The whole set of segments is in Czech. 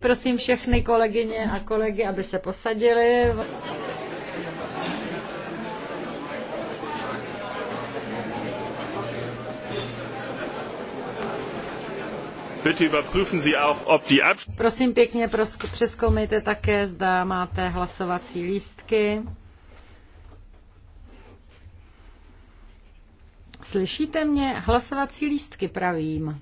Prosím všechny kolegyně a kolegy, aby se posadili. Prosím pěkně, přeskoumejte také, zda máte hlasovací lístky. Slyšíte mě? Hlasovací lístky pravím.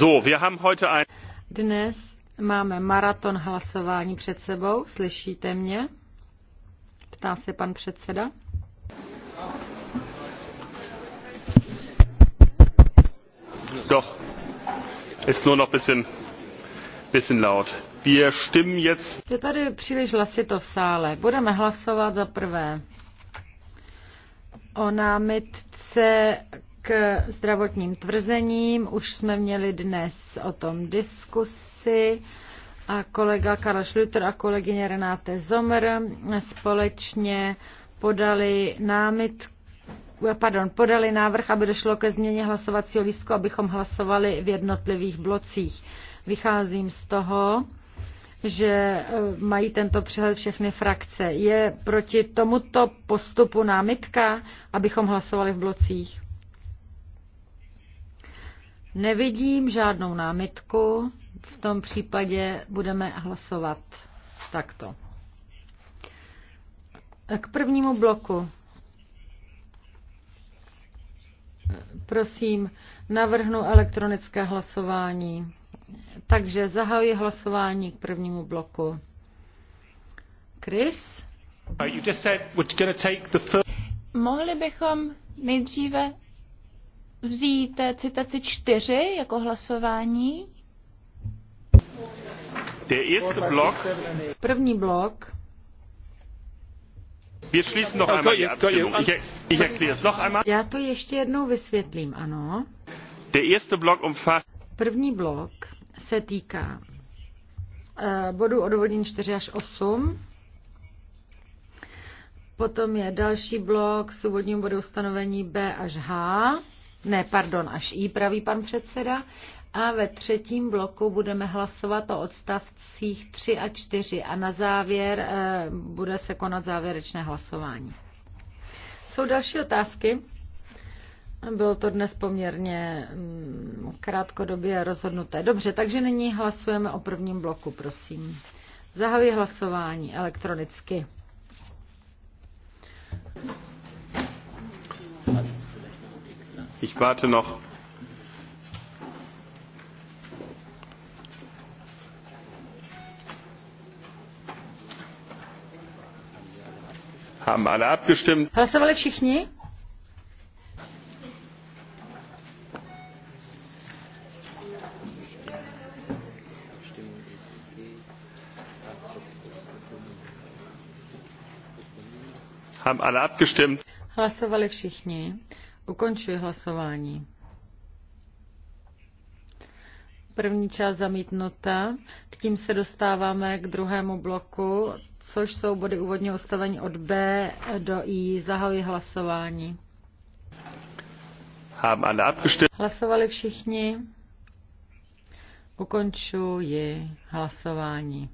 So, wir haben heute ein... Dnes máme maraton hlasování před sebou. Slyšíte mě? Ptá se pan předseda. Doch. Ist nur noch bisschen, bisschen laut. Wir stimmen jetzt... Je tady příliš hlasito v sále. Budeme hlasovat za prvé o námitce k zdravotním tvrzením. Už jsme měli dnes o tom diskusi a kolega Karl Schlüter a kolegyně Renáte Zomr společně podali námitku pardon, podali návrh, aby došlo ke změně hlasovacího lístku, abychom hlasovali v jednotlivých blocích. Vycházím z toho, že eh, mají tento přehled všechny frakce. Je proti tomuto postupu námitka, abychom hlasovali v blocích? Nevidím žádnou námitku, v tom případě budeme hlasovat takto. K prvnímu bloku. Prosím, navrhnu elektronické hlasování. Takže zahajuji hlasování k prvnímu bloku. Chris? Uh, Mohli bychom nejdříve vzít citaci čtyři jako hlasování? Blok. První blok. Já to ještě jednou vysvětlím, ano. První blok se týká uh, bodu odvodin 4 až 8. Potom je další blok s úvodním bodem ustanovení B až H ne, pardon, až I, pravý pan předseda. A ve třetím bloku budeme hlasovat o odstavcích 3 a 4 a na závěr eh, bude se konat závěrečné hlasování. Jsou další otázky? Bylo to dnes poměrně mm, krátkodobě rozhodnuté. Dobře, takže nyní hlasujeme o prvním bloku, prosím. Zahajuji hlasování elektronicky. Ich warte noch. Haben alle abgestimmt? Hlasovali všichni? Haben alle abgestimmt? Hlasovali všichni. Ukončuji hlasování. První část zamítnuta. K tím se dostáváme k druhému bloku, což jsou body úvodního ustavení od B do I. Zahajuji hlasování. Hlasovali všichni. Ukončuji hlasování.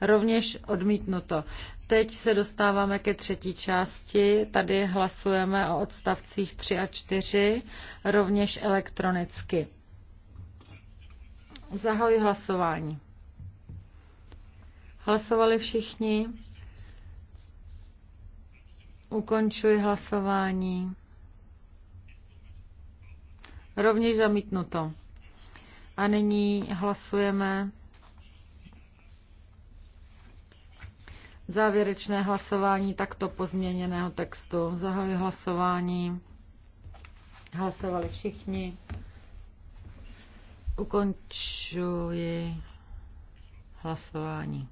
Rovněž odmítnuto. Teď se dostáváme ke třetí části. Tady hlasujeme o odstavcích 3 a 4, rovněž elektronicky. Zahoj hlasování. Hlasovali všichni? Ukončuji hlasování. Rovněž zamítnuto. A nyní hlasujeme Závěrečné hlasování takto pozměněného textu. Zahajuji hlasování. Hlasovali všichni. Ukončuji hlasování.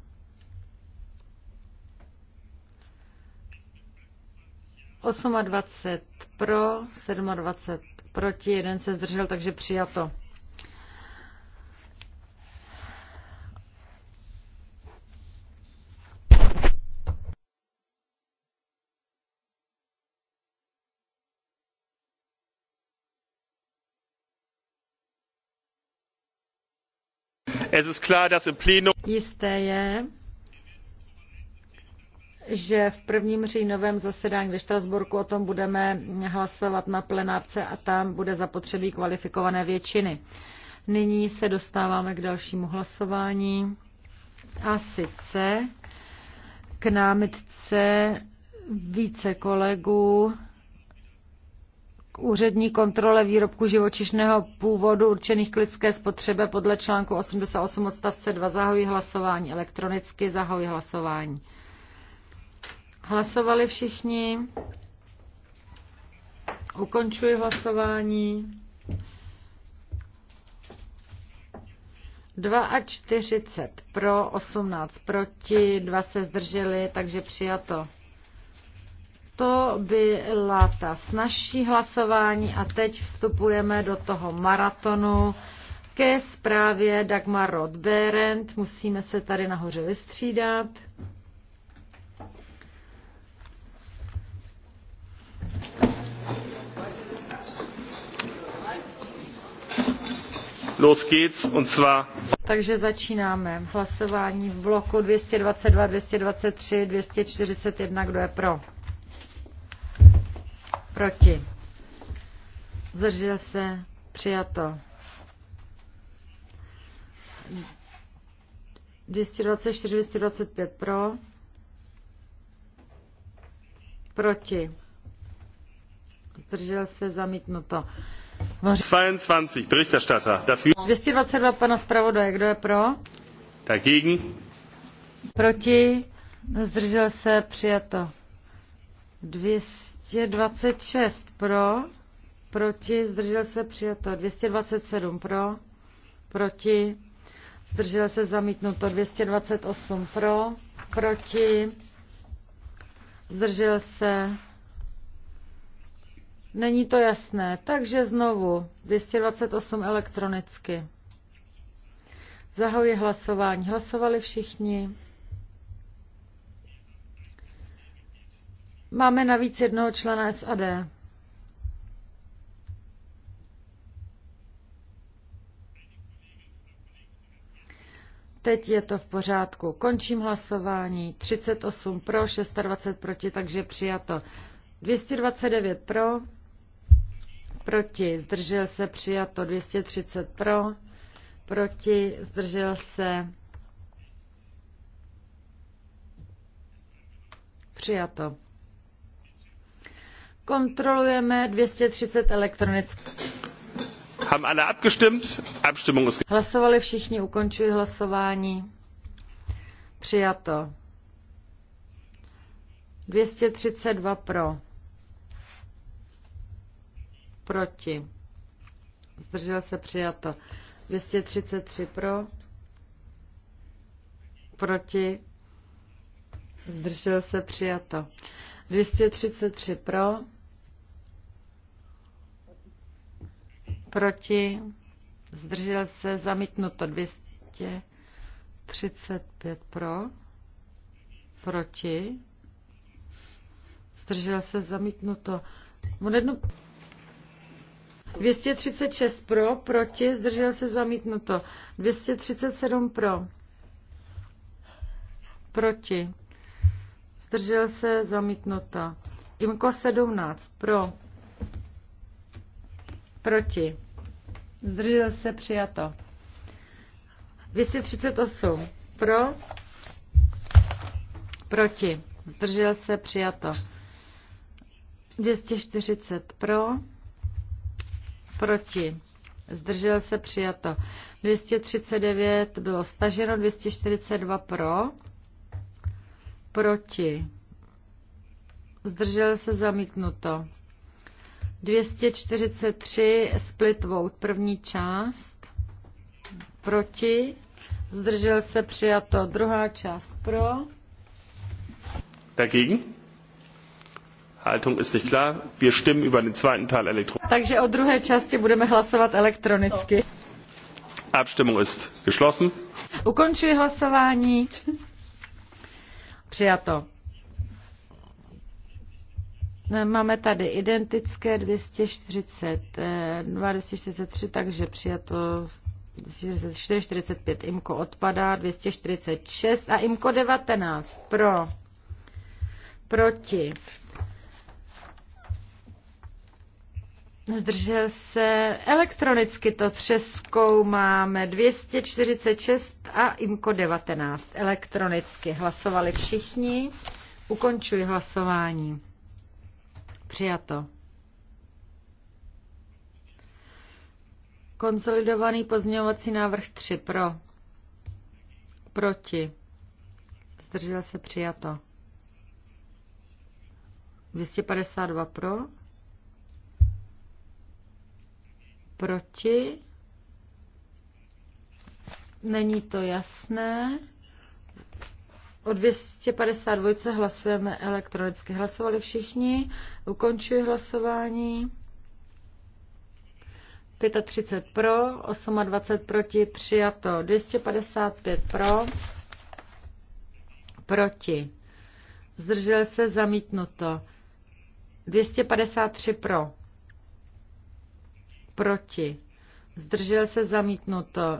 Osmadvacet pro, sedmadvacet proti, jeden se zdržel, takže přijato. Jisté je, že v prvním říjnovém zasedání ve Štrasburku o tom budeme hlasovat na plenárce a tam bude zapotřebí kvalifikované většiny. Nyní se dostáváme k dalšímu hlasování a sice k námitce více kolegů úřední kontrole výrobku živočišného původu určených k lidské spotřebe podle článku 88 odstavce 2 zahojí hlasování. Elektronicky zahojí hlasování. Hlasovali všichni. Ukončuji hlasování. 42 pro, 18 proti, 2 se zdrželi, takže přijato. To byla ta snažší hlasování a teď vstupujeme do toho maratonu ke zprávě Dagmar Rodberend, Musíme se tady nahoře vystřídat. Los geht's und zwar takže začínáme hlasování v bloku 222, 223, 241. Kdo je pro? Proti. Zdržel se. Přijato. 224, 225 pro. Proti. Zdržel se zamítnuto. 22, Berichterstatter. Dafür. 222 pana zpravodaje, kdo je pro? Dagegen. Proti. Zdržel se přijato. 200. 226 pro, proti, zdržel se přijato 227 pro, proti, zdržel se zamítnuto 228 pro, proti, zdržel se, není to jasné, takže znovu 228 elektronicky. Zahoji hlasování. Hlasovali všichni. Máme navíc jednoho člena SAD. Teď je to v pořádku. Končím hlasování. 38 pro, 26 proti, takže přijato. 229 pro, proti, zdržel se, přijato. 230 pro, proti, zdržel se, přijato. Kontrolujeme 230 elektronických. Haben alle abgestimmt? Abstimmung ist... Hlasovali všichni, ukončuji hlasování. Přijato. 232 pro. Proti. Zdržel se přijato. 233 pro. Proti. Zdržel se přijato. 233 pro. proti, zdržel se, zamítnuto 235 pro, proti, zdržel se, zamítnuto. Modedno... 236 pro, proti, zdržel se, zamítnuto. 237 pro, proti, zdržel se, zamítnuto. Imko 17 pro, Proti. Zdržel se přijato. 238. Pro. Proti. Zdržel se přijato. 240 pro. Proti. Zdržel se přijato. 239 bylo staženo, 242 pro. Proti. Zdržel se zamítnuto. 243 split vote, první část. Proti. Zdržel se přijato. Druhá část pro. Dagegen? Haltung ist nicht klar. Wir stimmen über den zweiten Teil elektronisch. Takže o druhé části budeme hlasovat elektronicky. Abstimmung ist geschlossen. Ukončuji hlasování. Přijato. Eh, máme tady identické 240, 243, eh, takže přijato 445 IMKO odpadá, 246 a IMKO 19 pro, proti. Zdržel se, elektronicky to přeskoumáme, 246 a IMKO 19 elektronicky. Hlasovali všichni, ukončuji hlasování. Přijato. Konsolidovaný pozměňovací návrh 3 pro. Proti. Zdržel se přijato. 252 pro. Proti. Není to jasné. O 252 hlasujeme elektronicky. Hlasovali všichni. Ukončuji hlasování. 35 pro, 28 proti, přijato. 255 pro, proti. Zdržel se zamítnuto. 253 pro, proti. Zdržel se zamítnuto.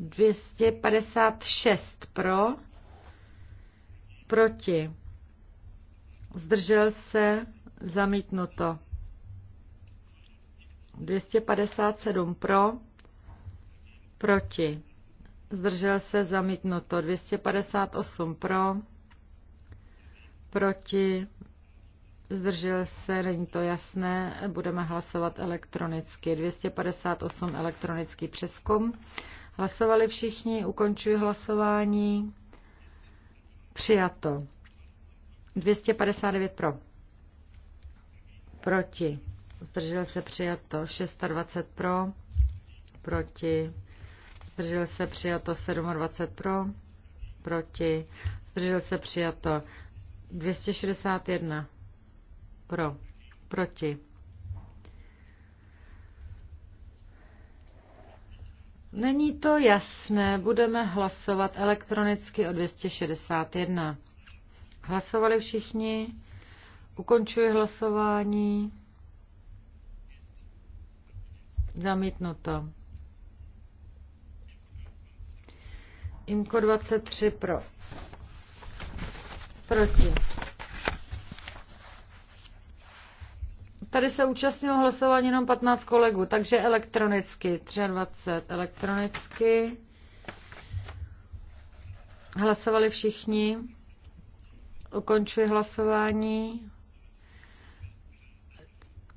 256 pro, proti, zdržel se, zamítnuto. 257 pro, proti, zdržel se, zamítnuto. 258 pro, proti, zdržel se, není to jasné, budeme hlasovat elektronicky. 258 elektronický přeskum. Hlasovali všichni, ukončuji hlasování. Přijato. 259 pro. Proti. Zdržel se přijato 620 pro. Proti. Zdržel se přijato 27 pro. Proti. Zdržel se přijato 261 pro. Proti. Není to jasné, budeme hlasovat elektronicky o 261. Hlasovali všichni? Ukončuji hlasování. Zamítnuto. Imko 23 pro. Proti. Tady se účastnilo hlasování jenom 15 kolegů, takže elektronicky, 23 elektronicky. Hlasovali všichni. Ukončuji hlasování.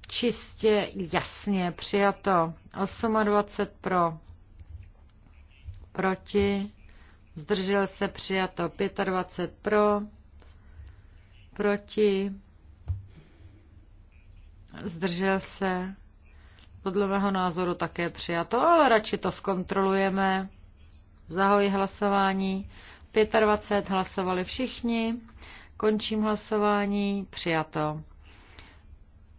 Čistě jasně přijato. 28 pro. Proti. Zdržel se přijato. 25 pro. Proti zdržel se, podle mého názoru také přijato, ale radši to zkontrolujeme. Zahoji hlasování. 25 hlasovali všichni. Končím hlasování. Přijato.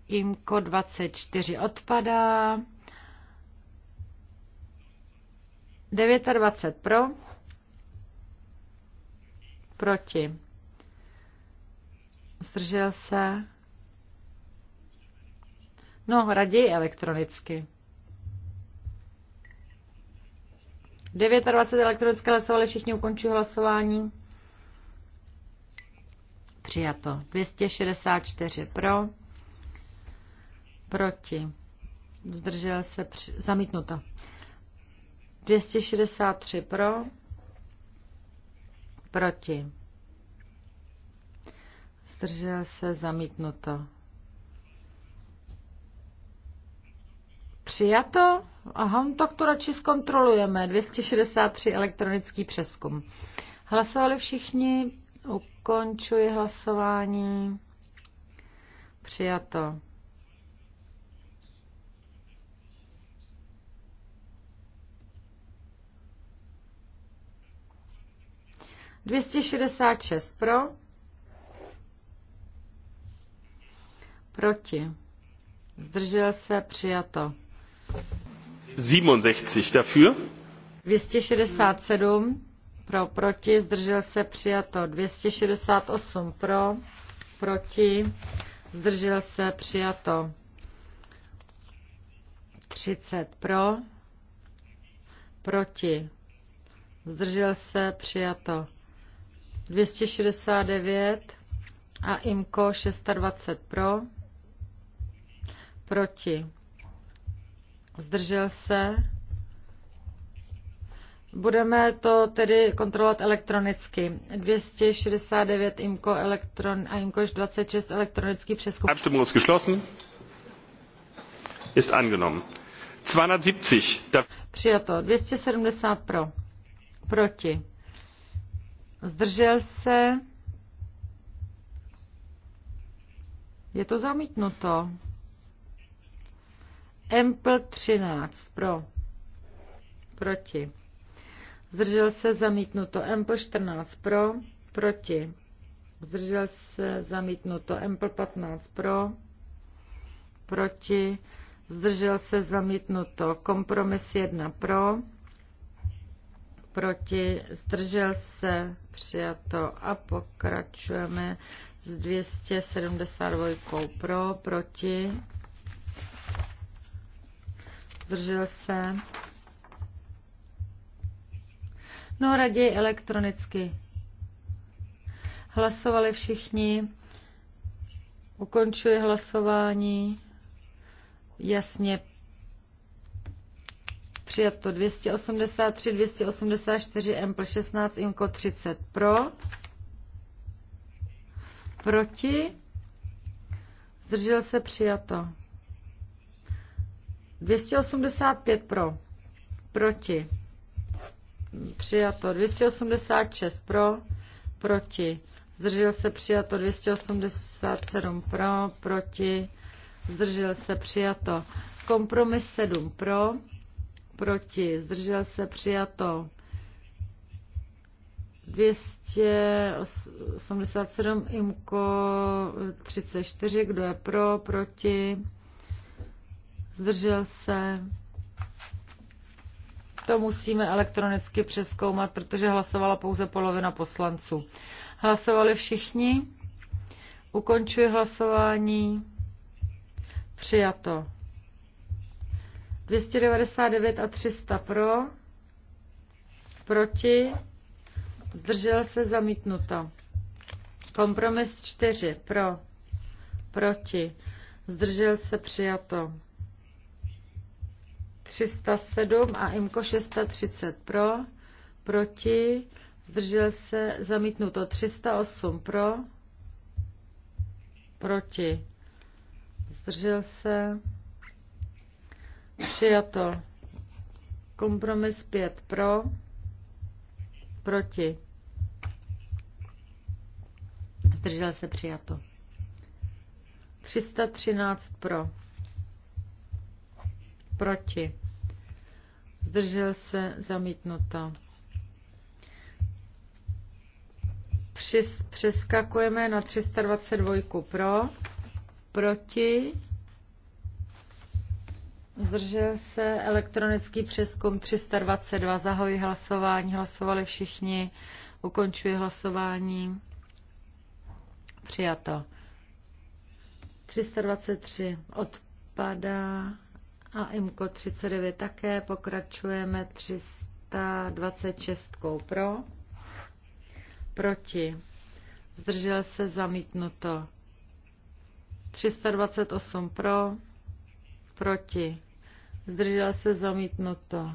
Imko 24 odpadá. 29 pro. Proti. Zdržel se. No, raději elektronicky. 29 elektronické hlasovali, všichni ukončují hlasování. Přijato. 264 pro. Proti. Zdržel se. Při... Zamítnuto. 263 pro. Proti. Zdržel se. Zamítnuto. Přijato? Aha, tak to radši zkontrolujeme. 263 elektronický přeskum. Hlasovali všichni? Ukončuji hlasování. Přijato. Dvěstě šedesát šest pro. Proti. Zdržel se přijato. 67 dafür. 267 pro, proti, zdržel se přijato. 268 pro, proti, zdržel se přijato. 30 pro, proti, zdržel se přijato. 269 a IMKO 620 pro, proti zdržel se. Budeme to tedy kontrolovat elektronicky. 269 IMCO elektron a IMCO 26 elektronický přeskup. Abstimmung ist geschlossen. Ist angenommen. 270. Přijato. 270 pro. Proti. Zdržel se. Je to zamítnuto. Empl 13 pro. Proti. Zdržel se zamítnuto. Empl 14 pro. Proti. Zdržel se zamítnuto. Empl 15 pro. Proti. Zdržel se zamítnuto. Kompromis 1 pro. Proti. Zdržel se přijato. A pokračujeme s 272 pro. Proti zdržel se. No raději elektronicky. Hlasovali všichni. Ukončuji hlasování. Jasně přijato 283, 284, Mpl 16, Inko 30 pro, proti, zdržel se přijato. 285 pro, proti, přijato 286 pro, proti, zdržel se přijato 287 pro, proti, zdržel se přijato kompromis 7 pro, proti, zdržel se přijato 287 imko 34, kdo je pro, proti, zdržel se. To musíme elektronicky přeskoumat, protože hlasovala pouze polovina poslanců. Hlasovali všichni? Ukončuji hlasování. Přijato. 299 a 300 pro. Proti. Zdržel se zamítnuto. Kompromis 4 pro. Proti. Zdržel se přijato. 307 a IMKO 630 pro, proti, zdržel se, zamítnuto 308 pro, proti, zdržel se, přijato, kompromis 5 pro, proti, zdržel se, přijato, 313 pro proti, zdržel se, zamítnuto. Přes, přeskakujeme na 322 pro, proti, zdržel se, elektronický přeskum 322, zahojí hlasování, hlasovali všichni, ukončuji hlasování, přijato. 323 odpadá. A Imko 39 také. Pokračujeme 326 pro. Proti. Zdržel se zamítnuto. 328 pro. Proti. Zdržel se zamítnuto.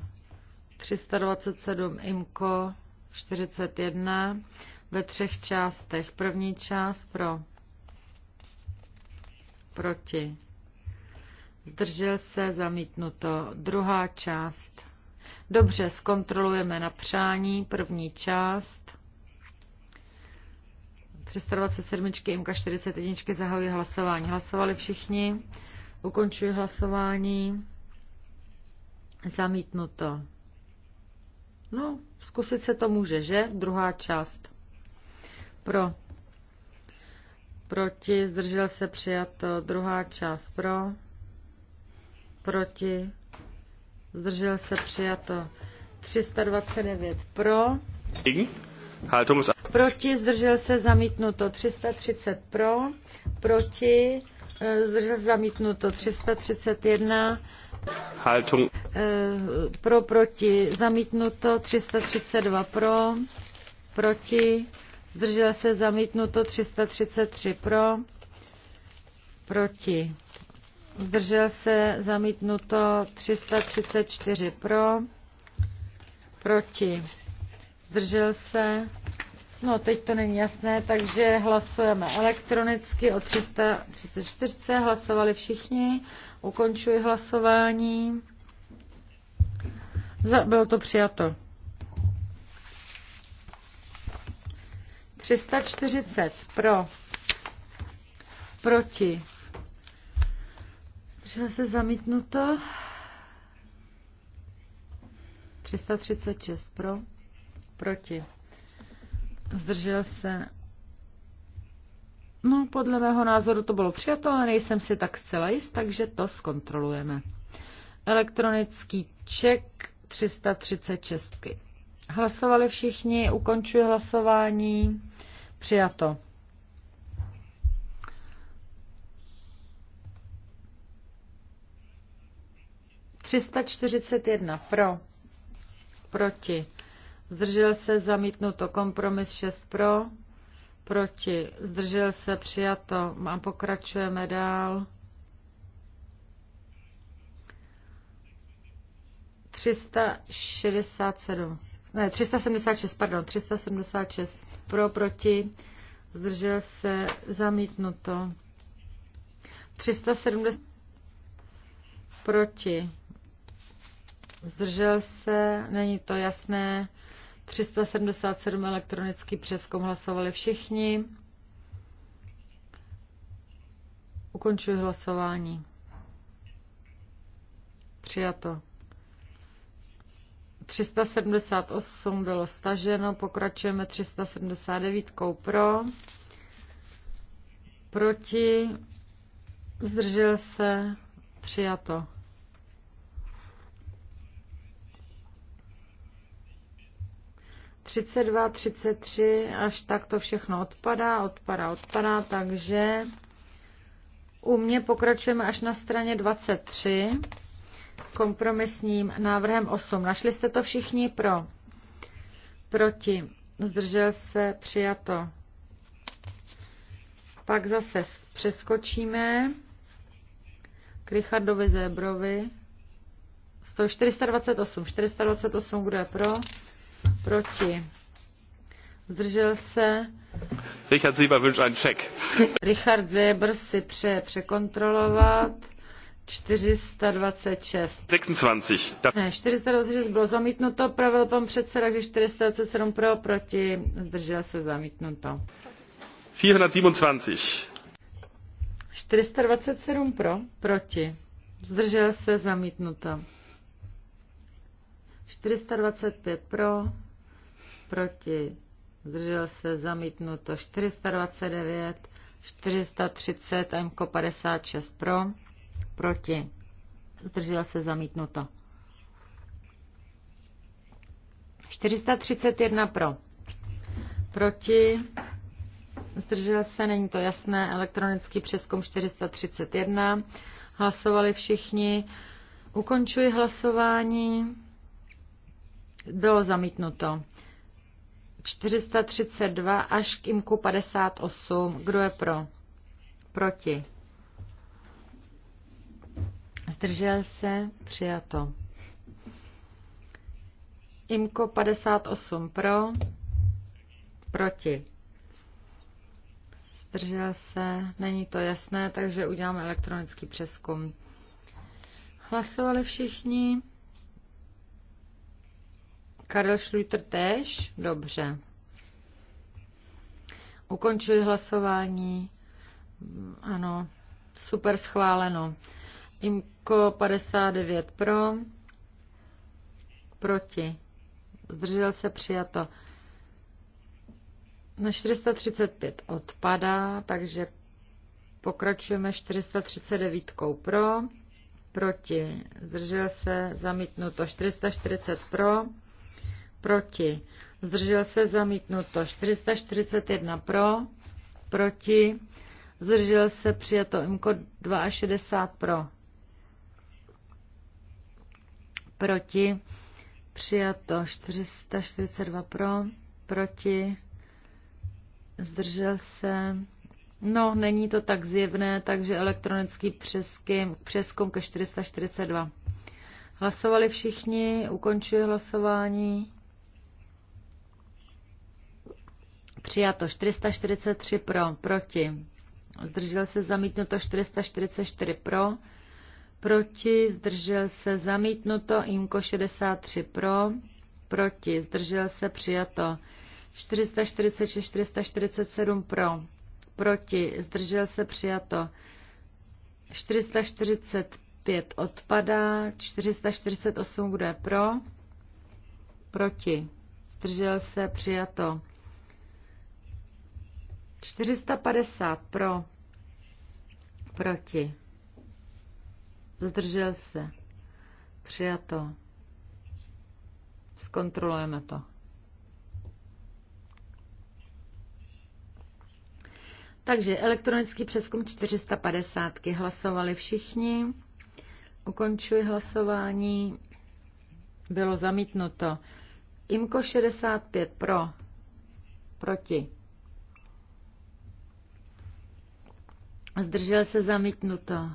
327 IMKO 41 ve třech částech. První část pro. Proti zdržel se, zamítnuto. Druhá část. Dobře, zkontrolujeme na přání, první část. 327. MK 41. zahajuje hlasování. Hlasovali všichni. Ukončuji hlasování. Zamítnuto. No, zkusit se to může, že? Druhá část. Pro. Proti, zdržel se přijato. Druhá část pro proti, zdržel se přijato 329 eh, eh, pro, proti, zdržel se zamítnuto 330 pro, proti, zdržel se zamítnuto 331, Haltung. pro, proti, zamítnuto 332 pro, proti, zdržel se zamítnuto 333 pro, proti zdržel se, zamítnuto 334 pro, proti, zdržel se, no teď to není jasné, takže hlasujeme elektronicky o 334, hlasovali všichni, ukončuji hlasování, bylo to přijato. 340 pro, proti, Zdržel se zamítnuto. 336 pro. Proti. Zdržel se. No, podle mého názoru to bylo přijato, ale nejsem si tak zcela jist, takže to zkontrolujeme. Elektronický ček 336. Hlasovali všichni, ukončuji hlasování. Přijato. 341 pro, proti, zdržel se zamítnuto, kompromis 6 pro, proti, zdržel se přijato a pokračujeme dál. 367, ne, 376, pardon, 376 pro, proti, zdržel se zamítnuto. 370 proti, zdržel se, není to jasné. 377 elektronický přeskom hlasovali všichni. Ukončuji hlasování. Přijato. 378 bylo staženo, pokračujeme 379 pro, proti, zdržel se, přijato. 32, 33, až tak to všechno odpadá, odpadá, odpadá, takže u mě pokračujeme až na straně 23 kompromisním návrhem 8. Našli jste to všichni pro? Proti. Zdržel se přijato. Pak zase přeskočíme k Richardovi Zébrovi. 428. 428, kdo je pro? Proti. Zdržel se. Richard Sieber wünscht einen Check. Richard Sieber si přeje překontrolovat. 426. 26. Ne, 426 bylo zamítnuto, pravil pan předseda, že 427 pro, proti, zdržel se zamítnuto. 427. 427 pro, proti, zdržel se zamítnuto. 425 pro, proti, zdržel se, zamítnuto 429, 430, a MKO 56 pro, proti, zdržel se, zamítnuto. 431 pro, proti, zdržel se, není to jasné, elektronický přeskum 431, hlasovali všichni, ukončuji hlasování, bylo zamítnuto. 432 až k IMKU 58. Kdo je pro? Proti. Zdržel se? Přijato. IMKO 58 pro, proti. Zdržel se, není to jasné, takže uděláme elektronický přeskum. Hlasovali všichni. Karel Šlüter též? Dobře. Ukončili hlasování. Ano, super schváleno. Imko 59 pro, proti. Zdržel se přijato. Na 435 odpadá, takže pokračujeme 439 pro, proti. Zdržel se zamítnuto 440 pro proti, zdržel se zamítnuto 441 pro, proti, zdržel se přijato IMKO 62 pro, proti, přijato 442 pro, proti, zdržel se, no není to tak zjevné, takže elektronický přeskum, přeskum ke 442. Hlasovali všichni, ukončuji hlasování. Přijato 443 pro, proti. Zdržel se zamítnuto 444 pro, proti. Zdržel se zamítnuto IMKO 63 pro, proti. Zdržel se přijato 446, 447 pro, proti. Zdržel se přijato 445 odpadá, 448 bude pro, proti. Zdržel se přijato. 450 pro, proti, zdržel se, přijato, zkontrolujeme to. Takže elektronický přeskum 450 hlasovali všichni. Ukončuji hlasování. Bylo zamítnuto. Imko 65 pro. Proti. Zdržel se zamítnuto.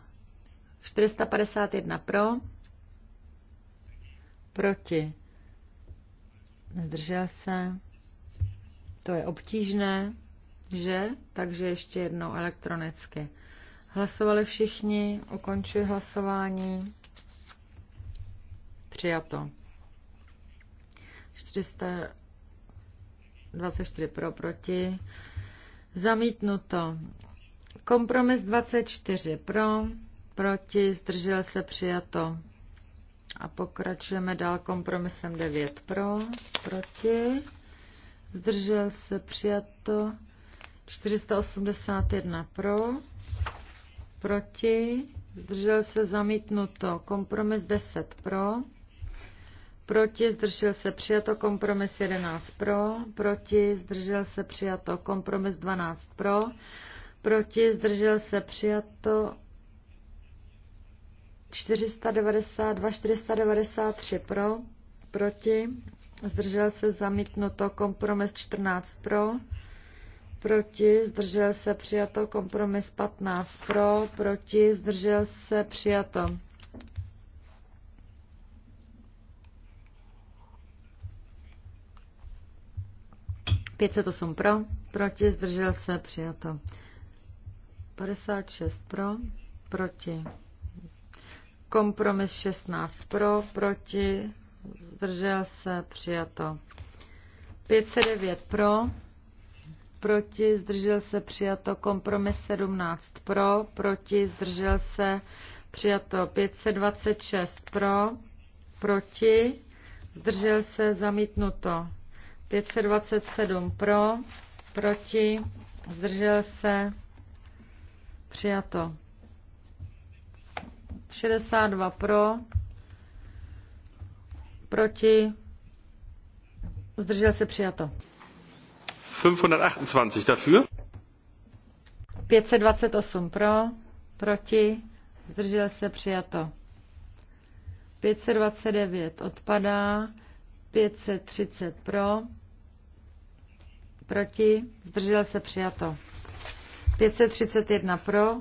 451 pro. Proti. Zdržel se. To je obtížné, že? Takže ještě jednou elektronicky. Hlasovali všichni, ukončuji hlasování. Přijato. 424 pro, proti. Zamítnuto. Kompromis 24 pro, proti, zdržel se přijato. A pokračujeme dál kompromisem 9 pro, proti, zdržel se přijato. 481 pro, proti, zdržel se zamítnuto. Kompromis 10 pro, Proti zdržel se přijato kompromis 11 pro, proti zdržel se přijato kompromis 12 pro, proti, zdržel se přijato 492, 493 pro, proti, zdržel se zamítnuto kompromis 14 pro, proti, zdržel se přijato kompromis 15 pro, proti, zdržel se přijato. Pět pro, proti, zdržel se přijato. 56 pro, proti. Kompromis 16 pro, proti. Zdržel se, přijato. 509 pro, proti, zdržel se, přijato. Kompromis 17 pro, proti, zdržel se, přijato. 526 pro, proti, zdržel se, zamítnuto. 527 pro, proti, zdržel se, Přijato. 62 pro, proti, zdržel se přijato. 528 dafür. 528 pro, proti, zdržel se přijato. 529 odpadá, 530 pro, proti, zdržel se přijato. 531 pro,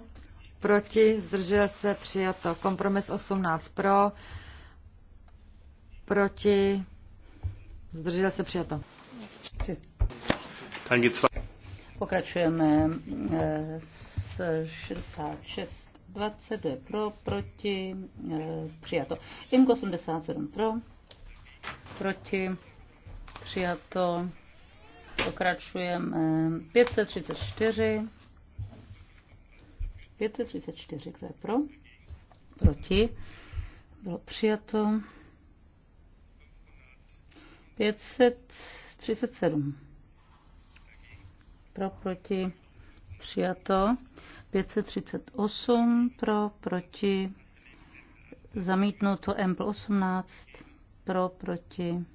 proti, zdržel se, přijato. Kompromis 18 pro, proti, zdržel se, přijato. Pokračujeme eh, s 66, 22 pro, proti, eh, přijato. Imko 87 pro, proti, přijato. Pokračujeme 534 534, kdo je pro? Proti? Bylo přijato. 537. Pro, proti? Přijato. 538 pro, proti, zamítnuto M 18 pro, proti,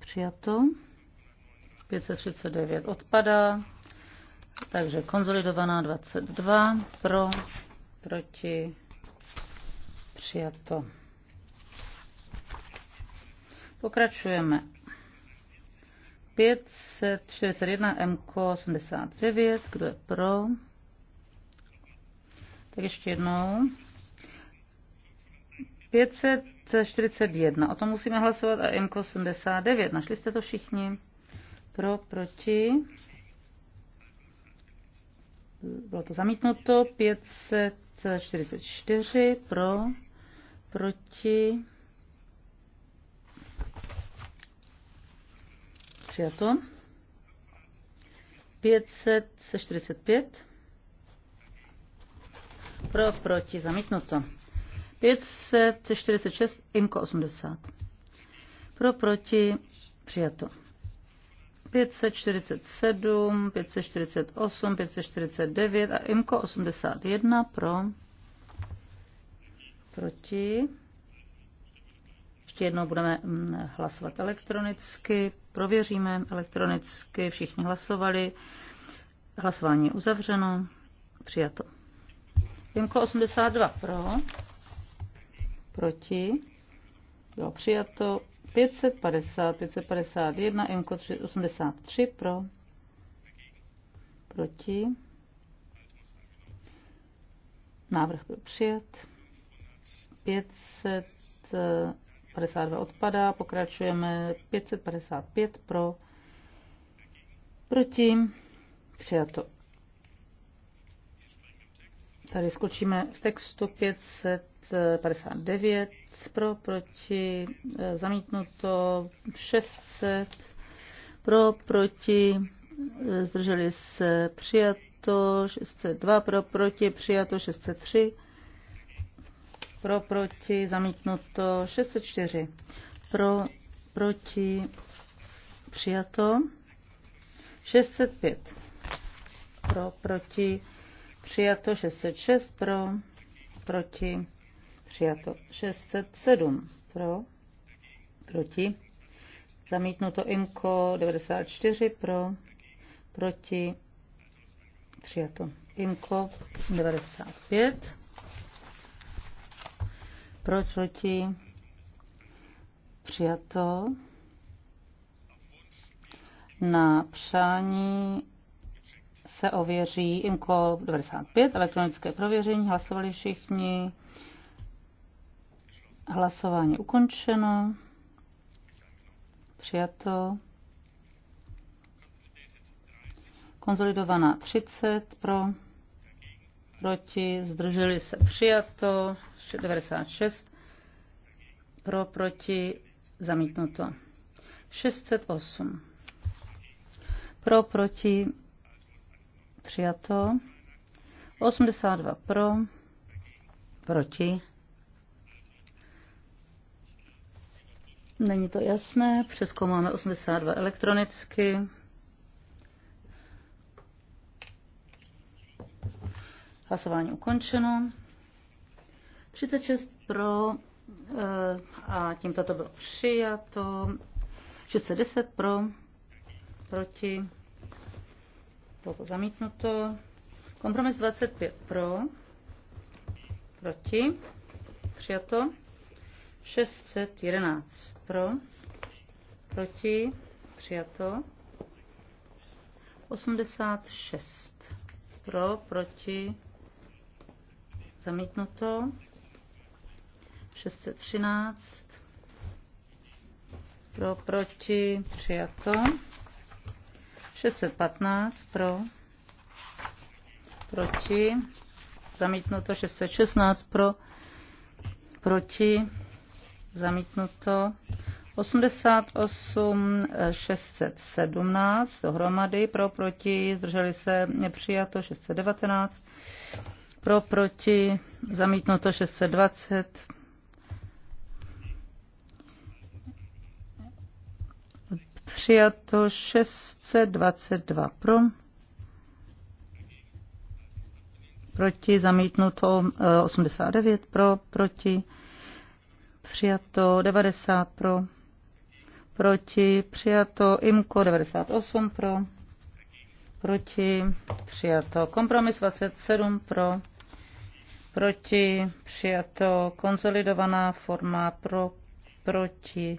přijato. 539 odpadá. Takže konzolidovaná 22 pro, proti, přijato. Pokračujeme. 541 MK 89, kdo je pro? Tak ještě jednou. 541, o tom musíme hlasovat a MK 89 našli jste to všichni? Pro, proti, bylo to zamítnuto, 544 pro, proti, přijato, 545 pro, proti, zamítnuto, 546, imko 80 pro, proti, přijato. 547, 548, 549 a IMKO 81 pro, proti. Ještě jednou budeme mm, hlasovat elektronicky, prověříme elektronicky, všichni hlasovali. Hlasování je uzavřeno, přijato. IMKO 82 pro, proti, bylo přijato, 550, 551, Imko 83 pro, proti. Návrh byl přijat. 552 eh, odpadá, pokračujeme 555 pro, proti, přijato. Tady skočíme v textu 559 E, e, pro, proti, zamítnuto 600, pro, proti, zdrželi se přijato 602, pro, proti, přijato 603, pro, proti, zamítnuto 604, pro, proti, přijato 605, pro, proti, přijato 606, pro, proti, Přijato. 607 pro, proti. Zamítnuto IMCO 94 pro, proti. Přijato. IMCO 95 pro, proti. Přijato. Na přání se ověří IMCO 95, elektronické prověření, hlasovali všichni. Hlasování ukončeno. Přijato. Konzolidovaná 30 pro. Proti. Zdrželi se. Přijato. 96 pro. Proti. Zamítnuto. 608 pro. Proti. Přijato. 82 pro. Proti Není to jasné, přeskoumáme 82 elektronicky. Hlasování ukončeno. 36 pro eh, a tímto to bylo přijato. 610 pro, proti, bylo to zamítnuto. Kompromis 25 pro, proti, přijato. 611 pro, proti, přijato. 86 pro, proti, zamítnuto. 613 pro, proti, přijato. 615 pro, proti, zamítnuto. 616 pro, proti, zamítnuto. 88 617 dohromady pro proti, zdrželi se přijato 619, pro proti zamítnuto 620, přijato 622 pro, proti zamítnuto 89 pro, proti přijato 90 pro, proti, přijato IMKO 98 pro, proti, přijato kompromis 27 pro, proti, přijato konsolidovaná forma pro, proti,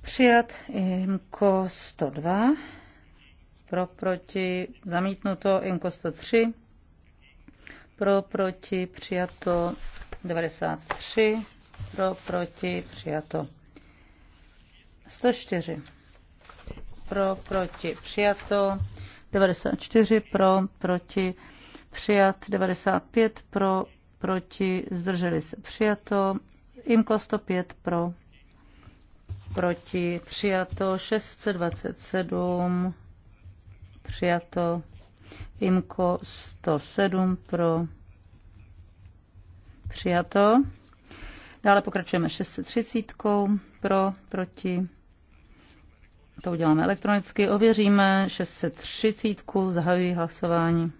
přijat IMKO 102 pro, proti, zamítnuto IMKO 103 pro, proti, přijato 93 pro, proti, přijato. 104 pro, proti, přijato. 94 pro, proti, přijat. 95 pro, proti, zdrželi se, přijato. IMKO 105 pro, proti, přijato. 627 přijato. IMKO 107 pro, Přijato. Dále pokračujeme 630. Pro, proti. To uděláme elektronicky. Ověříme 630. Zahajuji hlasování.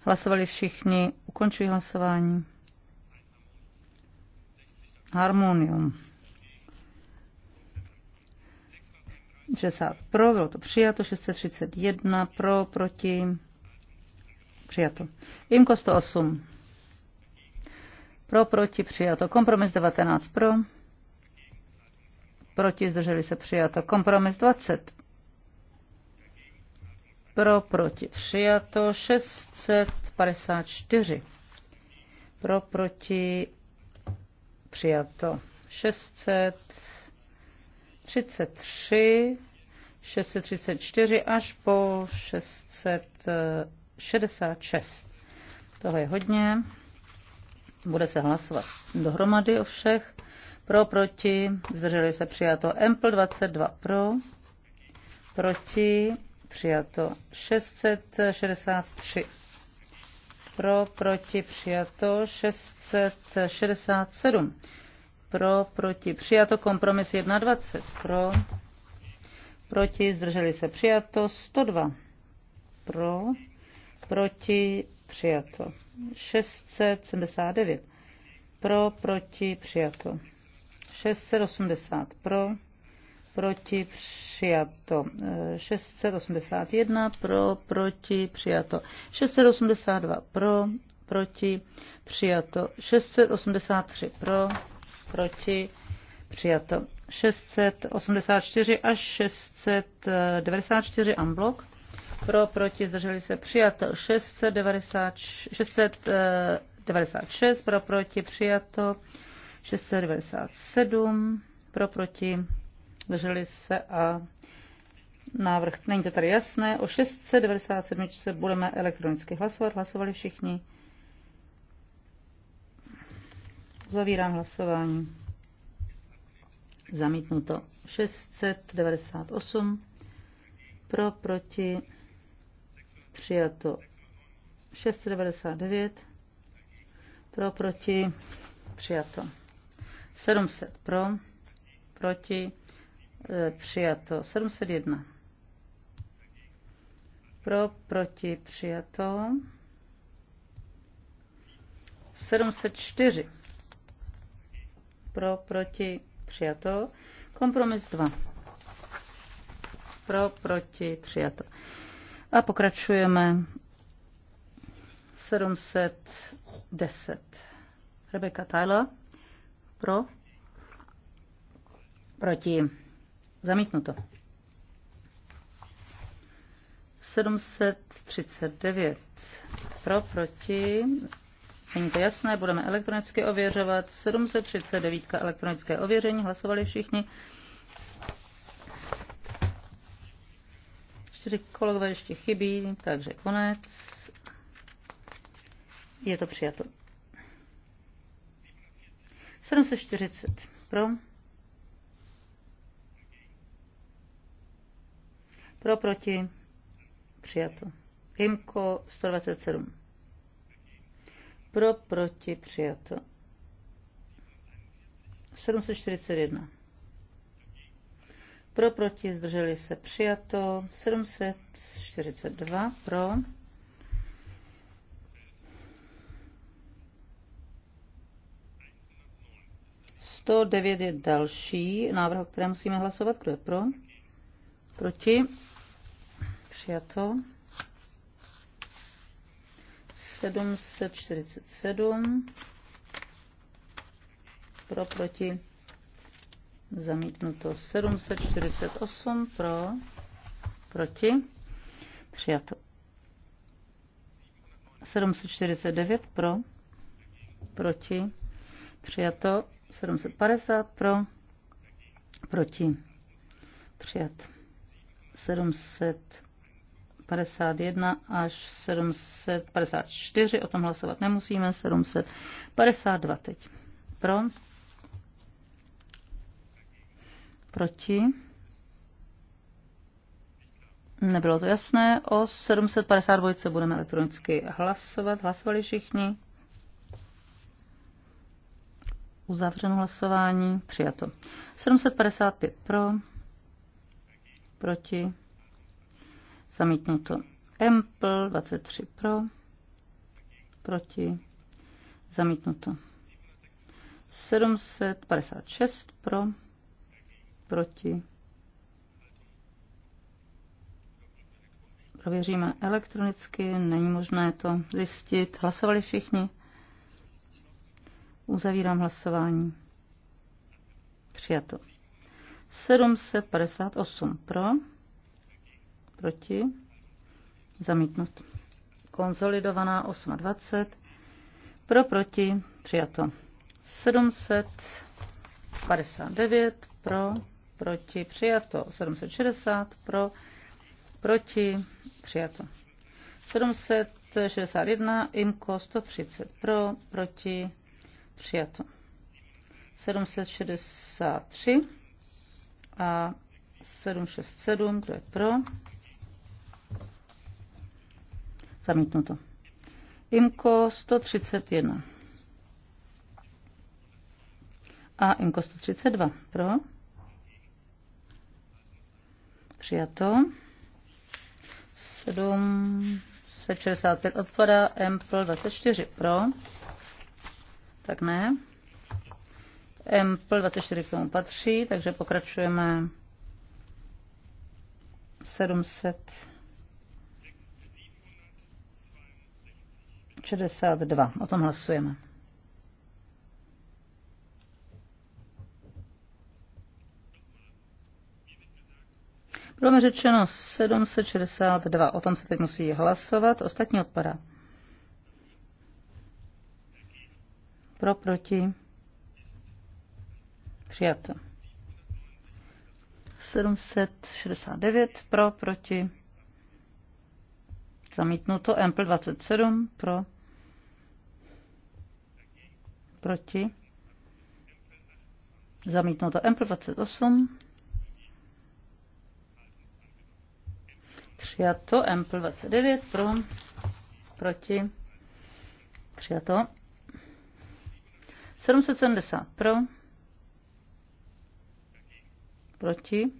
Hlasovali všichni. Ukončuji hlasování. Harmonium. 60 pro, bylo to přijato, 631 pro, proti, Přijato. Imko 108. Pro, proti, přijato. Kompromis 19 pro. Proti, zdrželi se, přijato. Kompromis 20. Pro, proti, přijato. 654. Pro, proti, přijato. 633, 634 až po 600. 66. Tohle je hodně. Bude se hlasovat dohromady o všech. Pro, proti, zdrželi se přijato Ample 22 pro, proti, přijato 663. Pro, proti, přijato 667. Pro, proti, přijato kompromis 21. Pro, proti, zdrželi se přijato 102. Pro, proti, přijato. 679 pro, proti, přijato. 680 pro, proti, přijato. 681 pro, proti, přijato. 682 pro, proti, přijato. 683 pro, proti, přijato. 684 až 694 amblok pro, proti, zdrželi se přijato 696, pro, proti, přijato 697, pro, proti, zdrželi se a návrh, není to tady jasné, o 697 budeme elektronicky hlasovat, hlasovali všichni. Zavírám hlasování. Zamítnuto 698, pro, proti, Přijato 699 pro, proti, přijato. 700 e, pro, proti, přijato. 701 pro, proti, přijato. 704 pro, proti, přijato. Kompromis 2 pro, proti, přijato. A pokračujeme 710. Rebecca Tyler pro, proti, zamítnuto. 739 pro, proti, není to jasné, budeme elektronicky ověřovat. 739 elektronické ověření, hlasovali všichni. Čtyři kolegové ještě chybí, takže konec. Je to přijato. 740 pro. Pro, proti, přijato. Imko 127. Pro, proti, přijato. 741. Pro, proti, zdrželi se přijato. 742 pro. To devět je další návrh, o kterém musíme hlasovat. Kdo je pro? Proti? Přijato. 747 pro proti Zamítnuto 748 pro, proti, přijato. 749 pro, proti, přijato. 750 pro, proti, přijat. 751 až 754, o tom hlasovat nemusíme, 752 teď. Pro, Proti? Nebylo to jasné. O 752 budeme elektronicky hlasovat. Hlasovali všichni. Uzavřeno hlasování. Přijato. 755 pro. Proti. Zamítnuto. Empl 23 pro. Proti. Zamítnuto. 756 pro proti. Prověříme elektronicky, není možné to zjistit. Hlasovali všichni? Uzavírám hlasování. Přijato. 758 pro, proti, zamítnut. Konzolidovaná 28, pro, proti, přijato. 759 pro, proti, přijato. 760 pro, proti, přijato. 761, IMKO 130 pro, proti, přijato. 763 a 767, kdo je pro? Zamítnuto. IMKO 131 a IMKO 132 pro Přijato. 65 odpadá, M pro 24 pro. Tak ne. M pro 24 k tomu patří, takže pokračujeme 700 62. O tom hlasujeme. Bylo mi řečeno 762, o tom se teď musí hlasovat, ostatní odpadá. Pro, proti. Přijato. 769 pro, proti. Zamítnuto. ampl 27 pro. Proti. Zamítnuto. ampl 28 Přijato. Ample 29 pro. Proti. Přijato. 770 pro. Proti.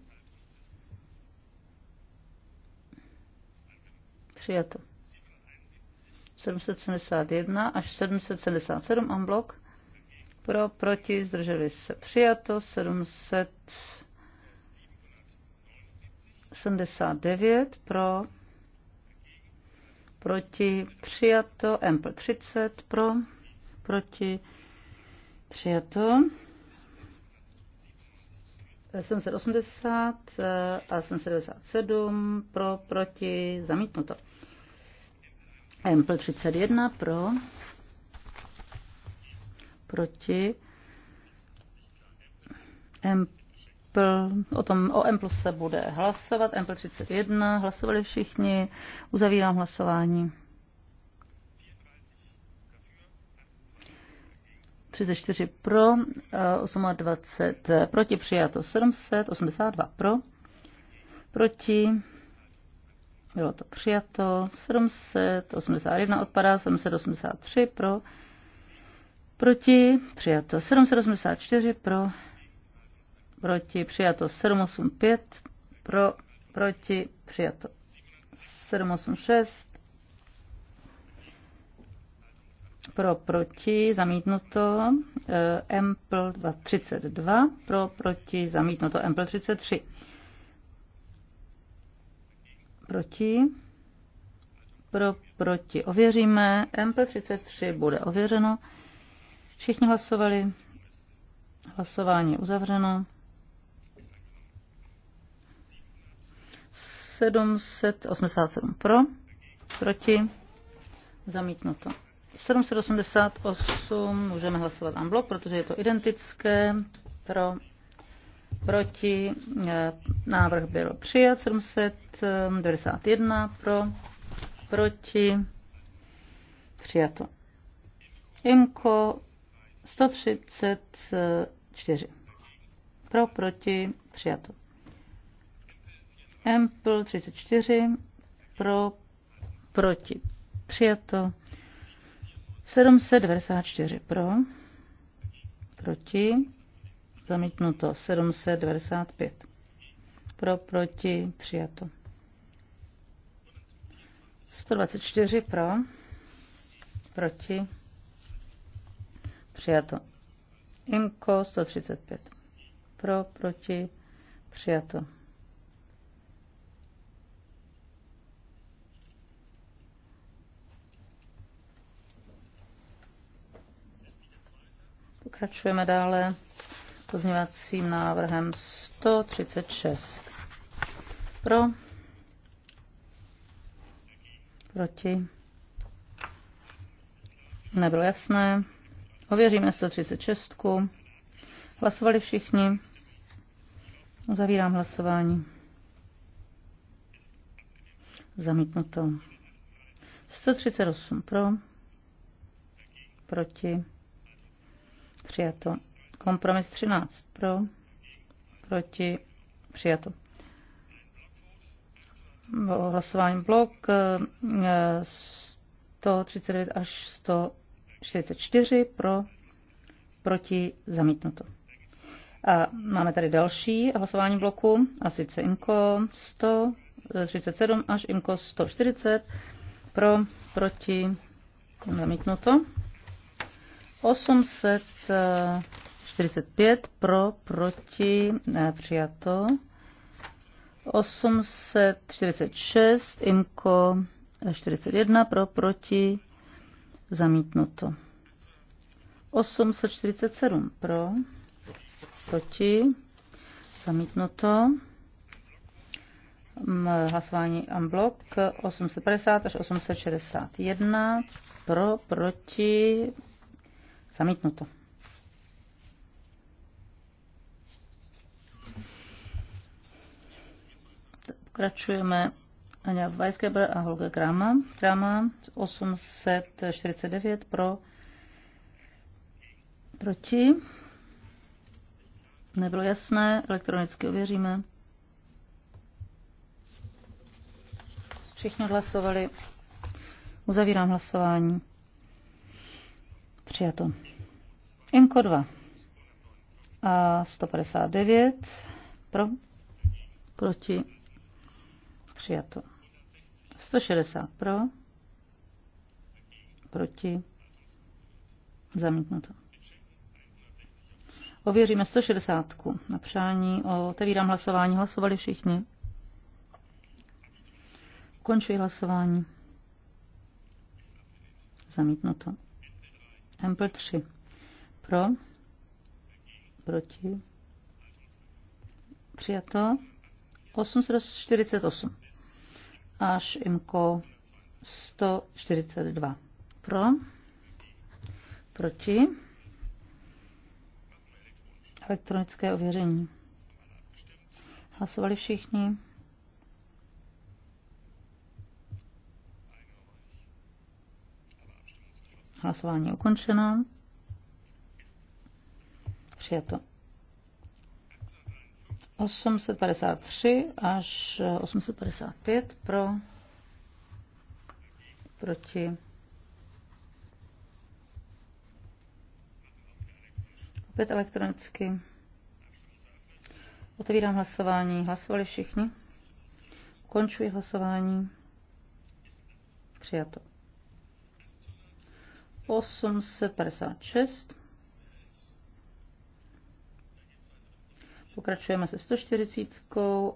Přijato. 771 až 777 amblok. Pro, proti, zdrželi se přijato, 700 89 pro, proti přijato, mp 30 pro, proti přijato. 780 eh, a 797 pro, proti, zamítnuto. mp 31 pro, proti, Ample byl o tom o plus se bude hlasovat, Ample 31, hlasovali všichni, uzavírám hlasování. 34 pro, 28 proti, přijato 782 pro, proti, bylo to přijato, 781 odpadá, 783 pro, proti, přijato 784 pro, proti, přijato 785, pro, proti, přijato 786, pro, proti, zamítnuto, e, MPL 32, pro, proti, zamítnuto, MPL 33, proti, pro, proti, ověříme, MPL 33 bude ověřeno, všichni hlasovali, hlasování uzavřeno, 787 pro, proti, zamítnuto. 788 můžeme hlasovat unblock, protože je to identické pro, proti, eh, návrh byl přijat, 791 pro, proti, přijato. IMKO 134 pro, proti, přijato. Ample 34 pro, proti. Přijato. 794 pro, proti. Zamítnuto 795. Pro, proti, přijato. 124 pro, proti, přijato. Imko 135. Pro, proti, přijato. Pokračujeme dále pozměvacím návrhem 136. Pro. Proti. Nebylo jasné. Ověříme 136. Hlasovali všichni. Zavírám hlasování. Zamítnuto. 138 pro, proti, Přijato. Kompromis 13 pro, proti, přijato. Hlasování blok 139 eh, až 144 pro, proti, zamítnuto. A máme tady další hlasování bloku, a sice IMCO 137 až IMCO 140 pro, proti, zamítnuto. 845 eh, pro, proti, eh, přijato. 846, IMKO 41 eh, pro, proti, zamítnuto. 847 pro, proti, zamítnuto. Hlasování amblok 850 až 861 pro, proti, Zamítnuto. Pokračujeme Aňa Weisgeber a Holger Grama. Grama 849 pro proti. Nebylo jasné, elektronicky ověříme. Všichni hlasovali. Uzavírám hlasování. Přijato. Inko 2 a 159 pro, proti, přijato. 160 pro, proti, zamítnuto. Ověříme 160. Na přání otevírám hlasování. Hlasovali všichni. Končuji hlasování. Zamítnuto mp 3. Pro. Proti. Přijato. 848 až IMKO 142. Pro. Proti. Elektronické ověření. Hlasovali všichni. Hlasování ukončeno. Přijato. 853 až 855 pro, proti. Opět elektronicky. Otevírám hlasování. Hlasovali všichni? Končuji hlasování. Přijato. 856. Pokračujeme se 140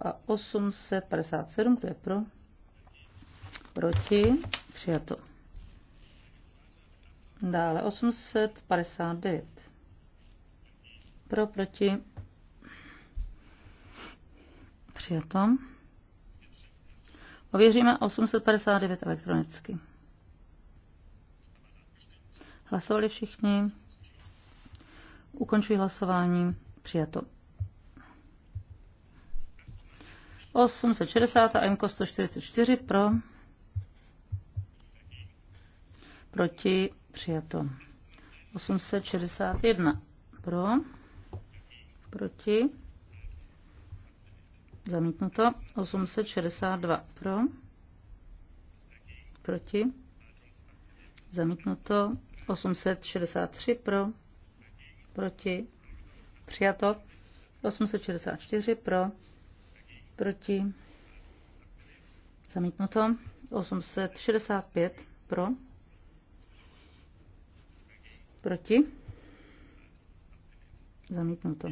a 857, kdo je pro? Proti, přijato. Dále 859. Pro, proti, přijato. Ověříme 859 elektronicky. Hlasovali všichni. Ukončuji hlasování. Přijato. 860 a MK 144 pro. Proti přijato. 861 pro. Proti. Zamítnuto. 862 pro. Proti. Zamítnuto. 863 pro, proti, přijato. 864 pro, proti, zamítnuto. 865 pro, proti, zamítnuto.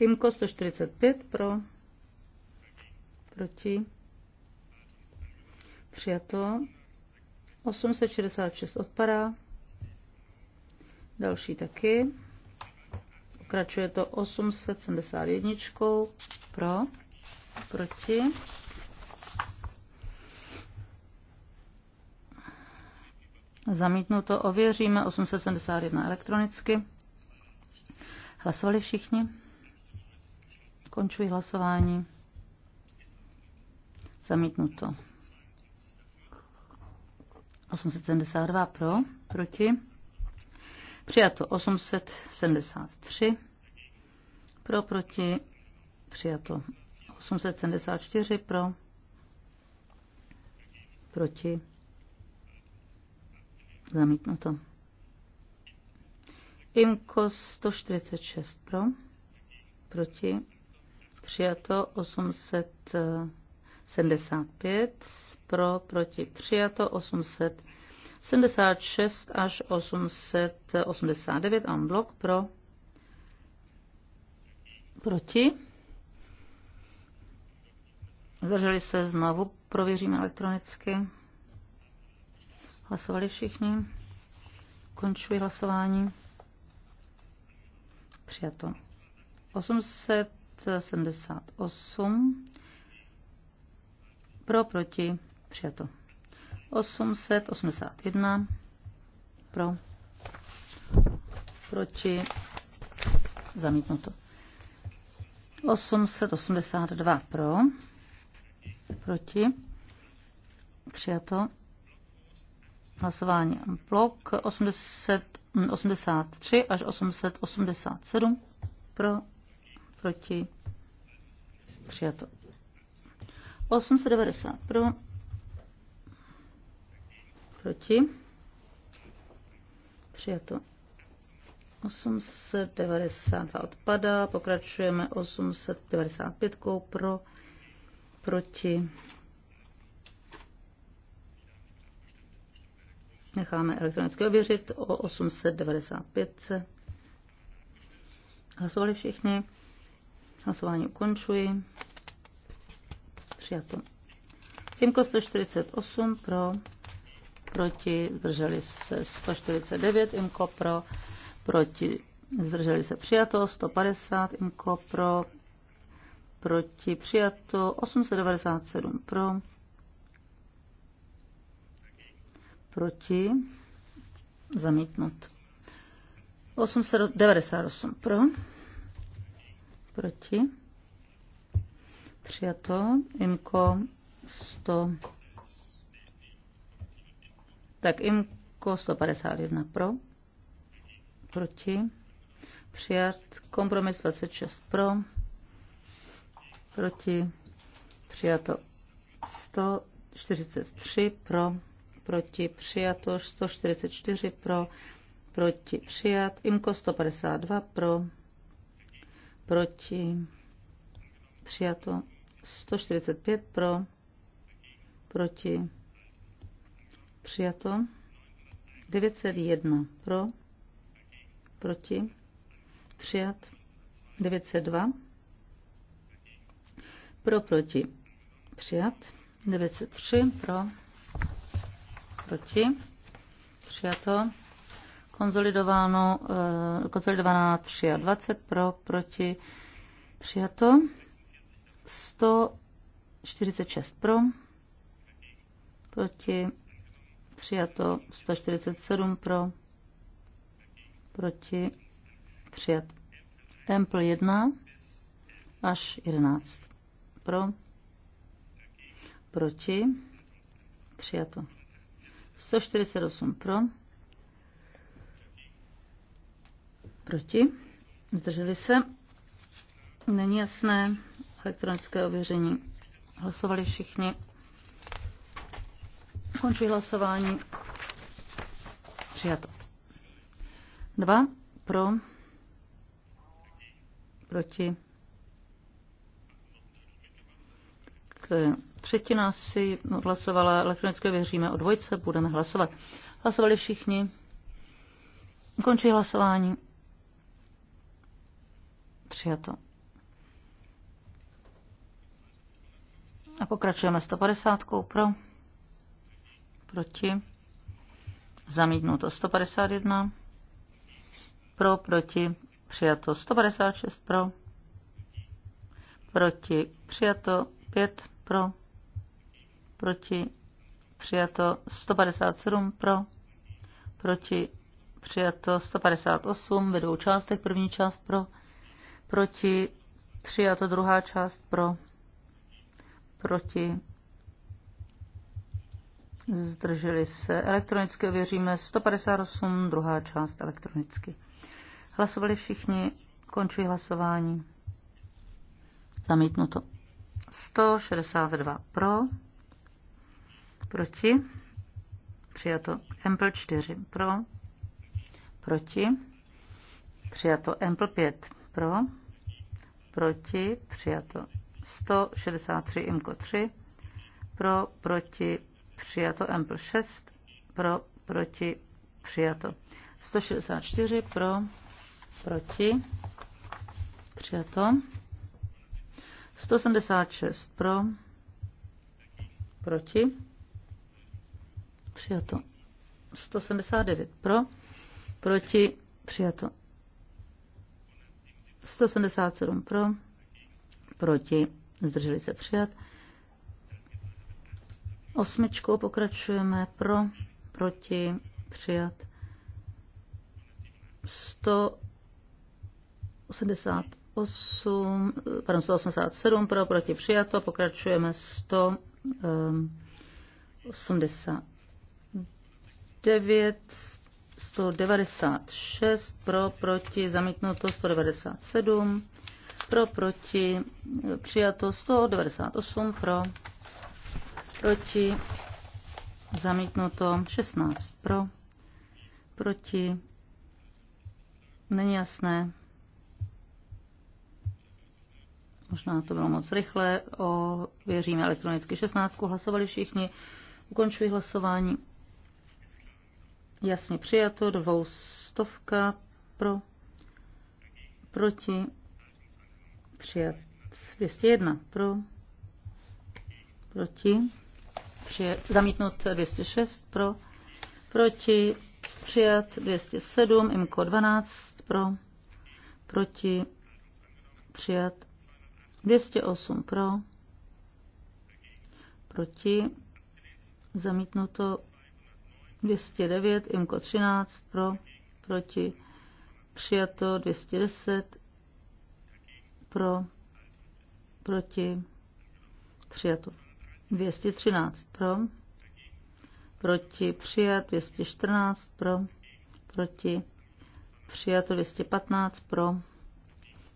IMKO 145 pro, proti, přijato. 866 odpadá. Další taky. Pokračuje to 871. Pro. Proti. Zamítnuto ověříme 871 elektronicky. Hlasovali všichni? Končuji hlasování. Zamítnuto. 872 pro, proti. Přijato 873. Pro, proti. Přijato 874. Pro. Proti. Zamítnuto. IMKO 146 pro, proti, přijato 875 pro, proti, přijato 800. 76 až 889 unblock pro, proti. Zdrželi se znovu, prověříme elektronicky. Hlasovali všichni. Končuji hlasování. Přijato. 878 pro, proti, přijato. 881 pro, proti, zamítnuto. 882 pro, proti, přijato. Hlasování blok 883 až 887 pro, proti, přijato. 890 pro, Proti? to 892 odpadá, pokračujeme 895 pro, proti. Necháme elektronicky ověřit o 895. Hlasovali všichni. Hlasování ukončuji. Přijato. Kimko 148 pro, proti, zdrželi se 149 imko pro, proti, zdrželi se přijato 150 imko pro, proti přijato 897 pro, proti, zamítnut. 898 pro, proti, přijato, imko 100. Tak IMKO 151 pro, proti, přijat, kompromis 26 pro, proti, přijato 143 pro, proti, přijato 144 pro, proti, přijat, IMKO 152 pro, proti, přijato 145 pro, proti, Přijato. 901 pro, proti, přijat. 902 pro, proti, přijat. 903 pro, proti, přijato. Konzolidováno, eh, konzolidovaná 23 pro, proti, přijato. 146 pro, proti, přijato 147 pro, proti, přijat. Ample 1 až 11 pro, proti, přijato. 148 pro, proti, zdrželi se, není jasné, elektronické ověření. Hlasovali všichni. Končí hlasování. Přijato. Dva pro, proti. třetina si hlasovala, elektronicky věříme o dvojce, budeme hlasovat. Hlasovali všichni. Končí hlasování. Přijato. A pokračujeme 150 pro proti, zamítnuto 151, pro, proti, přijato 156 pro, proti, přijato 5 pro, proti, přijato 157 pro, proti, přijato 158 vedou částek první část pro, proti, přijato druhá část pro, proti, zdrželi se elektronicky, ověříme 158, druhá část elektronicky. Hlasovali všichni, končí hlasování. Zamítnuto. 162 pro, proti, přijato Ample 4 pro, proti, přijato Ample 5 pro, proti, přijato 163 IMCO 3, pro, proti, přijato, M plus 6 pro, proti, přijato. 164 pro, proti, přijato. 176 pro, proti, přijato. 179 pro, proti, přijato. 177 pro, proti, zdrželi se přijat. Osmičkou pokračujeme pro, proti, přijat. 188, pardon, 187 pro, proti, přijato. Pokračujeme 189, 196 ehm, pro, proti, zamítnuto 197 pro, proti, přijato 198 pro, proti, zamítnuto 16 pro, proti, není jasné, možná to bylo moc rychle, o, věříme elektronicky 16, hlasovali všichni, ukončuji hlasování, jasně přijato, dvou stovka pro, proti, přijat 201 pro, proti, přijat, zamítnut 206 pro, proti, přijat 207, IMKO 12 pro, proti, přijat 208 pro, proti, zamítnuto 209, IMKO 13 pro, proti, přijato 210 pro, proti, přijato. 213 pro, proti přijat 214 pro, proti přijato 215 pro,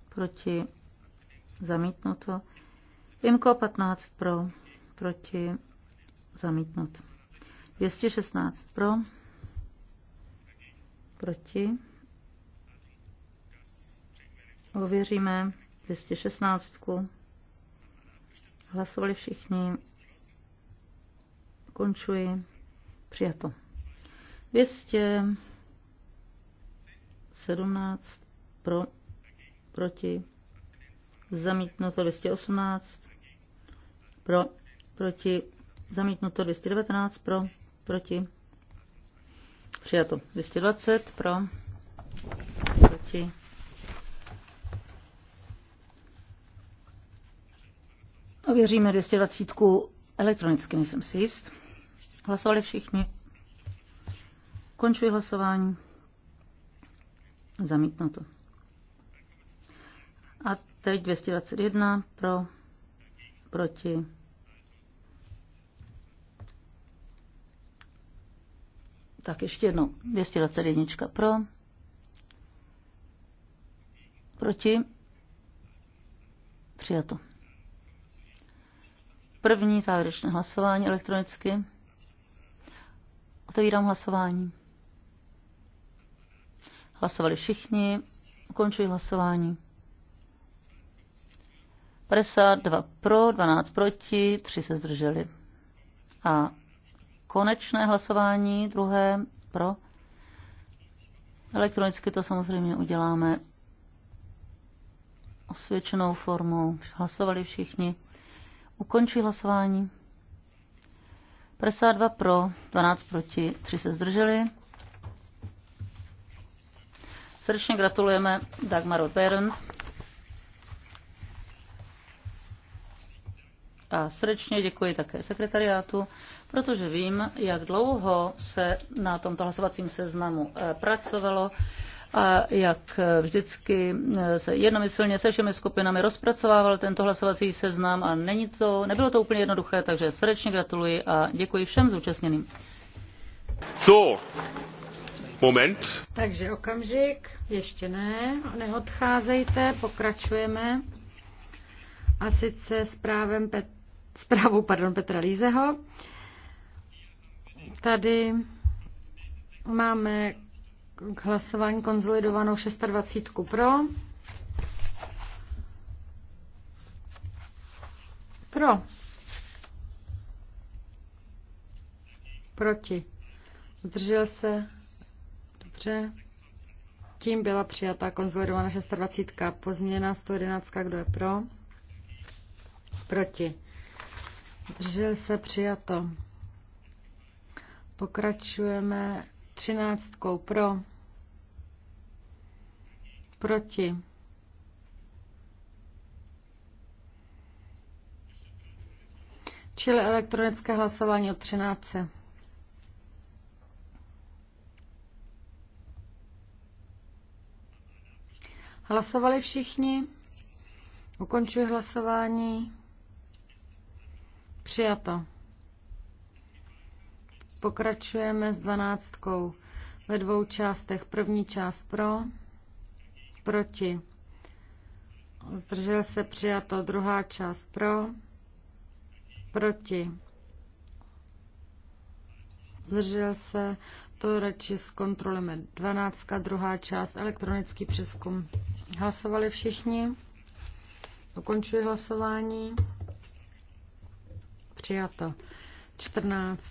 proti zamítnuto, IMKO 15 pro, proti zamítnut, 216 pro, proti, ověříme 216. Hlasovali všichni, Končuji. Přijato. 217 pro, proti, zamítnuto 218 pro, proti, zamítnuto 219 pro, proti, přijato 220 pro, proti, Ověříme 220 elektronicky, nejsem si jist. Hlasovali všichni. Končuji hlasování. Zamítnuto. A teď 221 pro, proti. Tak ještě jednou. 221 pro, proti. Přijato. První závěrečné hlasování elektronicky. Otevírám hlasování. Hlasovali všichni. Ukončuji hlasování. 52 pro, 12 proti, 3 se zdrželi. A konečné hlasování, druhé pro. Elektronicky to samozřejmě uděláme osvědčenou formou. Hlasovali všichni. Ukončí hlasování. 52 pro, 12 proti, 3 se zdrželi. Srdečně gratulujeme Dagmar Berend. A srdečně děkuji také sekretariátu, protože vím, jak dlouho se na tomto hlasovacím seznamu eh, pracovalo a jak vždycky se jednomyslně se všemi skupinami rozpracovával tento hlasovací seznam a není to, nebylo to úplně jednoduché, takže srdečně gratuluji a děkuji všem zúčastněným. Co? Moment. Takže okamžik, ještě ne, neodcházejte, pokračujeme. A sice právem Pet, zprávou pardon, Petra Lízeho. Tady máme k hlasování konzolidovanou 26 pro. Pro. Proti. Zdržel se. Dobře. Tím byla přijatá konzolidovaná 26. Pozměna 111. Kdo je pro? Proti. Zdržel se přijato. Pokračujeme Třináctkou pro. Proti. Čili elektronické hlasování o třináctce. Hlasovali všichni? Ukončuji hlasování. Přijato. Pokračujeme s dvanáctkou ve dvou částech. První část pro, proti. Zdržel se přijato. Druhá část pro, proti. Zdržel se. To radši zkontrolujeme. Dvanáctka, druhá část, elektronický přeskum. Hlasovali všichni. Dokončuji hlasování. Přijato. 14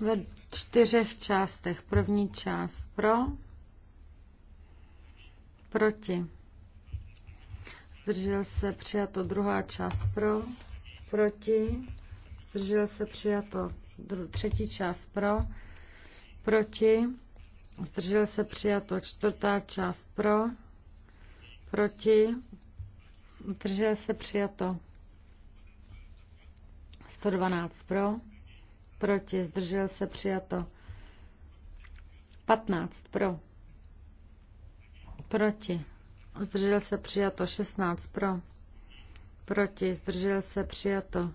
ve čtyřech částech. První část pro, proti. Zdržel se přijato druhá část pro, proti. Zdržel se přijato třetí část pro, proti. Zdržel se přijato čtvrtá část pro, proti. Zdržel se přijato 112 pro proti, zdržel se, přijato. 15 pro, proti, zdržel se, přijato. 16 pro, proti, zdržel se, přijato.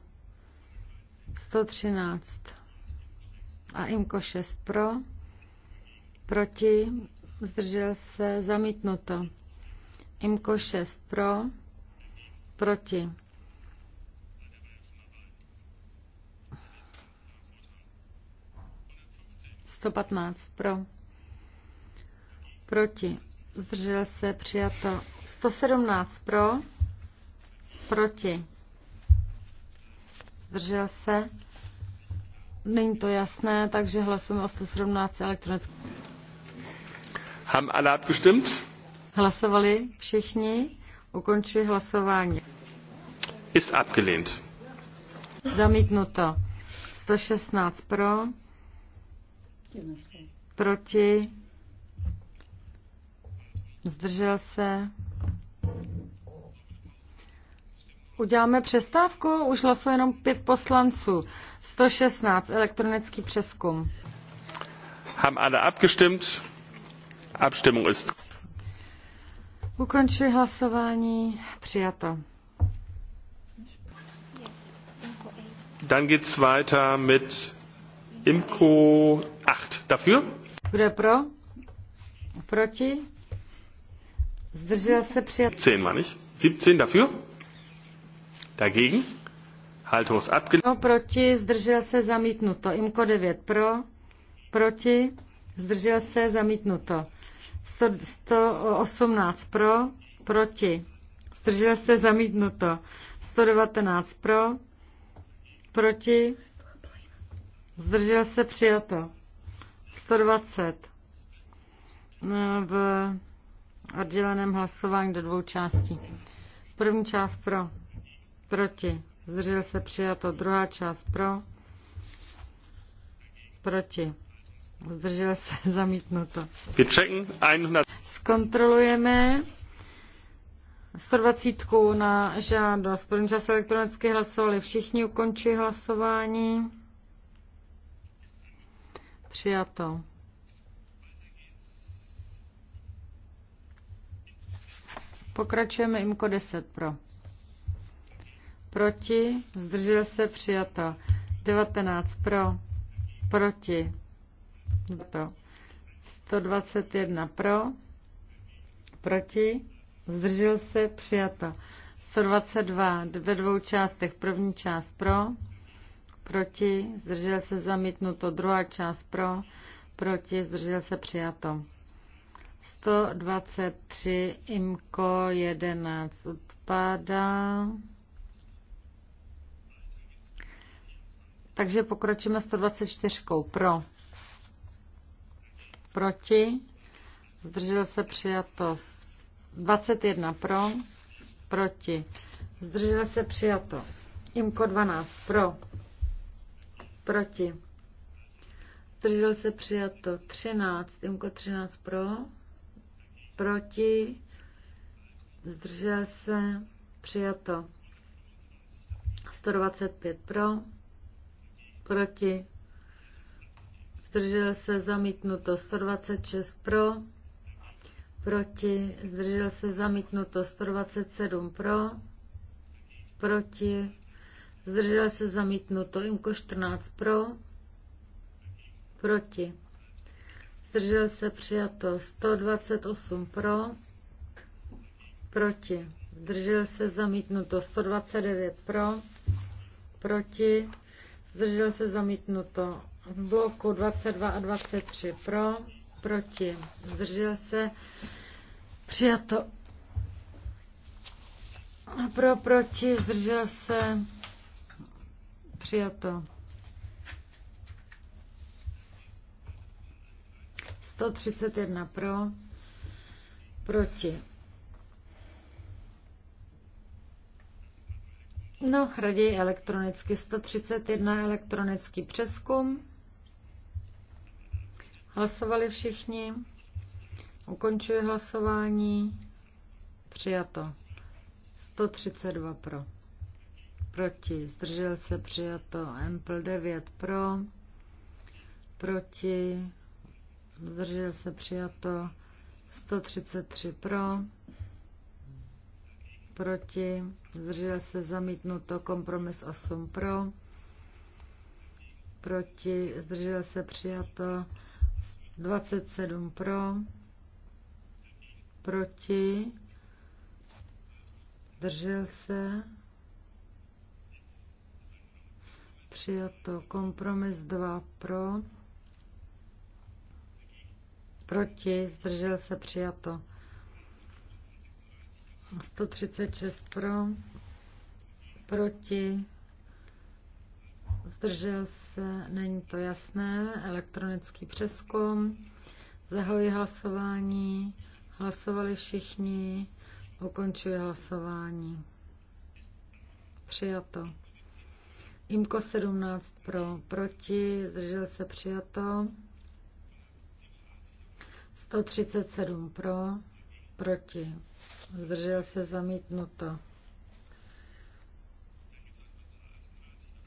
113 a IMKO 6 pro, proti, zdržel se, zamítnuto. IMKO 6 pro, proti, 115 pro. Proti. Zdržel se přijato. 117 pro. Proti. Zdržel se. Není to jasné, takže hlasujeme o 117 elektronicky. Ham alle abgestimmt? Hlasovali všichni. Ukončuji hlasování. Ist abgelehnt. Zamítnuto. 116 pro Proti? Zdržel se? Uděláme přestávku, už hlasuje jenom pět poslanců. 116, elektronický přeskum. Haben alle abgestimmt. Abstimmung ist. Ukončuji hlasování. Přijato. Dann geht's weiter mit Imko. Dafür? Kdo je pro? Proti? Zdržel se přijat. 10 meine ich. 17 dafür? Dagegen? Haltung ist abgelehnt. Proti, zdržel se zamítnuto. Imko 9 pro, proti, zdržel se zamítnuto. 118 pro, proti, zdržel se zamítnuto. 119 pro, proti, zdržel se přijato. 120 v odděleném hlasování do dvou částí. První část pro, proti, zdržel se přijato. Druhá část pro, proti, zdržel se zamítnuto. Zkontrolujeme 120 na žádost. První část elektronicky hlasovali všichni, ukončí hlasování. Přijato. Pokračujeme IMKO 10 pro. Proti, zdržel se, přijato. 19 pro, proti, to. 121 pro, proti, zdržel se, přijato. 122 ve dvou částech, první část pro, proti, zdržel se zamítnuto, druhá část pro, proti, zdržel se přijato. 123 IMKO 11 odpadá. Takže pokročíme 124 pro. Proti. Zdržel se přijato. 21 pro. Proti. Zdržel se přijato. IMKO 12 pro Proti. Zdržel se přijato 13. Imko 13 pro. Proti. Zdržel se přijato 125 pro. Proti. Zdržel se zamítnuto 126 pro. Proti. Zdržel se zamítnuto 127 pro. Proti zdržel se zamítnuto, Imko 14 pro, proti, zdržel se přijato, 128 pro, proti, zdržel se zamítnuto, 129 pro, proti, zdržel se zamítnuto, v bloku 22 a 23 pro, proti, zdržel se přijato, pro, proti, zdržel se Přijato. 131 pro, proti. No, raději elektronicky. 131 elektronický přeskum. Hlasovali všichni. Ukončuji hlasování. Přijato. 132 pro proti, zdržel se přijato Ample 9 pro, proti, zdržel se přijato 133 pro, proti, zdržel se zamítnuto kompromis 8 pro, proti, zdržel se přijato 27 pro, proti, zdržel se Přijato kompromis 2 pro. Proti, zdržel se přijato. 136 pro. Proti, zdržel se, není to jasné, elektronický přeskum. Zahoji hlasování, hlasovali všichni, ukončuji hlasování. Přijato. Imko 17 pro, proti, zdržel se přijato. 137 pro, proti, zdržel se zamítnuto.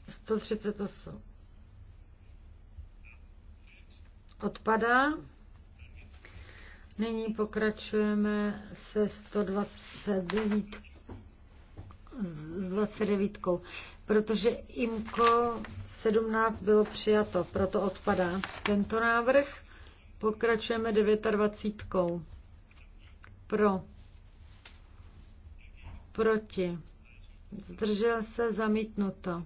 138. Odpadá. Nyní pokračujeme se 129 s 29, protože IMKO 17 bylo přijato, proto odpadá tento návrh. Pokračujeme 29. Pro. Proti. Zdržel se zamítnuto.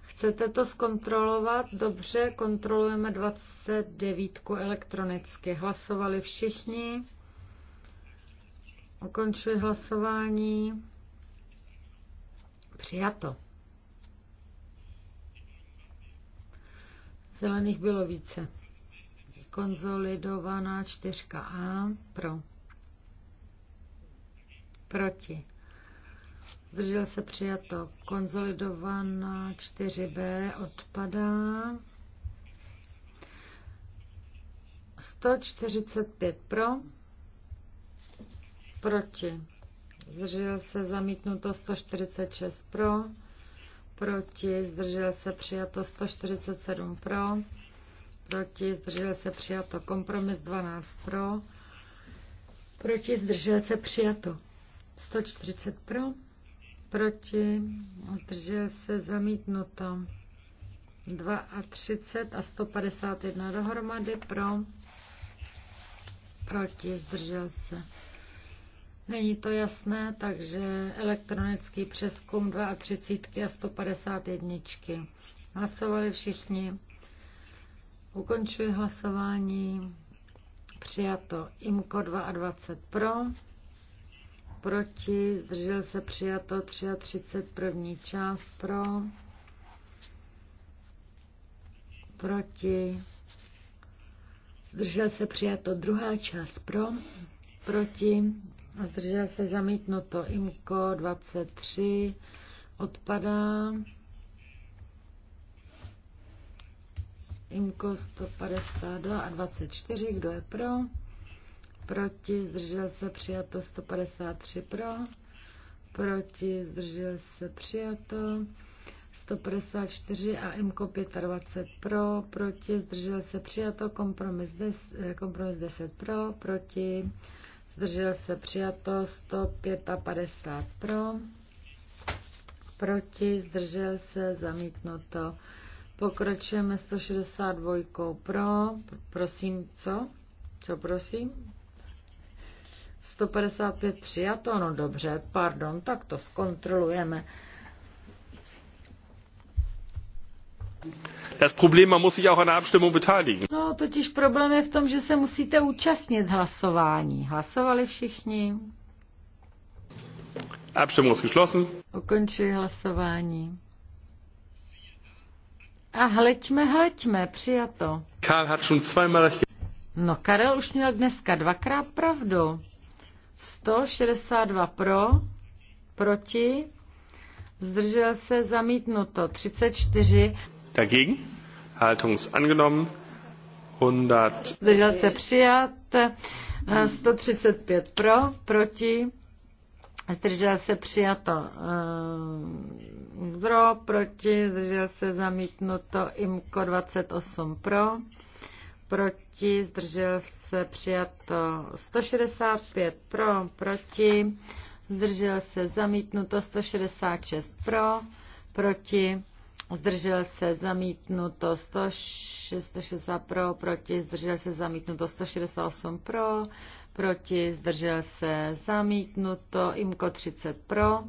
Chcete to zkontrolovat? Dobře, kontrolujeme 29 elektronicky. Hlasovali všichni. Ukončuji hlasování. Přijato. Zelených bylo více. Konzolidovaná čtyřka A pro. Proti. Zdržel se přijato. Konzolidovaná 4B odpadá. 145 pro. Proti zdržel se zamítnuto 146 pro, proti, zdržel se přijato 147 pro, proti, zdržel se přijato kompromis 12 pro, proti, zdržel se přijato 140 pro, proti, zdržel se zamítnuto 32 a 151 dohromady pro, proti, zdržel se Není to jasné, takže elektronický přeskum 32 a 151. Hlasovali všichni. Ukončuji hlasování. Přijato IMKO 22 pro, proti, zdržel se přijato 33 první část pro, proti, zdržel se přijato druhá část pro, proti, Zdržel se zamítnuto. Imko 23 odpadá. Imko 152 a 24. Kdo je pro? Proti zdržel se přijato 153 pro. Proti zdržel se přijato 154 a Imko 25 pro. Proti zdržel se přijato kompromis 10, eh, kompromis 10 pro. Proti zdržel se přijato 155 pro, proti, zdržel se zamítnuto. Pokračujeme 162 pro, prosím, co? Co prosím? 155 přijato, no dobře, pardon, tak to zkontrolujeme. Das Problem, man muss sich auch an der Abstimmung beteiligen. No, totiž problém je v tom, že se musíte účastnit hlasování. Hlasovali všichni? Abstimmung ist geschlossen. Ukončuji hlasování. A hleďme, hleďme, přijato. Karl hat schon zweimal No, Karel už měl dneska dvakrát pravdu. 162 pro, proti, zdržel se zamítnuto, 34 Dagegen? Haltung ist angenommen. 100. Zdržel se přijat. 135 pro, proti. Zdržel se přijato. Eh, pro, proti, zdržel se zamítnuto. Imko 28 pro, proti, zdržel se přijato. 165 pro, proti, zdržel se zamítnuto. 166 pro, proti zdržel se zamítnuto 160 pro, proti, zdržel se zamítnuto 168 pro, proti, zdržel se zamítnuto, IMKO 30 pro,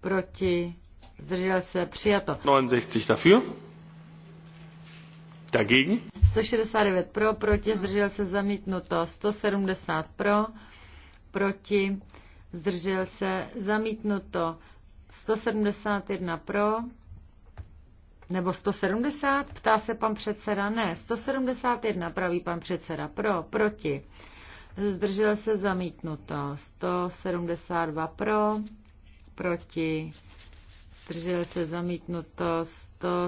proti, zdržel se přijato. 69 dafür. Dagegen. 169 pro, proti, zdržel se zamítnuto, 170 pro, proti, zdržel se zamítnuto, 171 pro, nebo 170? Ptá se pan předseda. Ne, 171 praví pan předseda. Pro, proti. Zdržel se zamítnuto. 172 pro, proti. Zdržel se zamítnuto.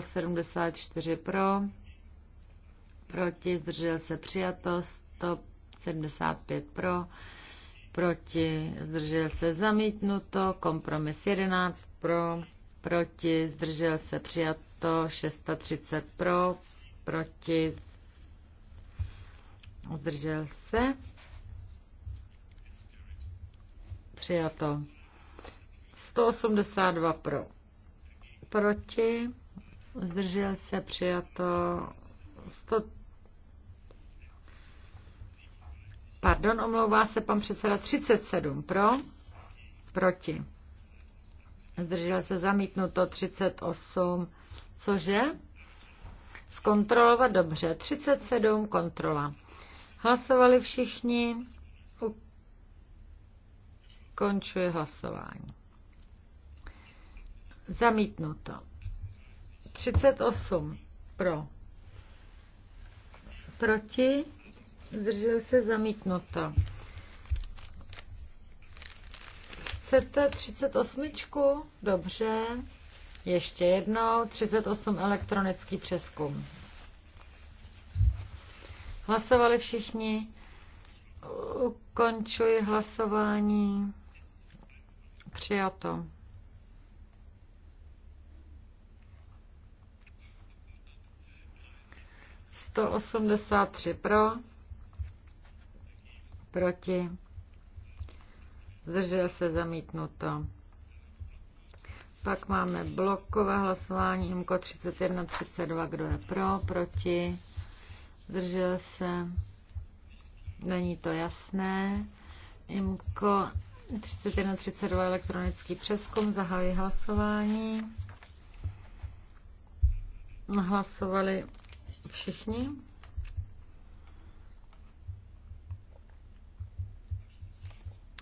174 pro, proti. Zdržel se přijato. 175 pro, proti. Zdržel se zamítnuto. Kompromis 11 pro, proti. Zdržel se přijato přijato 630 pro, proti, zdržel se, přijato 182 pro, proti, zdržel se, přijato 100, pardon, omlouvá se pan předseda 37 pro, proti. Zdržel se zamítnuto 38 Cože? Zkontrolovat dobře. 37 kontrola. Hlasovali všichni. Končuje hlasování. Zamítnuto. 38 pro. Proti. Zdržel se zamítnuto. Chcete 38? Dobře. Ještě jednou 38 elektronický přeskum. Hlasovali všichni. Ukončuji hlasování. Přijato. Sto osmdesát tři pro, proti, zdržel se zamítnuto. Pak máme blokové hlasování MKO 31, 32, kdo je pro, proti, zdržel se, není to jasné. MKO 31, 32, elektronický přeskum, zahájí hlasování. Hlasovali všichni.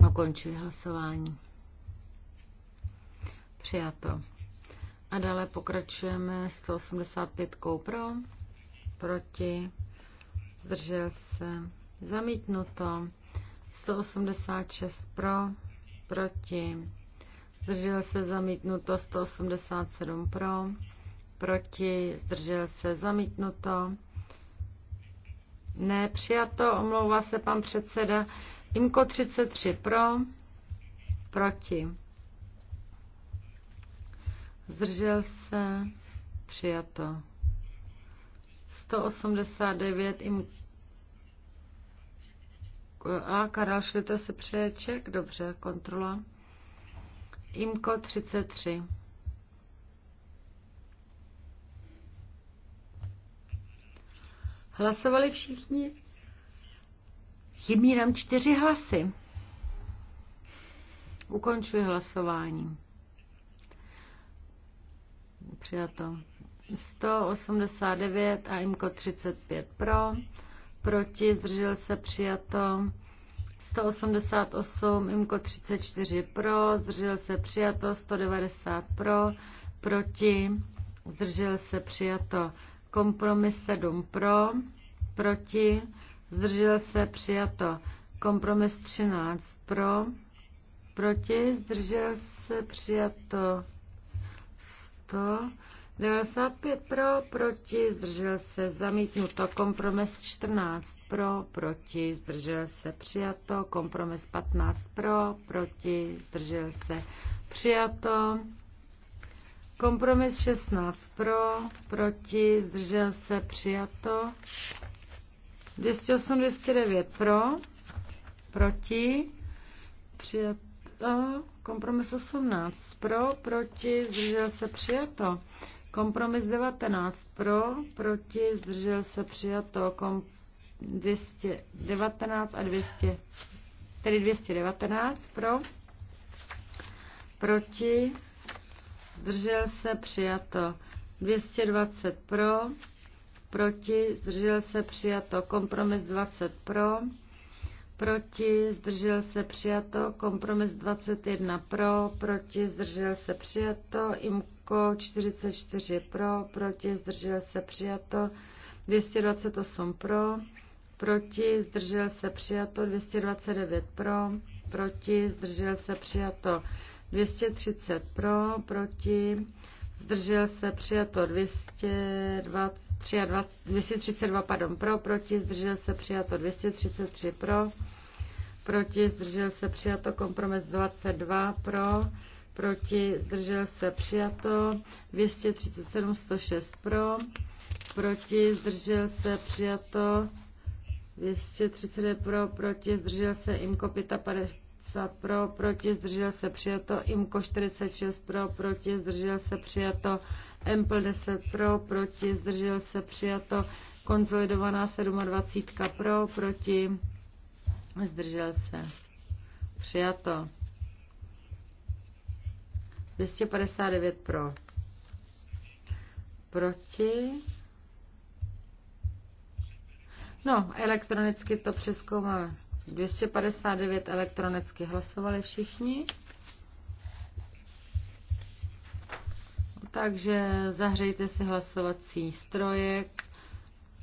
Ukončuji hlasování. Přijato. A dále pokračujeme 185 pro, proti, zdržel se, zamítnuto, 186 pro, proti, zdržel se, zamítnuto, 187 pro, proti, zdržel se, zamítnuto, ne, přijato, omlouvá se pan předseda, Imko 33 pro, proti. Zdržel se? Přijato. 189 im... A Karel Šlitr se přeje ček? Dobře, kontrola. Imko 33. Hlasovali všichni? Chybí nám čtyři hlasy. Ukončuji hlasování. Přijato. 189 a IMKO 35 pro. Proti zdržel se přijato. 188, IMKO 34 pro, zdržel se přijato, 190 pro, proti, zdržel se přijato, kompromis 7 pro, proti, zdržel se přijato, kompromis 13 pro, proti, zdržel se přijato, proto 95 pro, proti, zdržel se, zamítnuto. Kompromis 14 pro, proti, zdržel se, přijato. Kompromis 15 pro, proti, zdržel se, přijato. Kompromis 16 pro, proti, zdržel se, přijato. 289 pro, proti, přijato. Kompromis 18 pro, proti, zdržel se přijato. Kompromis 19 pro, proti, zdržel se přijato. Kom 219 a 200, tedy 219 pro, proti, zdržel se přijato. 220 pro, proti, zdržel se přijato. Kompromis 20 pro, proti, zdržel se přijato, kompromis 21 pro, proti, zdržel se přijato, IMKO 44 pro, proti, zdržel se přijato, 228 pro, proti, zdržel se přijato, 229 pro, proti, zdržel se přijato, 230 pro, proti, zdržel se, přijato 223, 232, pardon, pro, proti, zdržel se, přijato 233, pro, proti, zdržel se, přijato kompromis 22, pro, proti, zdržel se, přijato 237, 106, pro, proti, zdržel se, přijato 230 pro, proti, zdržel se, imko 55, 50 pro, proti, zdržel se přijato, IMKO 46 pro, proti, zdržel se přijato, MPL 10 pro, proti, zdržel se přijato, konzolidovaná 27 pro, proti, zdržel se přijato. 259 pro. Proti. No, elektronicky to přeskoumáme. 259 elektronicky hlasovali všichni. Takže zahřejte si hlasovací strojek.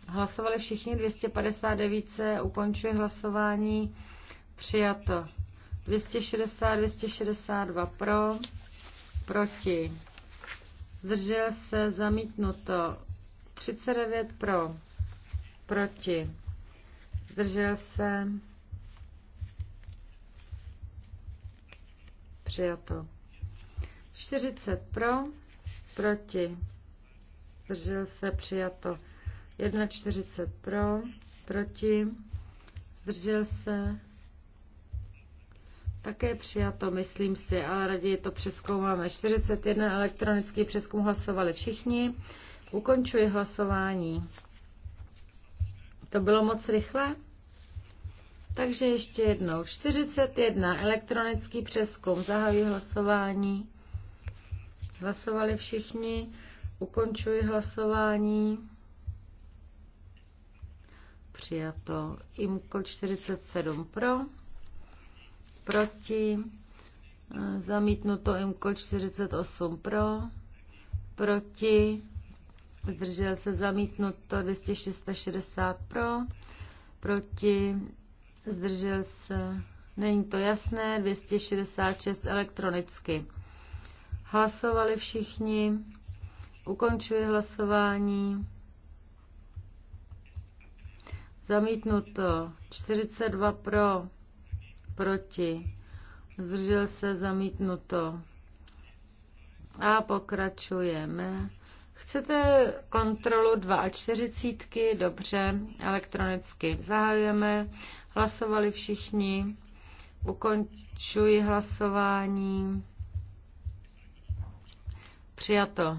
Hlasovali všichni 259 se ukončuje hlasování. Přijato 260, 262 pro, proti. Zdržel se zamítnuto 39 pro, proti. Zdržel se Přijato. 40 pro, proti, zdržel se, přijato. 1,40 pro, proti, zdržel se, také přijato, myslím si, ale raději to přeskoumáme. 41 elektronický přeskum hlasovali všichni. Ukončuji hlasování. To bylo moc rychle? Takže ještě jednou. 41. Elektronický přeskum. Zahajuji hlasování. Hlasovali všichni. Ukončuji hlasování. Přijato. IMKO 47 pro. Proti. Zamítnuto IMKO 48 pro. Proti. Zdržel se zamítnuto 260 pro. Proti zdržel se, není to jasné, 266 elektronicky. Hlasovali všichni, ukončuji hlasování. Zamítnuto 42 pro, proti, zdržel se zamítnuto. A pokračujeme. Chcete kontrolu 42? Dobře, elektronicky. Zahajujeme Hlasovali všichni. Ukončuji hlasování. Přijato.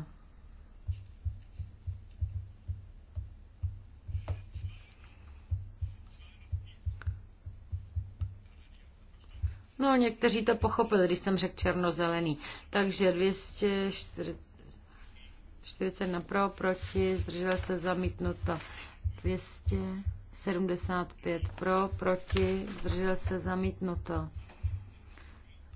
No, někteří to pochopili, když jsem řekl černozelený. Takže 240 na pro, proti, zdržela se zamítnuto. 200. 75 pro, proti, zdržel se zamítnuto.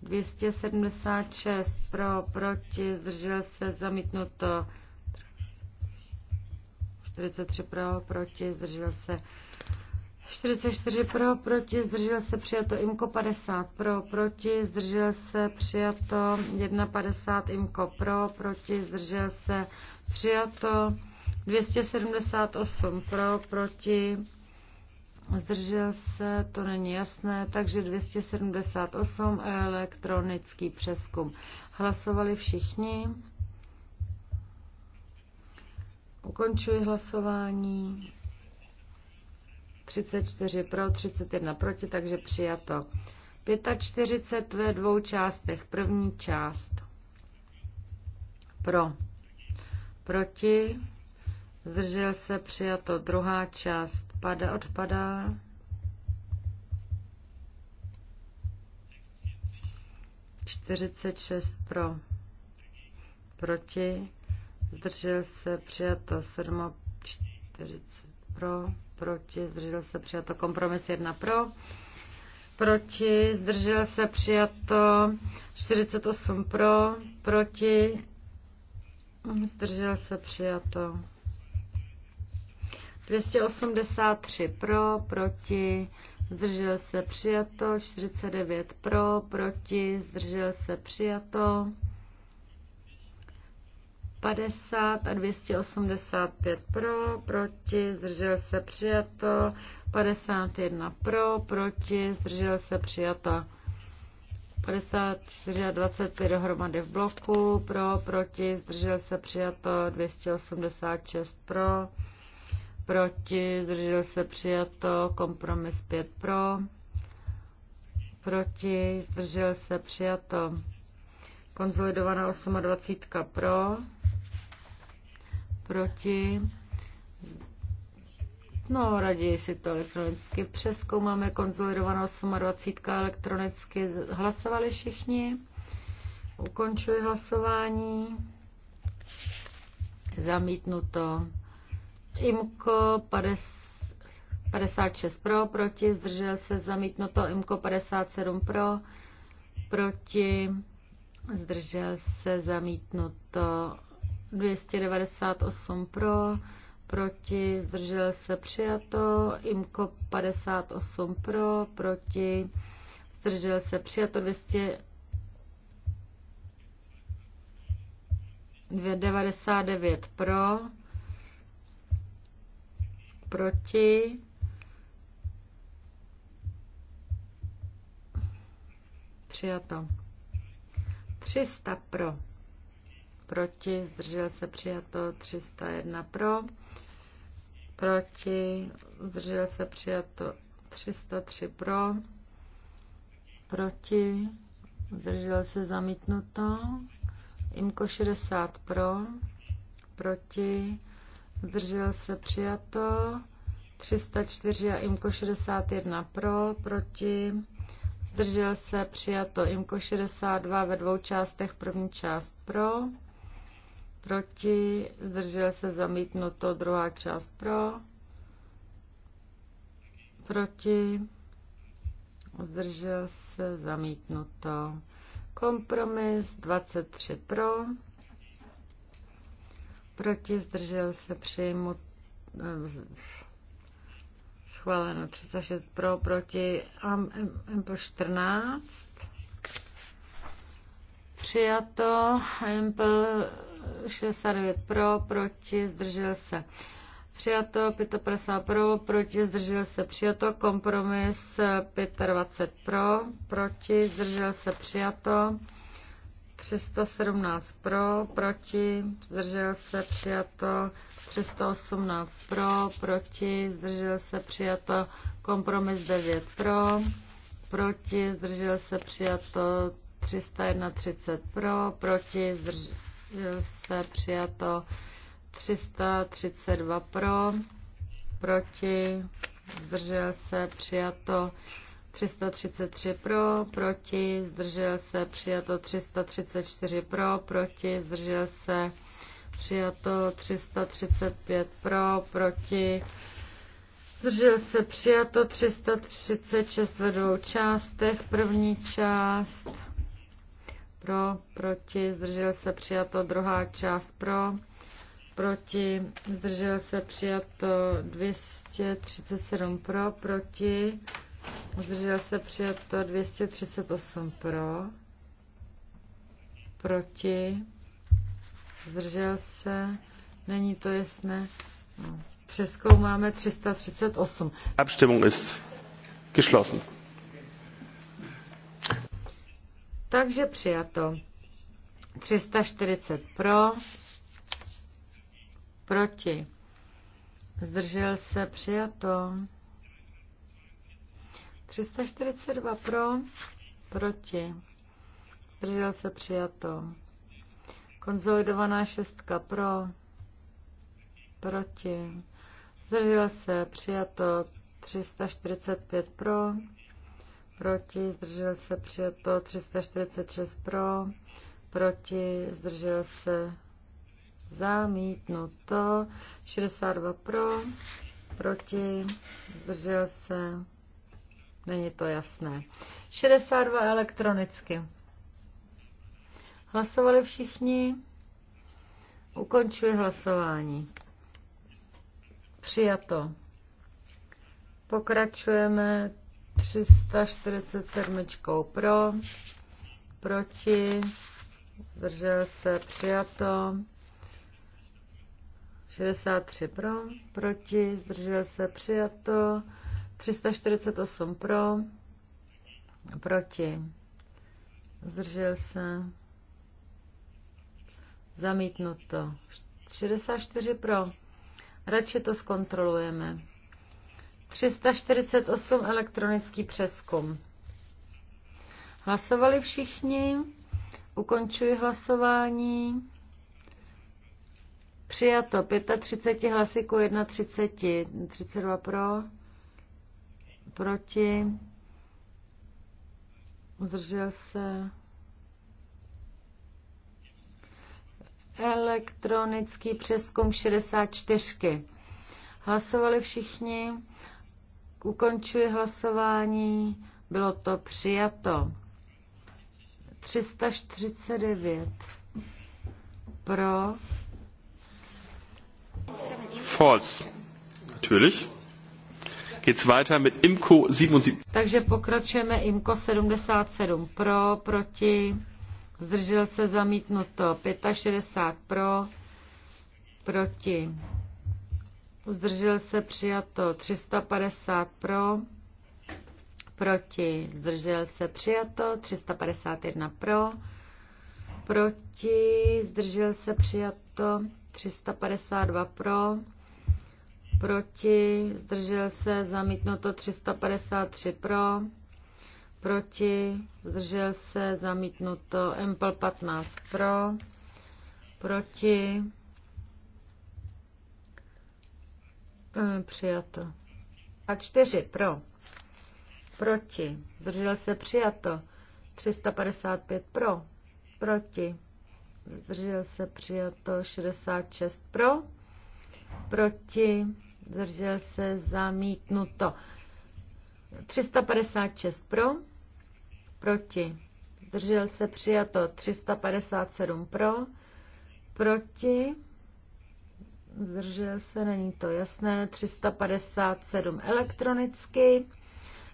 276 pro, proti, zdržel se zamítnuto. 43 pro, proti, zdržel se. 44 pro, proti, zdržel se přijato IMKO 50 pro, proti, zdržel se přijato 1,50 IMKO pro, proti, zdržel se přijato 278 pro, proti, Zdržel se, to není jasné, takže 278 elektronický přeskum. Hlasovali všichni. Ukončuji hlasování. 34 pro, 31 proti, takže přijato. 45 ve dvou částech. První část pro, proti, Zdržel se přijato druhá část. Pada, odpadá. Čtyřicet šest pro. Proti. Zdržel se přijato sedmo čtyřicet pro. Proti. Zdržel se přijato kompromis jedna pro. Proti. Zdržel se přijato čtyřicet osm pro. Proti. Zdržel se přijato. 283 pro, proti, zdržel se přijato, 49 pro, proti, zdržel se přijato, 50 a 285 pro, proti, zdržel se přijato, 51 pro, proti, zdržel se přijato. 54 a 25 dohromady v bloku, pro, proti, zdržel se přijato, 286 pro, proti, zdržel se přijato, kompromis 5 pro, proti, zdržel se přijato, konzolidovaná 28 pro, proti, no raději si to elektronicky přeskoumáme, konzolidovaná 28 elektronicky, hlasovali všichni, ukončuji hlasování, zamítnuto. IMKO 56 pro, proti, zdržel se zamítnuto, IMKO 57 pro, proti, zdržel se zamítnuto, 298 pro, proti, zdržel se přijato, IMKO 58 pro, proti, zdržel se přijato, 200 299 pro, Proti? Přijato. 300 pro. Proti? Zdržel se přijato. 301 pro. Proti? Zdržel se přijato. 303 pro. Proti? Zdržel se zamítnuto. Imko 60 pro. Proti? zdržel se přijato, 304 a IMKO 61 pro, proti, zdržel se přijato IMKO 62 ve dvou částech, první část pro, proti, zdržel se zamítnuto, druhá část pro, proti, zdržel se zamítnuto. Kompromis 23 pro, proti, zdržel se přijmu eh, schváleno 36 pro, proti, Ample 14, přijato, Ample 69 pro, proti, zdržel se přijato, 55 pro, proti, zdržel se přijato, kompromis 25 eh, pro, proti, zdržel se přijato, 317 pro, proti, zdržel se, přijato. 318 pro, proti, zdržel se, přijato. Kompromis 9 pro, proti, zdržel se, přijato. 331 pro, proti, zdržel se, přijato. 332 pro, proti, zdržel se, přijato. 333 pro, proti, zdržel se, přijato 334 pro, proti, zdržel se, přijato 335 pro, proti, zdržel se, přijato 336 ve dvou částech, první část pro, proti, zdržel se, přijato druhá část pro, proti, zdržel se, přijato 237 pro, proti, Zdržel se přijato 238 pro. Proti. Zdržel se. Není to jasné. No, přeskoumáme 338. Abstimmung ist geschlossen. Takže přijato. 340 pro, proti. Zdržel se přijato. 342 pro, proti, zdržel se přijato. Konzolidovaná šestka pro, proti, zdržel se přijato. 345 pro, proti, zdržel se přijato. 346 pro, proti, zdržel se zamítnuto. 62 pro, proti, zdržel se Není to jasné. 62 elektronicky. Hlasovali všichni? Ukončuji hlasování. Přijato. Pokračujeme 347 pro, proti, zdržel se, přijato. 63 pro, proti, zdržel se, přijato. 348 pro, proti, zdržel se, zamítnuto, 64 pro, radši to zkontrolujeme. 348 elektronický přeskum. Hlasovali všichni, ukončuji hlasování. Přijato 35 hlasy ku 31, 32 pro proti, zdržel se, elektronický přeskum 64. Hlasovali všichni, ukončuji hlasování, bylo to přijato. 349 pro. False. Natürlich weiter mit IMCO 77. Takže pokračujeme IMCO 77 pro, proti, zdržel se zamítnuto 65 pro, proti, zdržel se přijato 350 pro, proti, zdržel se přijato 351 pro, proti, zdržel se přijato 352 pro, proti, zdržel se, zamítnuto 353 pro, proti, zdržel se, zamítnuto MPL 15 pro, proti, eh, přijato. A 4 pro, proti, zdržel se, přijato. 355 pro, proti, zdržel se, přijato. 66 pro, proti, zdržel se, zamítnuto. 356 pro, proti, zdržel se, přijato. 357 pro, proti, zdržel se, není to jasné, 357 elektronicky.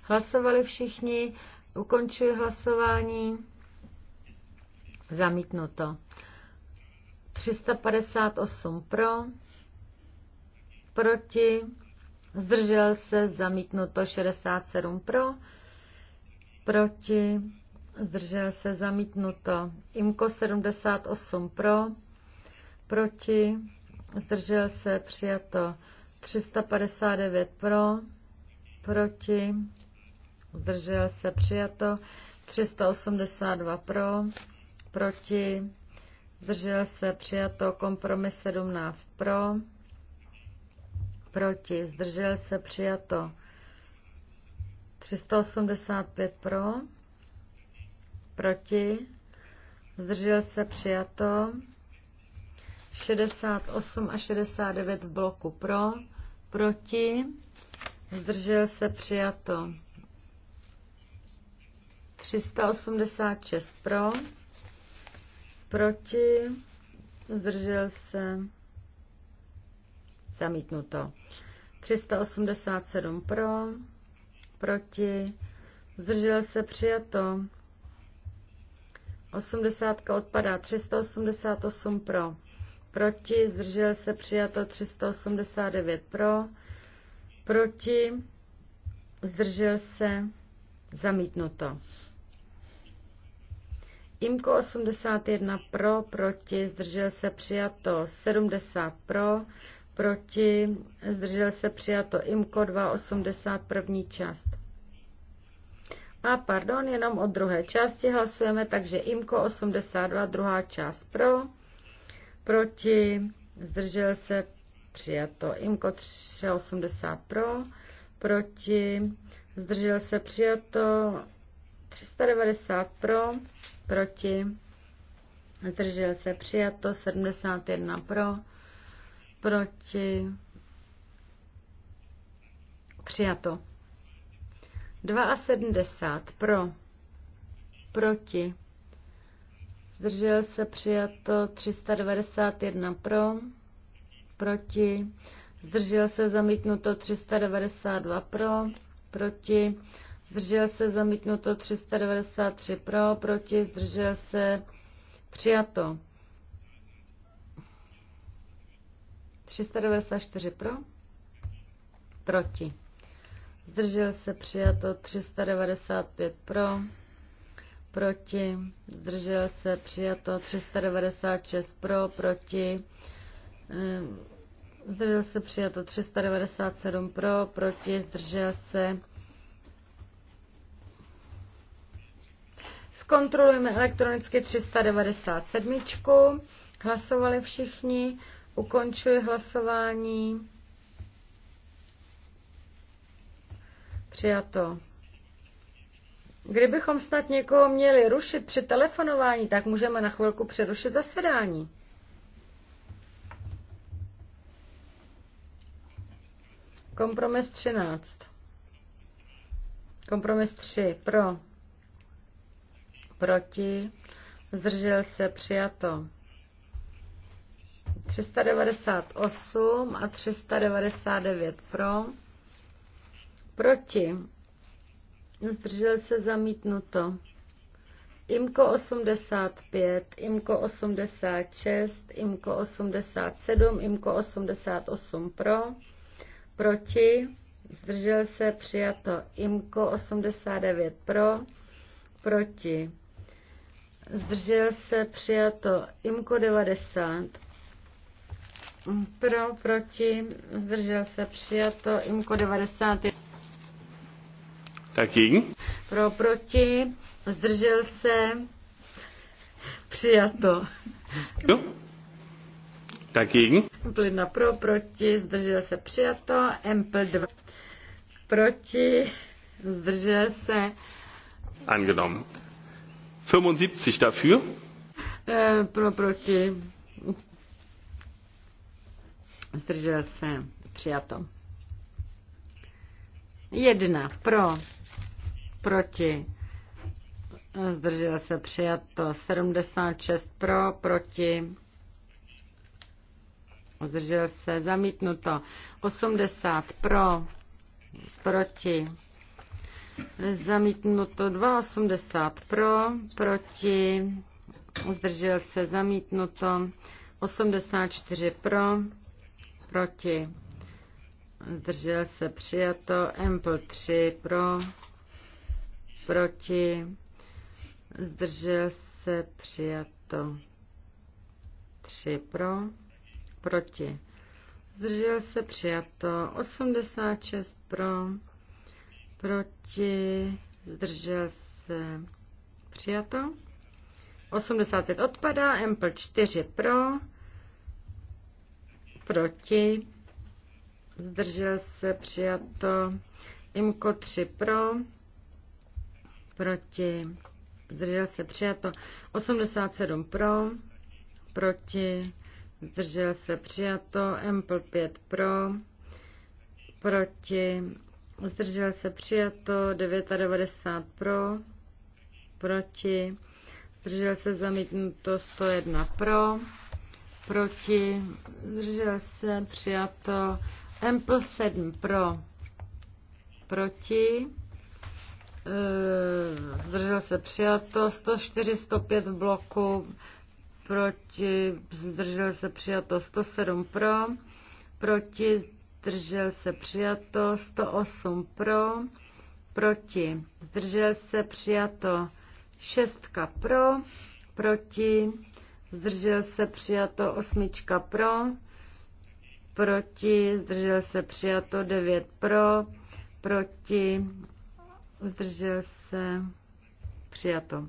Hlasovali všichni, ukončuji hlasování. Zamítnuto. 358 pro, proti, zdržel se, zamítnuto 67 pro, proti, zdržel se, zamítnuto. Imko 78 pro, proti, zdržel se, přijato 359 pro, proti, zdržel se, přijato 382 pro, proti, zdržel se, přijato kompromis 17 pro, proti, zdržel se, přijato. 385 pro, proti, zdržel se, přijato. 68 a 69 v bloku pro, proti, zdržel se, přijato. 386 pro, proti, zdržel se, Zamítnuto. 387 pro, proti, zdržel se přijato. 80 odpadá, 388 pro, proti, zdržel se přijato, 389 pro, proti, zdržel se, zamítnuto. Imko 81 pro, proti, zdržel se přijato, 70 pro, proti, zdržel se přijato IMKO 280 první část. A pardon, jenom o druhé části hlasujeme, takže IMKO 82 druhá část pro, proti, zdržel se přijato IMKO 380 pro, proti, zdržel se přijato 390 pro, proti, zdržel se přijato 71 pro, proti, přijato. 72 pro, proti, zdržel se přijato 391 pro, proti, zdržel se zamítnuto 392 pro, proti, zdržel se zamítnuto 393 pro, proti, zdržel se přijato 394 pro, proti. Zdržel se přijato 395 pro, proti. Zdržel se přijato 396 pro, proti. Eh, zdržel se přijato 397 pro, proti. Zdržel se Zkontrolujeme elektronicky 397. Hlasovali všichni. Ukončuji hlasování. Přijato. Kdybychom snad někoho měli rušit při telefonování, tak můžeme na chvilku přerušit zasedání. Kompromis 13. Kompromis 3. Pro. Proti. Zdržel se. Přijato. 398 a 399 pro. Proti. Zdržel se zamítnuto. IMKO 85, IMKO 86, IMKO 87, IMKO 88 pro, proti, zdržel se, přijato IMKO 89 pro, proti, zdržel se, přijato IMKO 90 pro, proti, zdržel se přijato, IMKO 90. Dagegen. Pro, proti, zdržel se přijato. Jo. Dagegen. Plyna pro, proti, zdržel se přijato, Empl 2. Proti, zdržel se. Angenommen. 75 dafür. Eh, pro, proti Zdržel se. Přijato. Jedna. Pro. Proti. Zdržel se. Přijato. 76 pro. Proti. Zdržel se. Zamítnuto. 80 pro. Proti. Zamítnuto 2,80 pro, proti, zdržel se zamítnuto 84 pro, proti, zdržel se přijato, Ample 3 pro, proti, zdržel se přijato, 3 pro, proti, zdržel se přijato, 86 pro, proti, zdržel se přijato, 85 odpadá, Ample 4 pro, proti, zdržel se přijato, Imko 3 pro, proti, zdržel se přijato, 87 pro, proti, zdržel se přijato, Ample 5 pro, proti, zdržel se přijato, 99 pro, proti, zdržel se zamítnuto, 101 pro, proti, zdržel se, přijato. Ample 7 pro, proti, eh, zdržel se, přijato. 104, 105 v bloku, proti, zdržel se, přijato. 107 pro, proti, zdržel se, přijato. 108 pro, proti, zdržel se, přijato. Šestka pro, proti, zdržel se přijato osmička pro, proti, zdržel se přijato devět pro, proti, zdržel se přijato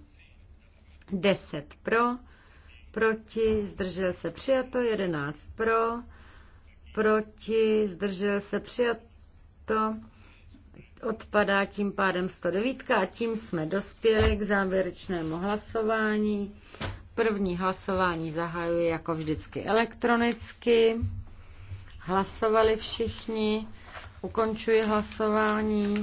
deset pro, proti, zdržel se přijato jedenáct pro, proti, zdržel se přijato odpadá tím pádem 109 a tím jsme dospěli k závěrečnému hlasování. První hlasování zahajuje jako vždycky elektronicky. Hlasovali všichni. Ukončuji hlasování.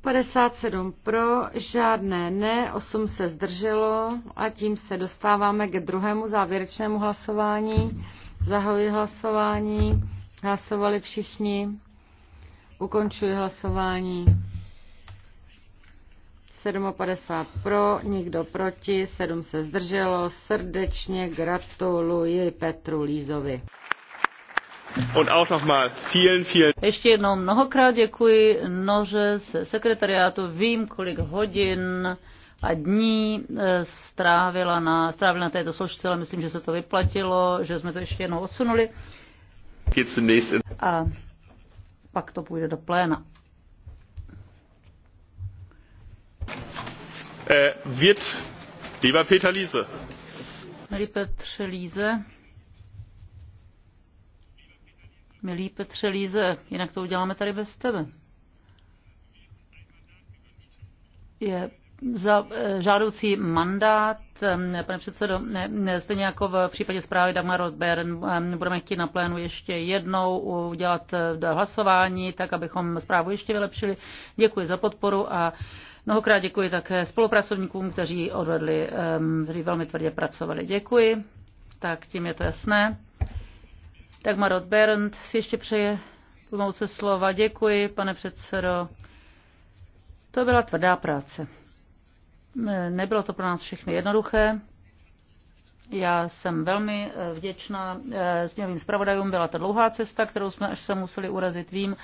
57 pro, žádné ne, 8 se zdrželo a tím se dostáváme ke druhému závěrečnému hlasování. Zahajuji hlasování. Hlasovali všichni. Ukončuji hlasování. 57 pro, nikdo proti, 7 se zdrželo. Srdečně gratuluji Petru Lízovi. Und auch noch mal vielen, vielen Ještě jednou mnohokrát děkuji Nože se sekretariátu. Vím, kolik hodin a dní eh, strávila na, strávila na této složce, ale myslím, že se to vyplatilo, že jsme to ještě jednou odsunuli. A pak to půjde do pléna. äh, wird lieber Peter Liese. Milý Petře Líze, milý Petře jinak to uděláme tady bez tebe. Je za eh, žádoucí mandát, eh, pane předsedo, ne, stejně jako v případě zprávy Dagmar Rodberen, eh, budeme chtít na plénu ještě jednou udělat hlasování, tak abychom zprávu ještě vylepšili. Děkuji za podporu a Mnohokrát děkuji také spolupracovníkům, kteří odvedli, kteří velmi tvrdě pracovali. Děkuji. Tak tím je to jasné. Tak Marot Bernd si ještě přeje pomout se slova. Děkuji, pane předsedo. To byla tvrdá práce. Nebylo to pro nás všechny jednoduché. Já jsem velmi eh, vděčná S eh, sněmovým zpravodajům. Byla to dlouhá cesta, kterou jsme až se museli urazit. Vím,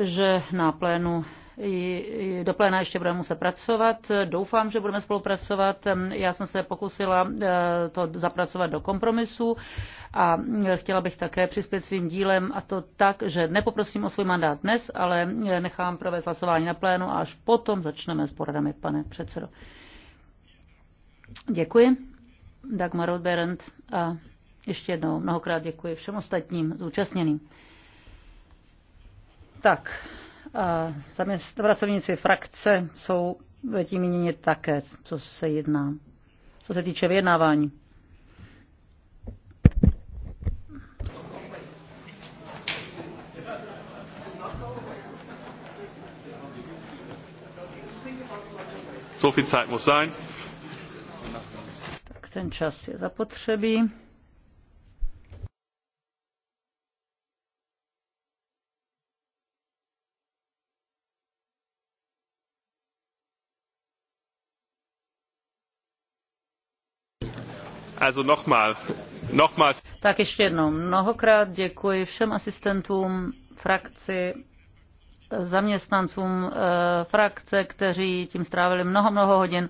že na plénu do pléna ještě budeme muset pracovat. Doufám, že budeme spolupracovat. Já jsem se pokusila eh, to zapracovat do kompromisu a eh, chtěla bych také přispět svým dílem a to tak, že nepoprosím o svůj mandát dnes, ale eh, nechám provést hlasování na plénu a až potom začneme s poradami, pane předsedo. Děkuji. Dagmar Berend a ještě jednou mnohokrát děkuji všem ostatním zúčastněným. Tak, a pracovníci frakce jsou ve tím míněni také, co se jedná. Co se týče vyjednávání. So Zeit muss sein. Tak ten čas je zapotřebí. Also nochmal. Nochmal. Tak ještě jednou. Mnohokrát děkuji všem asistentům frakci zaměstnancům eh, frakce, kteří tím strávili mnoho, mnoho hodin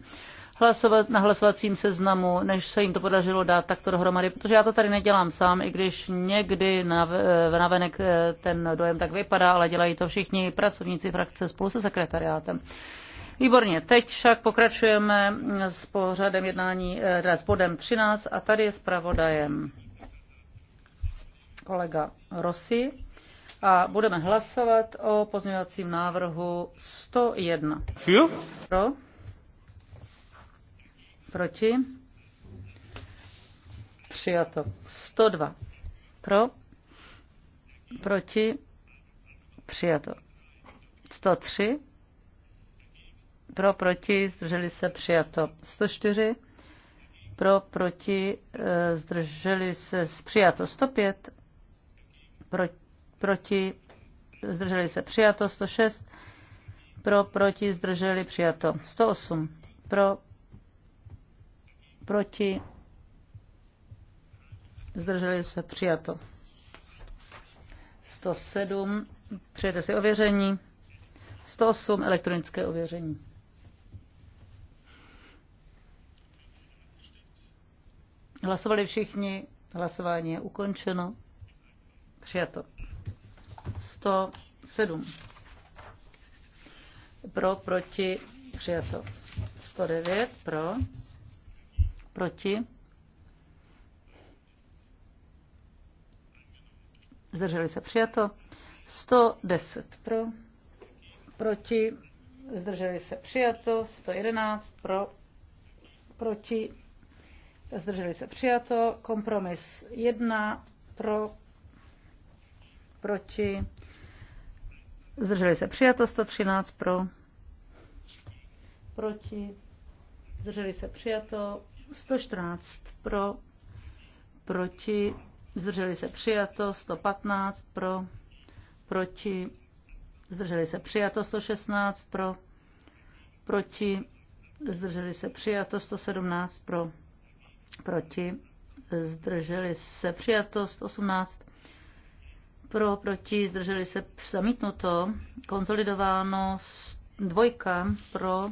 hlasovat na hlasovacím seznamu, než se jim to podařilo dát takto dohromady, protože já to tady nedělám sám, i když někdy eh, venek eh, ten dojem tak vypadá, ale dělají to všichni pracovníci frakce spolu se sekretariátem. Výborně, teď však pokračujeme s pořadem jednání, eh, s bodem 13 a tady je zpravodajem kolega Rossi a budeme hlasovat o pozměňovacím návrhu 101. Für? Pro? Proti? Přijato. 102. Pro? Proti? Přijato. 103 pro, proti, zdrželi se, přijato. 104. Eh, pro, proti, zdrželi se, přijato. 105. Pro, proti, zdrželi se, přijato. 106. Pro, proti, zdrželi, přijato. 108. Pro, proti, zdrželi se, přijato. 107, Přijete si ověření. 108, elektronické ověření. Hlasovali všichni, hlasování je ukončeno. Přijato. 107. Pro, proti, přijato. 109 pro, proti. Zdrželi se přijato. 110 pro, proti, zdrželi se přijato. 111 pro, proti, zdrželi se přijato, kompromis 1 pro, proti, zdrželi se přijato, 113 pro, proti, zdrželi se přijato, 114 pro, proti, zdrželi se přijato, 115 pro, proti, zdrželi se přijato, 116 pro, proti, zdrželi se přijato, 117 pro, proti, zdrželi se přijatost 18, pro, proti, zdrželi se zamítnuto, konsolidováno dvojka, pro,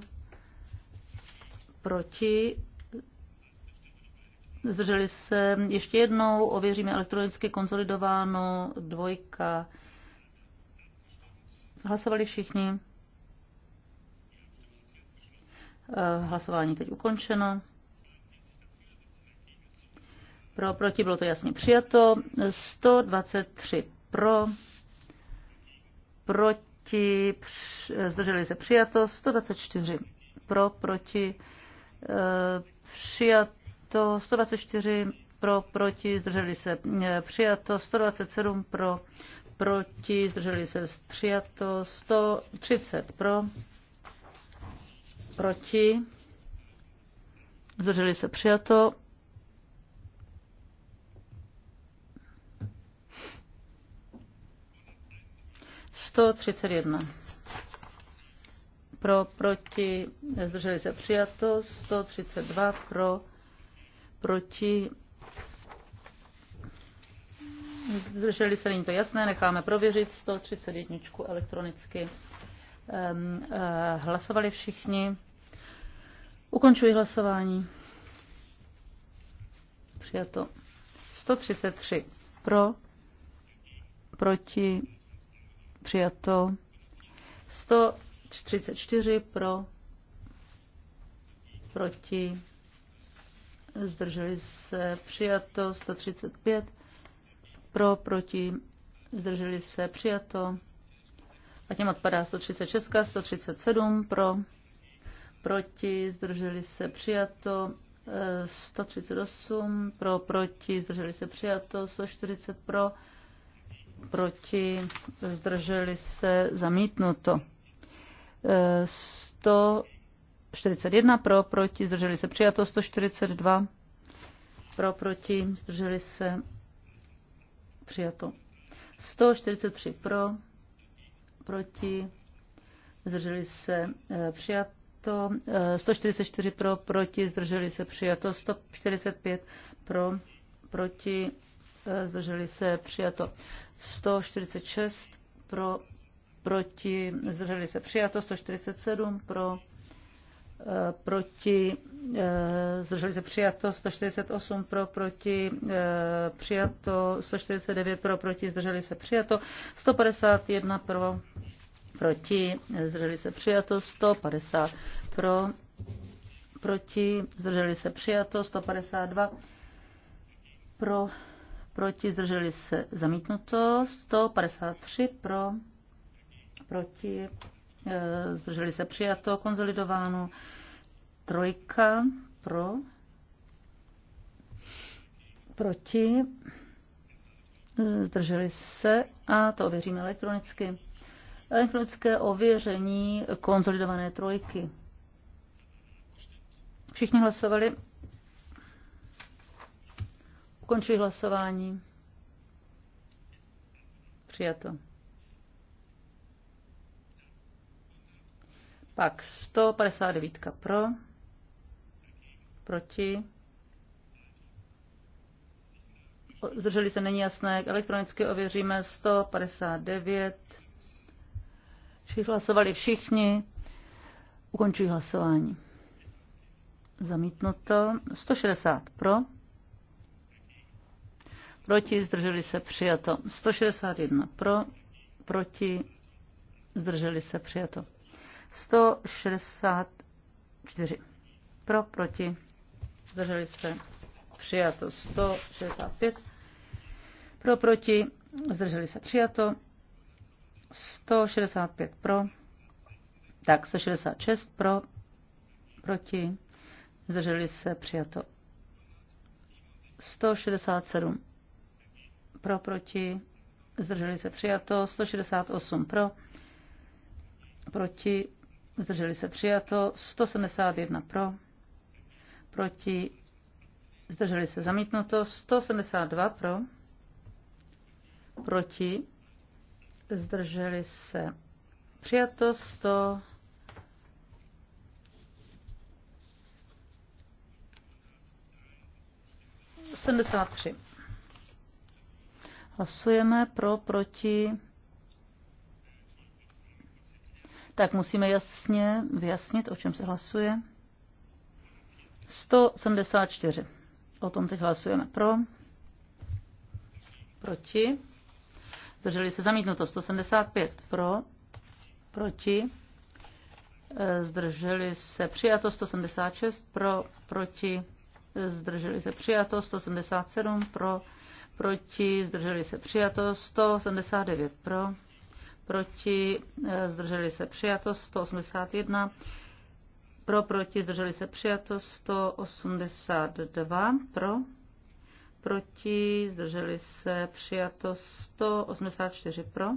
proti, zdrželi se ještě jednou, ověříme elektronicky konsolidováno dvojka, hlasovali všichni, eh, hlasování teď ukončeno pro, proti bylo to jasně přijato, 123 eh, eh, pro, proti, zdrželi se přijato, 124 pro, proti, přijato, 124 pro, proti, zdrželi se přijato, 127 pro, proti, zdrželi se přijato, 130 pro, proti, zdrželi se přijato, 131. Pro, proti, zdrželi se přijato. 132 pro, proti, zdrželi se, není to jasné, necháme prověřit 131 elektronicky. Eh, hlasovali všichni. Ukončuji hlasování. Přijato. 133 pro, proti, přijato. 134 pro, proti, zdrželi se, přijato. 135 pro, proti, zdrželi se, přijato. A tím odpadá 136, 137 pro, proti, zdrželi se, přijato. 138 eh, pro, proti, zdrželi se, přijato. 140 pro, proti, zdrželi se, zamítnuto. 141 e, pro, proti, zdrželi se, přijato 142 pro, proti, zdrželi se, přijato. 143 e, e, pro, proti, zdrželi se, přijato. 144 pro, proti, zdrželi se, přijato. 145 pro, proti, Eh, zdrželi se, přijato 146 pro, proti, zdrželi se, přijato 147 eh, eh, pro, proti, zdrželi se přijato 148 pro, proti, přijato 149 pro, proti, zdrželi se přijato 151 pro, proti, zdrželi se přijato 150 pro, proti, zdrželi se přijato 152 pro, proti, zdrželi se zamítnuto, 153 pro, proti, e, zdrželi se přijato, konzolidováno, trojka pro, proti, e, zdrželi se a to ověříme elektronicky. Elektronické ověření konzolidované trojky. Všichni hlasovali. Ukončuji hlasování. Přijato. Pak 159 pro, proti. Zdrželi se není jasné, elektronicky ověříme 159. Všichni hlasovali všichni. Ukončuji hlasování. Zamítnuto. 160 pro proti, zdrželi se přijato. 161 pro, proti, zdrželi se přijato. 164 pro, proti, zdrželi se přijato. 165 pro, proti, zdrželi se přijato. 165 pro, tak 166 pro, proti, zdrželi se přijato. 167 pro, proti, zdrželi se přijato, 168 pro, proti, zdrželi se přijato, 171 pro, proti, zdrželi se zamítnuto, 172 pro, proti, zdrželi se přijato, 100 73. Hlasujeme pro, proti. Tak musíme jasně vyjasnit, o čem se hlasuje. 174. O tom teď hlasujeme pro. Proti. Zdrželi se zamítnuto. 175 pro. Proti. E, zdrželi se přijato. 176 pro. Proti. E, zdrželi se přijato. 177 pro proti, zdrželi se přijato, 179 eh, pro, proti, zdrželi se přijato, 181 pro, proti, zdrželi se přijato, 182 pro, proti, zdrželi se přijato, 184 pro,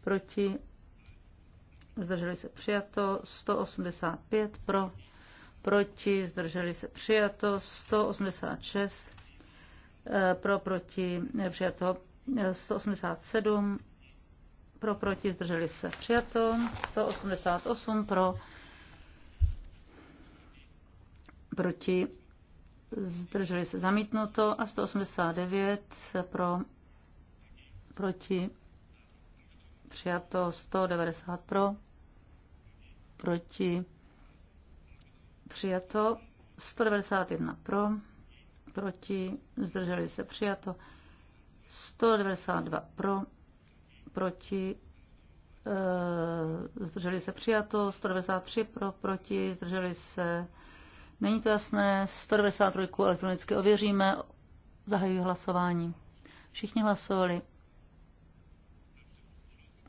proti, zdrželi se přijato, 185 pro, proti, zdrželi se přijato, 186 Eh, pro proti přijato 187, eh, pro proti zdrželi se přijato 188, pro proti zdrželi se zamítnuto a 189 pro proti přijato 190 pro proti přijato 191 pro proti, zdrželi se přijato. 192 pro, proti, eh, zdrželi se přijato. 193 pro, proti, zdrželi se. Není to jasné. 193 elektronicky ověříme. Zahajuji hlasování. Všichni hlasovali.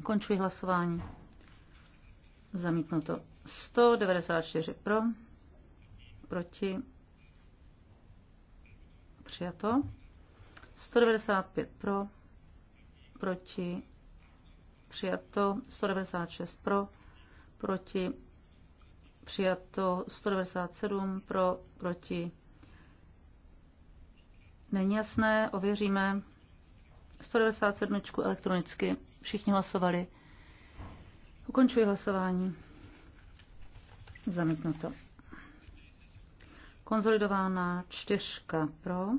Končuji hlasování. Zamítnuto. 194 pro, proti, Přijato. 195 pro, proti, přijato. 196 pro, proti, přijato. 197 pro, proti. Není jasné, ověříme. 197 elektronicky. Všichni hlasovali. Ukončuji hlasování. Zamítnuto. Konzolidována čtyřka pro,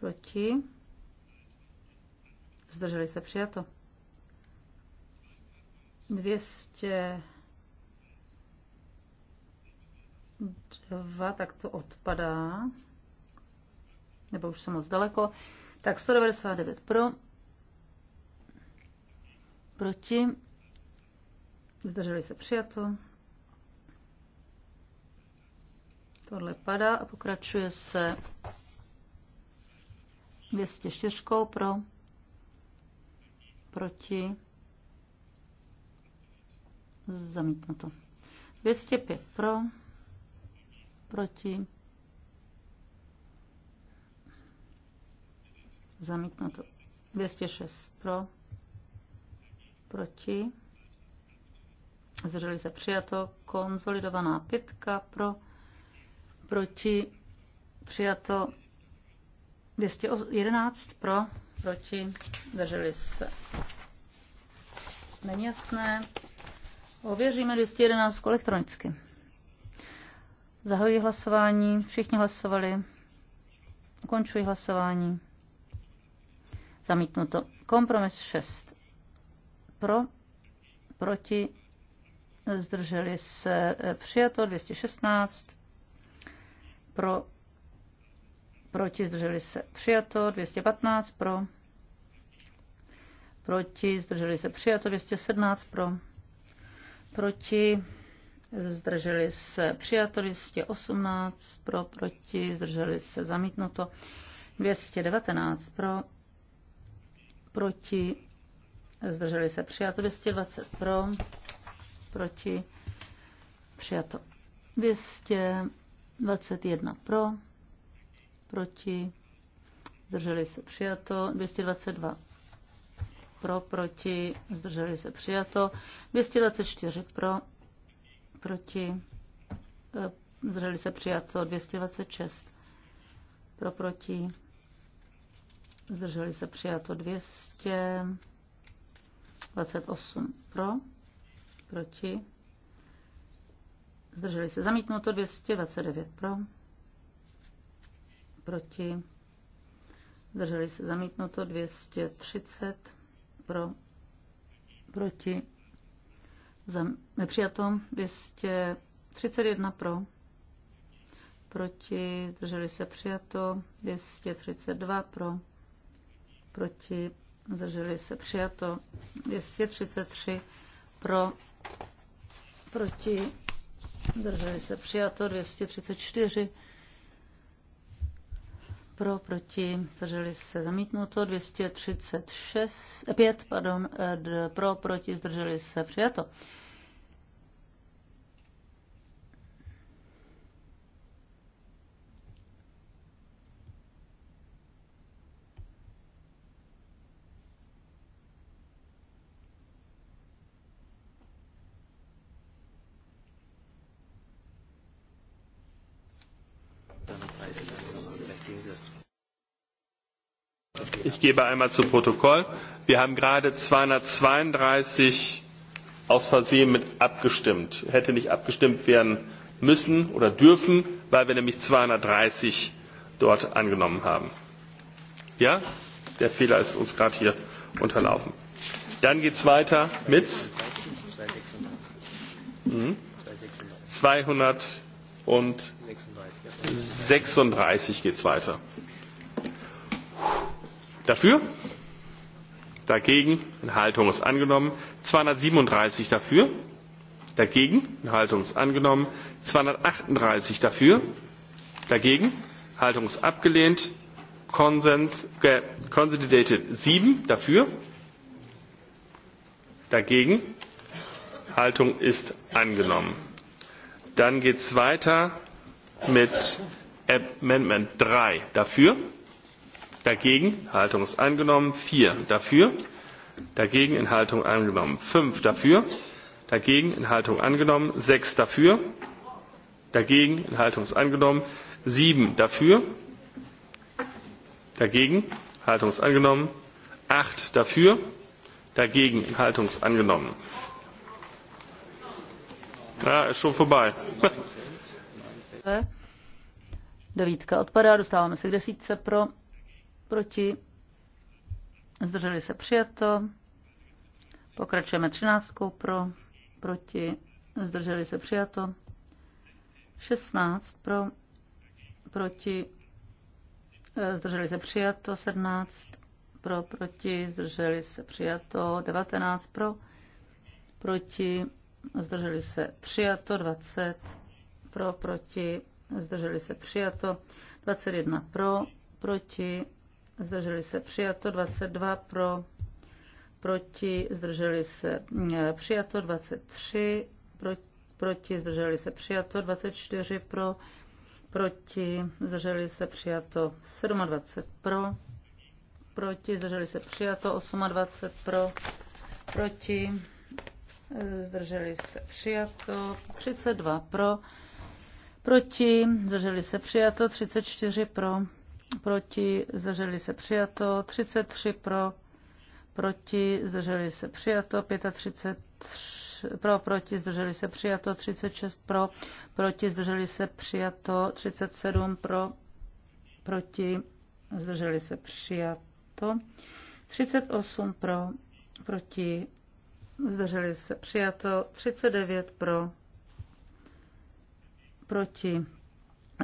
proti, zdrželi se přijato. 202, tak to odpadá, nebo už jsem moc daleko. Tak 199 pro, proti, zdrželi se přijato. Tohle padá a pokračuje se 204 pro, proti, zamítnuto. 205 pro, proti, zamítnuto. 206 pro, proti, zdrželi se přijato, konzolidovaná pětka pro, proti, přijato 211 pro, proti, drželi se. Není jasné. Ověříme 211 elektronicky. Zahajuji hlasování, všichni hlasovali. Ukončuji hlasování. Zamítnuto. Kompromis 6. Pro, proti, zdrželi se přijato 216 pro, proti, zdrželi se přijato, 215 pro, proti, zdrželi se přijato, 217 pro, proti, zdrželi se přijato, 218 pro, proti, zdrželi se zamítnuto, 219 pro, proti, zdrželi se přijato, 220 pro, proti, přijato. 200 21 pro, proti, zdrželi se přijato, 222 pro, proti, zdrželi se přijato, 224 e, pro, proti, zdrželi se přijato, 226 pro, proti, zdrželi se přijato, 228 pro, proti, Zdrželi se zamítnuto 229 pro. Proti. Zdrželi se zamítnuto 230 pro. Proti. Zam, nepřijato 231 pro. Proti. Zdrželi se přijato 232 pro. Proti. Zdrželi se přijato 233 pro. Proti Zdrželi se přijato 234. Pro, proti, zdrželi se zamítnuto 236, 5, eh, pardon, eh, pro, proti, zdrželi se přijato. gebe einmal zu protokoll wir haben gerade zweihundertzweiunddreißig aus versehen mit abgestimmt hätte nicht abgestimmt werden müssen oder dürfen weil wir nämlich zweihundertdreißig dort angenommen haben. ja der fehler ist uns gerade hier unterlaufen. dann geht es weiter mit mhm. zweihundertsechsunddreißig geht es weiter dafür dagegen enthaltung ist angenommen 237 dafür dagegen enthaltung ist angenommen 238 dafür dagegen enthaltung ist abgelehnt Consens, äh, consolidated 7 dafür dagegen Haltung ist angenommen. Dann geht es weiter mit Amendment 3 dafür dagegen enthaltung ist angenommen vier dafür dagegen enthaltung angenommen fünf dafür dagegen enthaltung angenommen sechs dafür dagegen enthaltung ist angenommen sieben dafür dagegen enthaltung ist angenommen acht dafür dagegen enthaltung ist angenommen ja, ah, ist schon vorbei devítka odpadá dostáváme se k desítce pro proti, zdrželi se přijato. Pokračujeme třináctkou pro, proti, zdrželi se přijato. 16 pro, proti, zdrželi se přijato. 17 pro, proti, zdrželi se přijato. 19 pro, proti, zdrželi se přijato. 20 pro, proti, zdrželi se přijato. 21 pro, proti, zdrželi se přijato 22 eh, pro, proti, zdrželi se přijato 23 pro, proti, zdrželi se přijato 24 pro, proti, zdrželi se přijato 27 eh, pro, proti, zdrželi se přijato 28 pro, proti, zdrželi se přijato 32 pro, proti, zdrželi se přijato 34 pro, proti, zdrželi se přijato, 33 pro, proti, zdrželi se přijato, 35 pro, proti, zdrželi se přijato, 36 pro, proti, zdrželi se přijato, 37 pro, proti, zdrželi se přijato, 38 pro, proti, zdrželi se přijato, 39 pro, proti,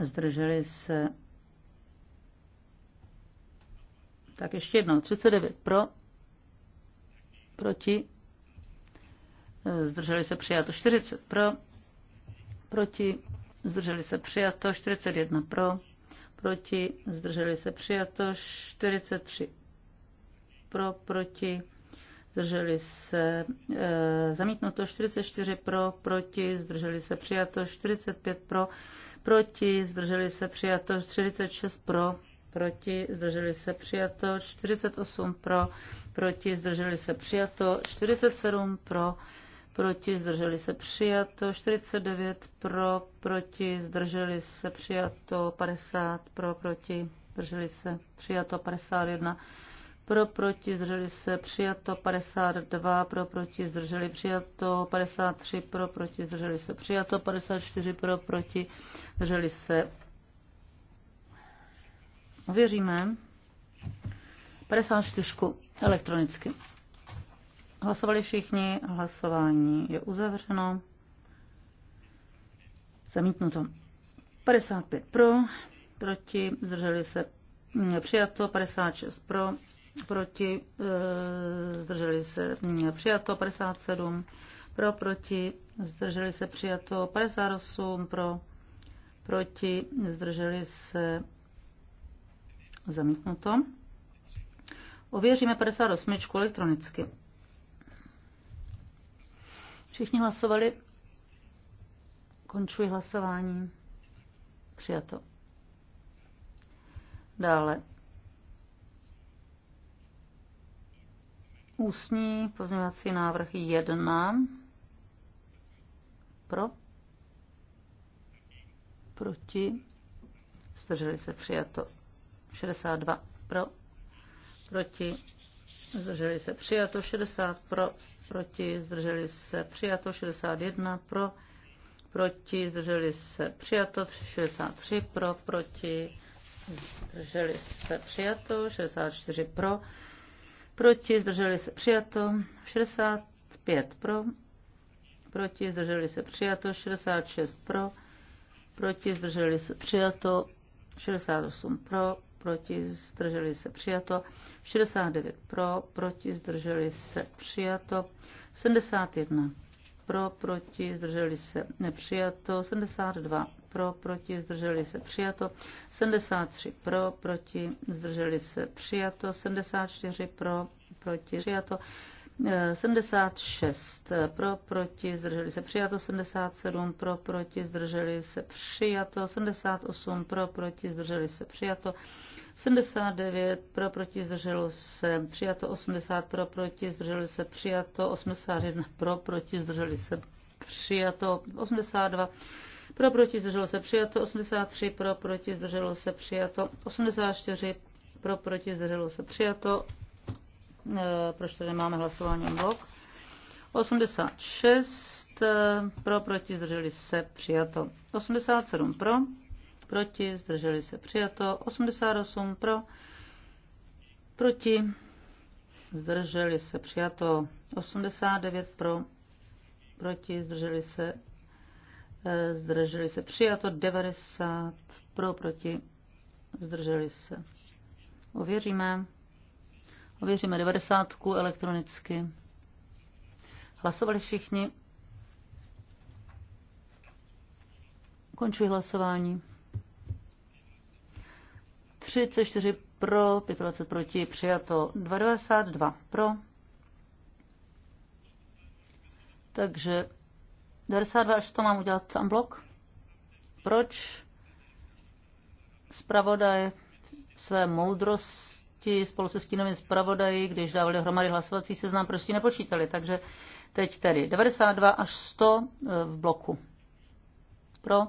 zdrželi se Tak ještě jednou, 39 pro, proti, zdrželi se přijato 40 pro, proti, zdrželi se přijato 41 pro, proti, zdrželi se přijato 43 pro, proti, zdrželi se e, zamítnuto 44 pro, proti, zdrželi se přijato 45 pro, proti, zdrželi se přijato 46 pro, proti, zdrželi se přijato, 48 pro, proti, zdrželi se přijato, 47 pro, proti, zdrželi se přijato, 49 pro, proti, zdrželi se přijato, 50 pro, proti, zdrželi se přijato, 51 pro, proti, zdrželi se přijato, 52 pro, proti, zdrželi přijato, 53 pro, proti, zdrželi se přijato, 54 pro, proti, zdrželi se Ověříme 54 elektronicky. Hlasovali všichni, hlasování je uzavřeno. Zamítnuto. 55 mm, eh, mm, pro, proti, zdrželi se přijato, 56 pro, proti, zdrželi se přijato, 57 pro, proti, zdrželi se přijato, 58 pro, proti, zdrželi se Zamítnuto. Ověříme 58 elektronicky. Všichni hlasovali. Končuji hlasování. Přijato. Dále. Ústní pozměňovací návrh 1. Pro. Proti. Zdrželi se přijato. 62 pro, proti, zdrželi se přijato, 60 pro, proti, zdrželi se přijato, 61 pro, proti, zdrželi se přijato, 63 pro, proti, zdrželi se přijato, 64 pro, proti, zdrželi se přijato, 65 pro, proti, zdrželi se přijato, 66 pro, proti, zdrželi se přijato, 68 pro, proti, zdrželi se přijato. 69 pro, proti, zdrželi se přijato. 71 pro, proti, zdrželi se nepřijato. 72 pro, proti, zdrželi se přijato. 73 pro, proti, zdrželi se přijato. 74 pro, proti, přijato. 76 eh, eh, pro, proti, zdrželi se přijato, 77 pro, proti, zdrželi se přijato, 78 pro, proti, zdrželi se přijato, 79 pro, proti, zdrželo se přijato, 80 pro, proti, zdrželi se přijato, 81 pro, proti, zdrželi se přijato, 82 pro, proti, zdrželo se přijato, 83 pro, proti, zdrželo se přijato, 84 pro, proti, zdrželo se přijato, Eh, proč tady nemáme hlasování blok. 86 eh, pro, proti, zdrželi se, přijato. 87 pro, proti, zdrželi se, přijato. 88 pro, proti, zdrželi se, přijato. 89 pro, proti, zdrželi se, eh, zdrželi se, přijato. 90 pro, proti, zdrželi se. Ověříme. Ověříme 90 elektronicky. Hlasovali všichni. Končuji hlasování. 34 pro, 25 proti, přijato 92 pro. Takže 92 až to mám udělat blok. Proč? Zpravodaj své moudrosti ti spolu se stínovým zpravodaji, když dávali hromady hlasovací seznam, prostě nepočítali. Takže teď tedy 92 až 100 e, v bloku. Pro,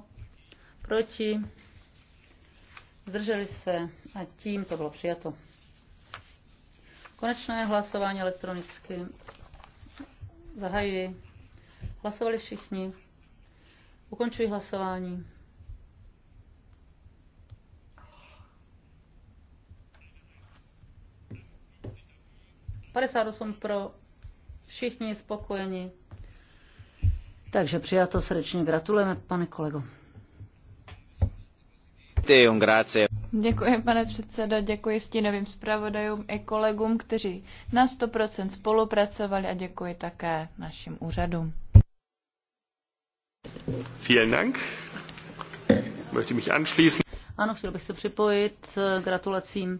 proti, zdrželi se a tím to bylo přijato. Konečné hlasování elektronicky. Zahajuji. Hlasovali všichni. Ukončuji hlasování. 58 pro, všichni spokojeni. Takže přijato srdečně gratulujeme, pane kolego. Děkuji, pane předsedo, děkuji stínovým zpravodajům i kolegům, kteří na 100% spolupracovali a děkuji také našim úřadům. Vielen Dank. Möchte mich anschließen. Ano, chtěl bych se připojit k gratulacím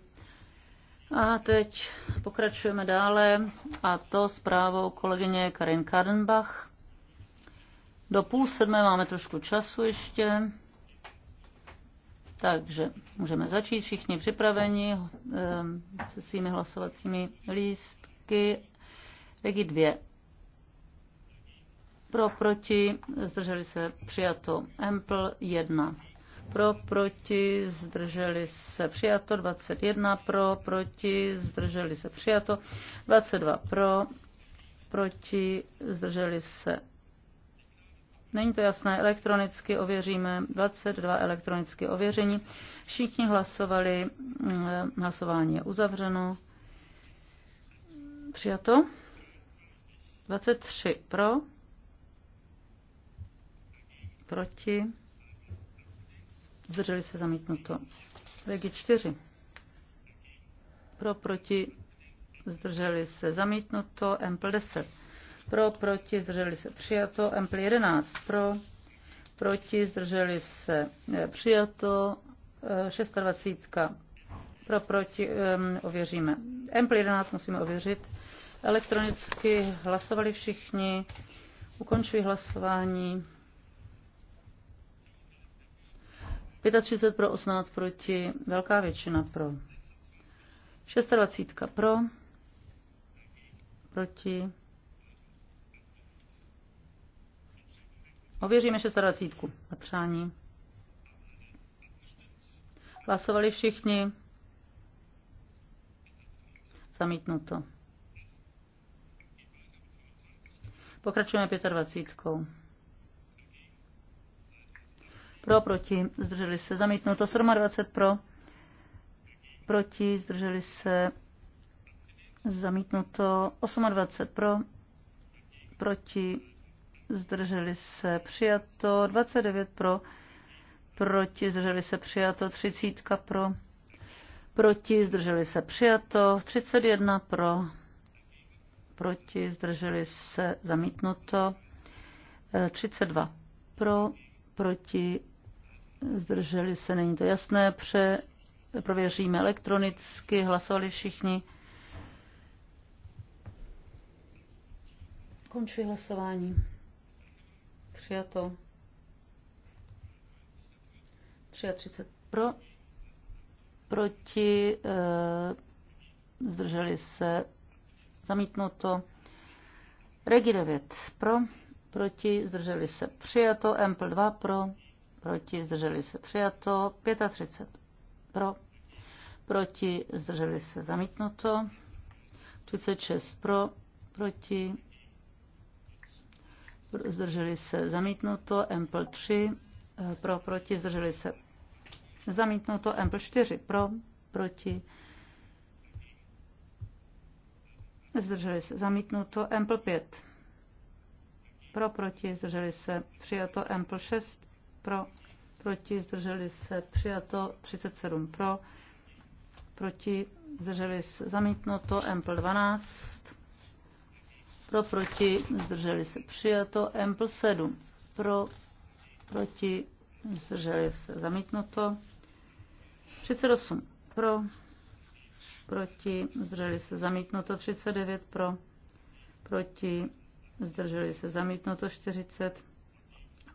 a teď pokračujeme dále a to zprávou kolegyně Karin Kardenbach. Do půl sedmé máme trošku času ještě, takže můžeme začít všichni připraveni eh, se svými hlasovacími lístky. Regi 2. Pro, proti, zdrželi se přijato. Ample 1 pro, proti, zdrželi se přijato, 21 pro, proti, zdrželi se přijato, 22 pro, proti, zdrželi se. Není to jasné, elektronicky ověříme, 22 elektronicky ověření. Všichni hlasovali, eh, hlasování je uzavřeno. Přijato. 23 pro, proti, zdrželi se zamítnuto. Regi 4 pro, proti, zdrželi se zamítnuto, Ample 10. Pro, proti, zdrželi se přijato, Ample 11. Pro, proti, zdrželi se eh, přijato, 26. Eh, pro, proti, um, ověříme. Ample 11 musíme ověřit. Elektronicky hlasovali všichni. Ukončuji hlasování. 35 pro, 18 proti, velká většina pro. 26 pro, proti. Ověříme 26 na přání. Hlasovali všichni. Zamítnuto. Pokračujeme 25 pro, proti, zdrželi se, zamítnuto 27 pro, proti, zdrželi se, zamítnuto 28 pro, proti, zdrželi se, přijato 29 pro, proti, zdrželi se, přijato 30 pro, proti, zdrželi se, přijato 31 pro, proti, zdrželi se, zamítnuto 32 eh, pro, proti, zdrželi se, není to jasné, pře, prověříme elektronicky, hlasovali všichni. Končuji hlasování. Přijato. 33 pro, proti, e, zdrželi se, zamítnuto. Regi 9 pro, proti, zdrželi se, přijato. Ample 2 pro, proti, zdrželi se přijato, 35 pro, proti, zdrželi se zamítnuto, 36 pro, proti, zdrželi se zamítnuto, Ample 3 pro, proti, zdrželi se zamítnuto, Ample 4 pro, proti, zdrželi se zamítnuto, Ample 5 pro, proti, zdrželi se přijato, Ample 6 pro, proti, zdrželi se přijato, 37 pro, proti, zdrželi se zamítnuto, Ample 12, pro, proti, zdrželi se přijato, Ample 7, pro, proti, zdrželi se zamítnuto, 38 pro, proti, zdrželi se zamítnuto, 39 pro, proti, zdrželi se zamítnuto, 40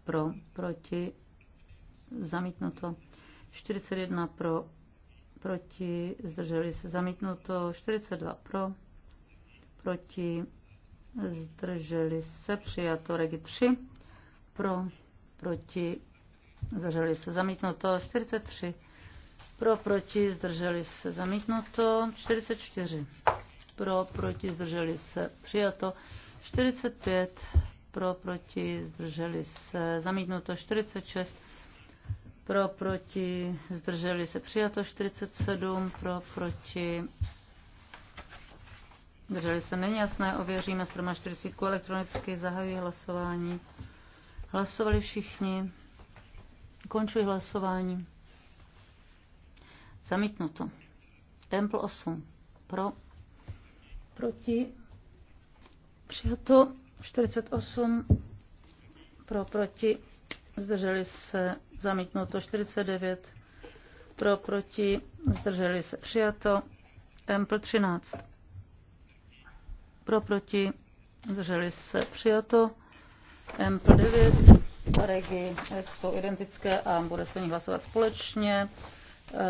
pro, proti, zamítnuto. 41 pro, proti, zdrželi se, zamítnuto. 42 pro, proti, zdrželi se, přijato. Regi 3 pro, proti, zdrželi se, zamítnuto. 43 pro, proti, zdrželi se, zamítnuto. 44 pro, proti, zdrželi se, přijato. 45 pro, proti, zdrželi se, zamítnuto 46, pro, proti, zdrželi se, přijato 47, pro, proti, zdrželi se, není jasné, ověříme 40 elektronicky, zahajuji hlasování. Hlasovali všichni, končuji hlasování. Zamítnuto. Temple 8. Pro. Proti. Přijato 48 pro, proti, zdrželi se, zamítnuto 49 pro, proti, zdrželi se, přijato, Ample 13 pro, proti, zdrželi se, přijato, Ample 9, regi F jsou identické a bude se o nich hlasovat společně. Eh,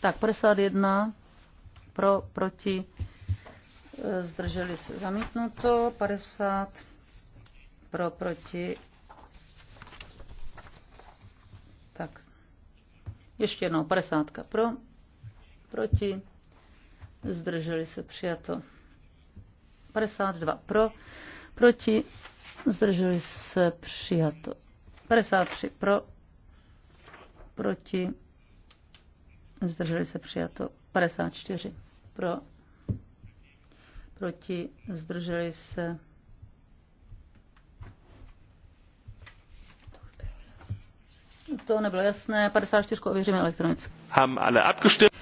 tak 51 pro, proti, zdrželi se zamítnuto, 50 pro, proti, tak ještě jednou 50 pro, proti, zdrželi se přijato, 52 pro, proti, zdrželi se přijato, 53 pro, proti, zdrželi se přijato, 54 pro, proti, zdrželi se. To nebylo jasné, 54 ověříme elektronicky. Ham ale abgestimmt.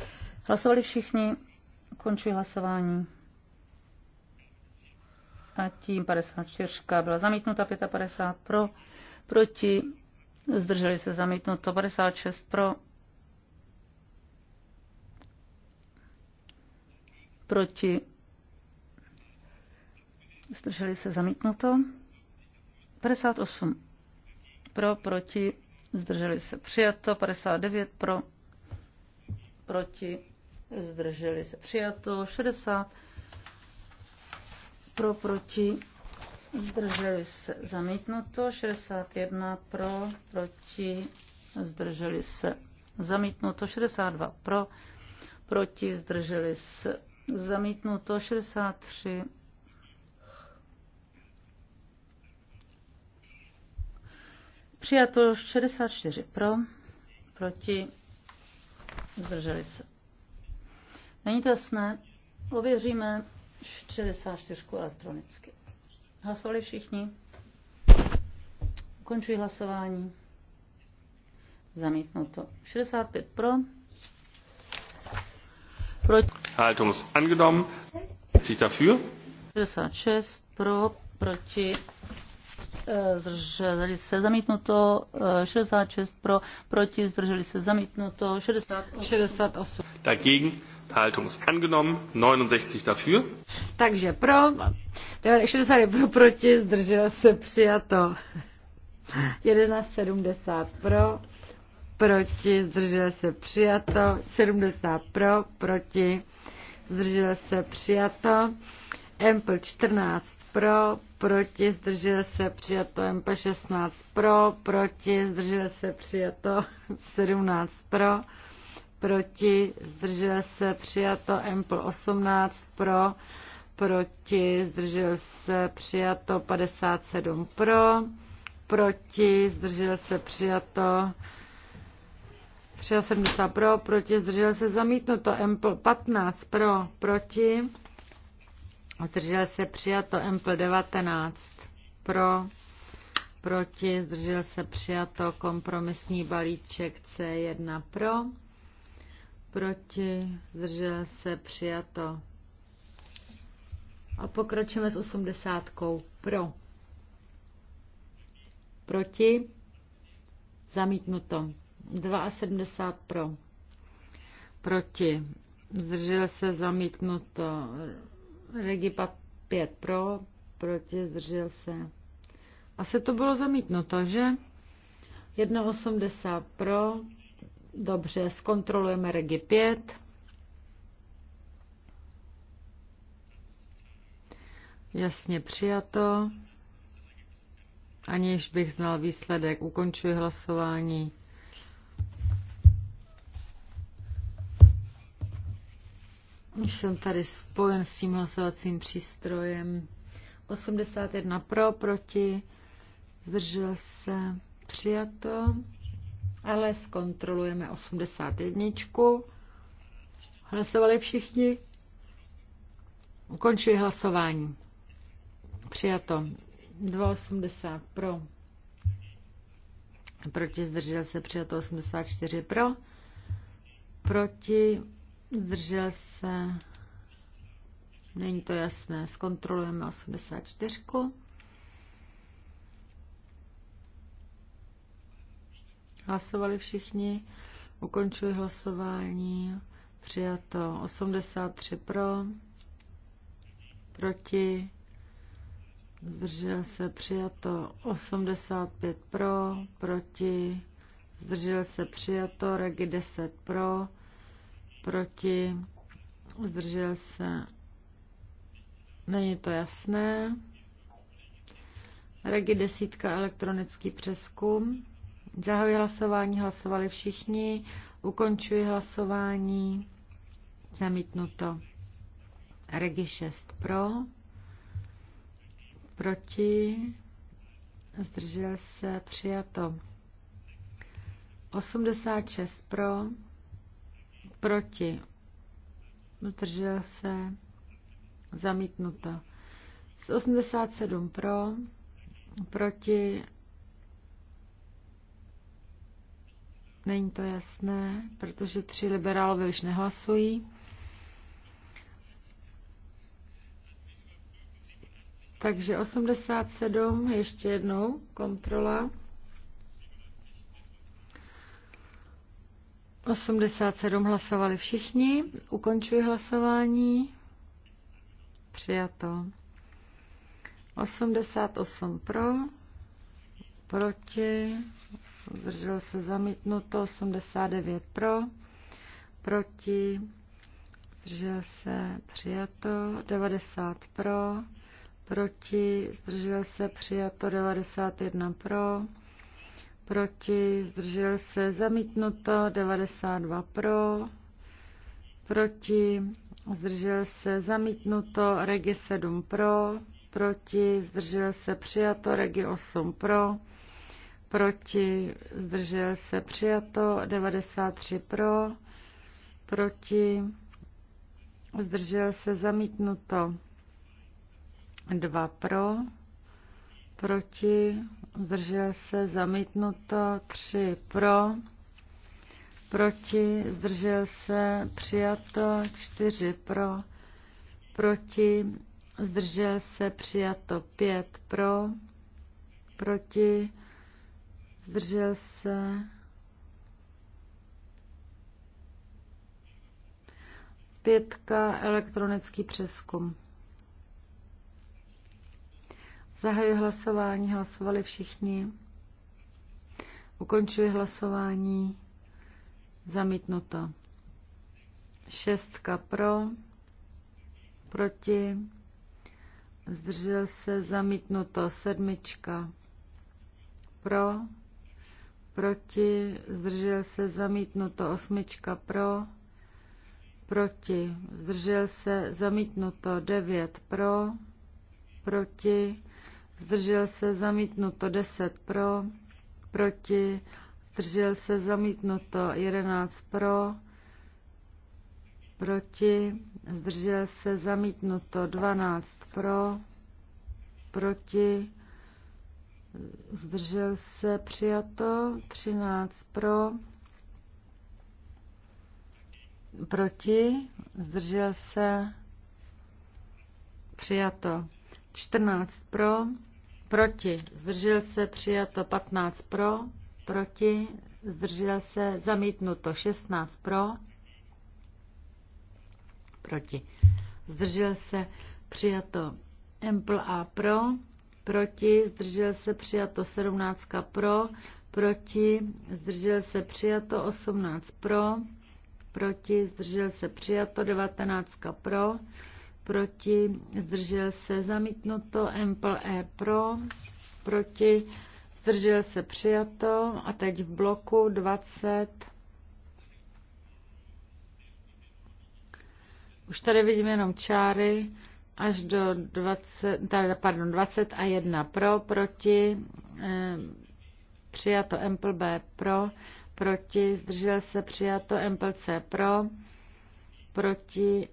Hlasovali všichni, končuji hlasování. A tím 54 byla zamítnuta, 55 pro, proti, zdrželi se zamítnuto, 56 pro, proti, Zdrželi se zamítnuto. 58 pro, proti, zdrželi se přijato. 59 pro, proti, zdrželi se přijato. 60 pro, proti, zdrželi se zamítnuto. 61 pro, proti, zdrželi se zamítnuto. 62 pro, proti, zdrželi se zamítnuto. 63 Přijato 64 pro, proti, zdrželi se. Není to jasné? Ověříme 64 elektronicky. Hlasovali všichni? Ukončuji hlasování. Zamítnuto. 65 pro. Proti. Haltung angenommen. Zieht 66 pro, proti, zdrželi se zamítnuto, 66 eh, pro, proti, zdrželi se zamítnuto, 68. 68. Dagegen, Haltung ist angenommen, 69 dafür. Takže pro, 60 pro, proti, zdržel se přijato. 11,70 pro, proti, zdržel se přijato, 70 pro, proti, zdržel se přijato, Ample 14 pro, proti, zdržel se přijato MP16 pro, proti, zdržel se přijato 17 pro, proti, zdržel se přijato MP18 pro, proti, zdržel se přijato 57 pro, proti, zdržel se přijato 73 pro, proti, zdržel se zamítnuto MP15 pro, proti, Zdržel se přijato MPL 19 pro, proti, zdržel se přijato kompromisní balíček C1 pro, proti, zdržel se přijato. A pokročíme s 80 pro, proti, zamítnuto, 72 pro, proti, zdržel se zamítnuto, Regi 5 pro, proti, zdržel se. se to bylo zamítnuto, že? 1,80 pro. Dobře, zkontrolujeme Regi 5. Jasně přijato. Aniž bych znal výsledek, ukončuji hlasování. Jsem tady spojen s tím hlasovacím přístrojem. 81 pro, proti, zdržel se, přijato, ale zkontrolujeme 81. Hlasovali všichni? Ukončuji hlasování. Přijato. 2,80 pro. Proti zdržel se přijato 84 pro. Proti Zdržel se. Není to jasné. Zkontrolujeme 84. Hlasovali všichni. Ukončuji hlasování. Přijato 83 pro, proti, zdržel se přijato 85 pro, proti, zdržel se přijato, regi 10 pro, proti, zdržel se, není to jasné. Regi desítka elektronický přeskum. Zahajuji hlasování, hlasovali všichni. Ukončuji hlasování. Zamítnuto. Regi 6 pro. Proti. Zdržel se. Přijato. 86 pro proti, zdržel se, zamítnuto. Z 87 pro, proti, není to jasné, protože tři liberálové už nehlasují. Takže 87, ještě jednou, kontrola. 87 hlasovali všichni. Ukončuji hlasování. Přijato. 88 pro, proti, zdržel se zamítnuto, 89 pro, proti, zdržel se přijato, 90 pro, proti, zdržel se přijato, 91 pro, proti, zdržel se, zamítnuto, 92 pro, proti, zdržel se, zamítnuto, regi 7 pro, proti, zdržel se, přijato, regi 8 pro, proti, zdržel se, přijato, 93 pro, proti, zdržel se, zamítnuto, 2 pro, proti, zdržel se, zamítnuto, 3 pro, proti, zdržel se, přijato, 4 pro, proti, zdržel se, přijato, 5 pro, proti, zdržel se, pětka, elektronický přeskum. Zahajuji hlasování, hlasovali všichni. Ukončuji hlasování. Zamítnuto. Šestka pro, proti, zdržel se, zamítnuto. Sedmička pro, proti, zdržel se, zamítnuto. Osmička pro, proti, zdržel se, zamítnuto. Devět pro, proti, zdržel se zamítnuto 10 pro, proti, zdržel se zamítnuto 11 pro, proti, zdržel se zamítnuto 12 pro, proti, zdržel se přijato 13 pro, proti, zdržel se přijato 14 pro, proti, zdržel se, přijato 15 pro, proti, zdržel se, zamítnuto 16 pro, proti, zdržel se, přijato Ample A pro, proti, zdržel se, přijato 17 pro, proti, zdržel se, přijato 18 pro, proti, zdržel se, přijato 19 pro, proti, zdržel se zamítnuto, Empl E pro, proti, zdržel se přijato a teď v bloku 20. Už tady vidím jenom čáry až do 20, tady, pardon, 20 a 1 pro, proti, eh, přijato Empl B pro, proti, zdržel se přijato c pro, proti,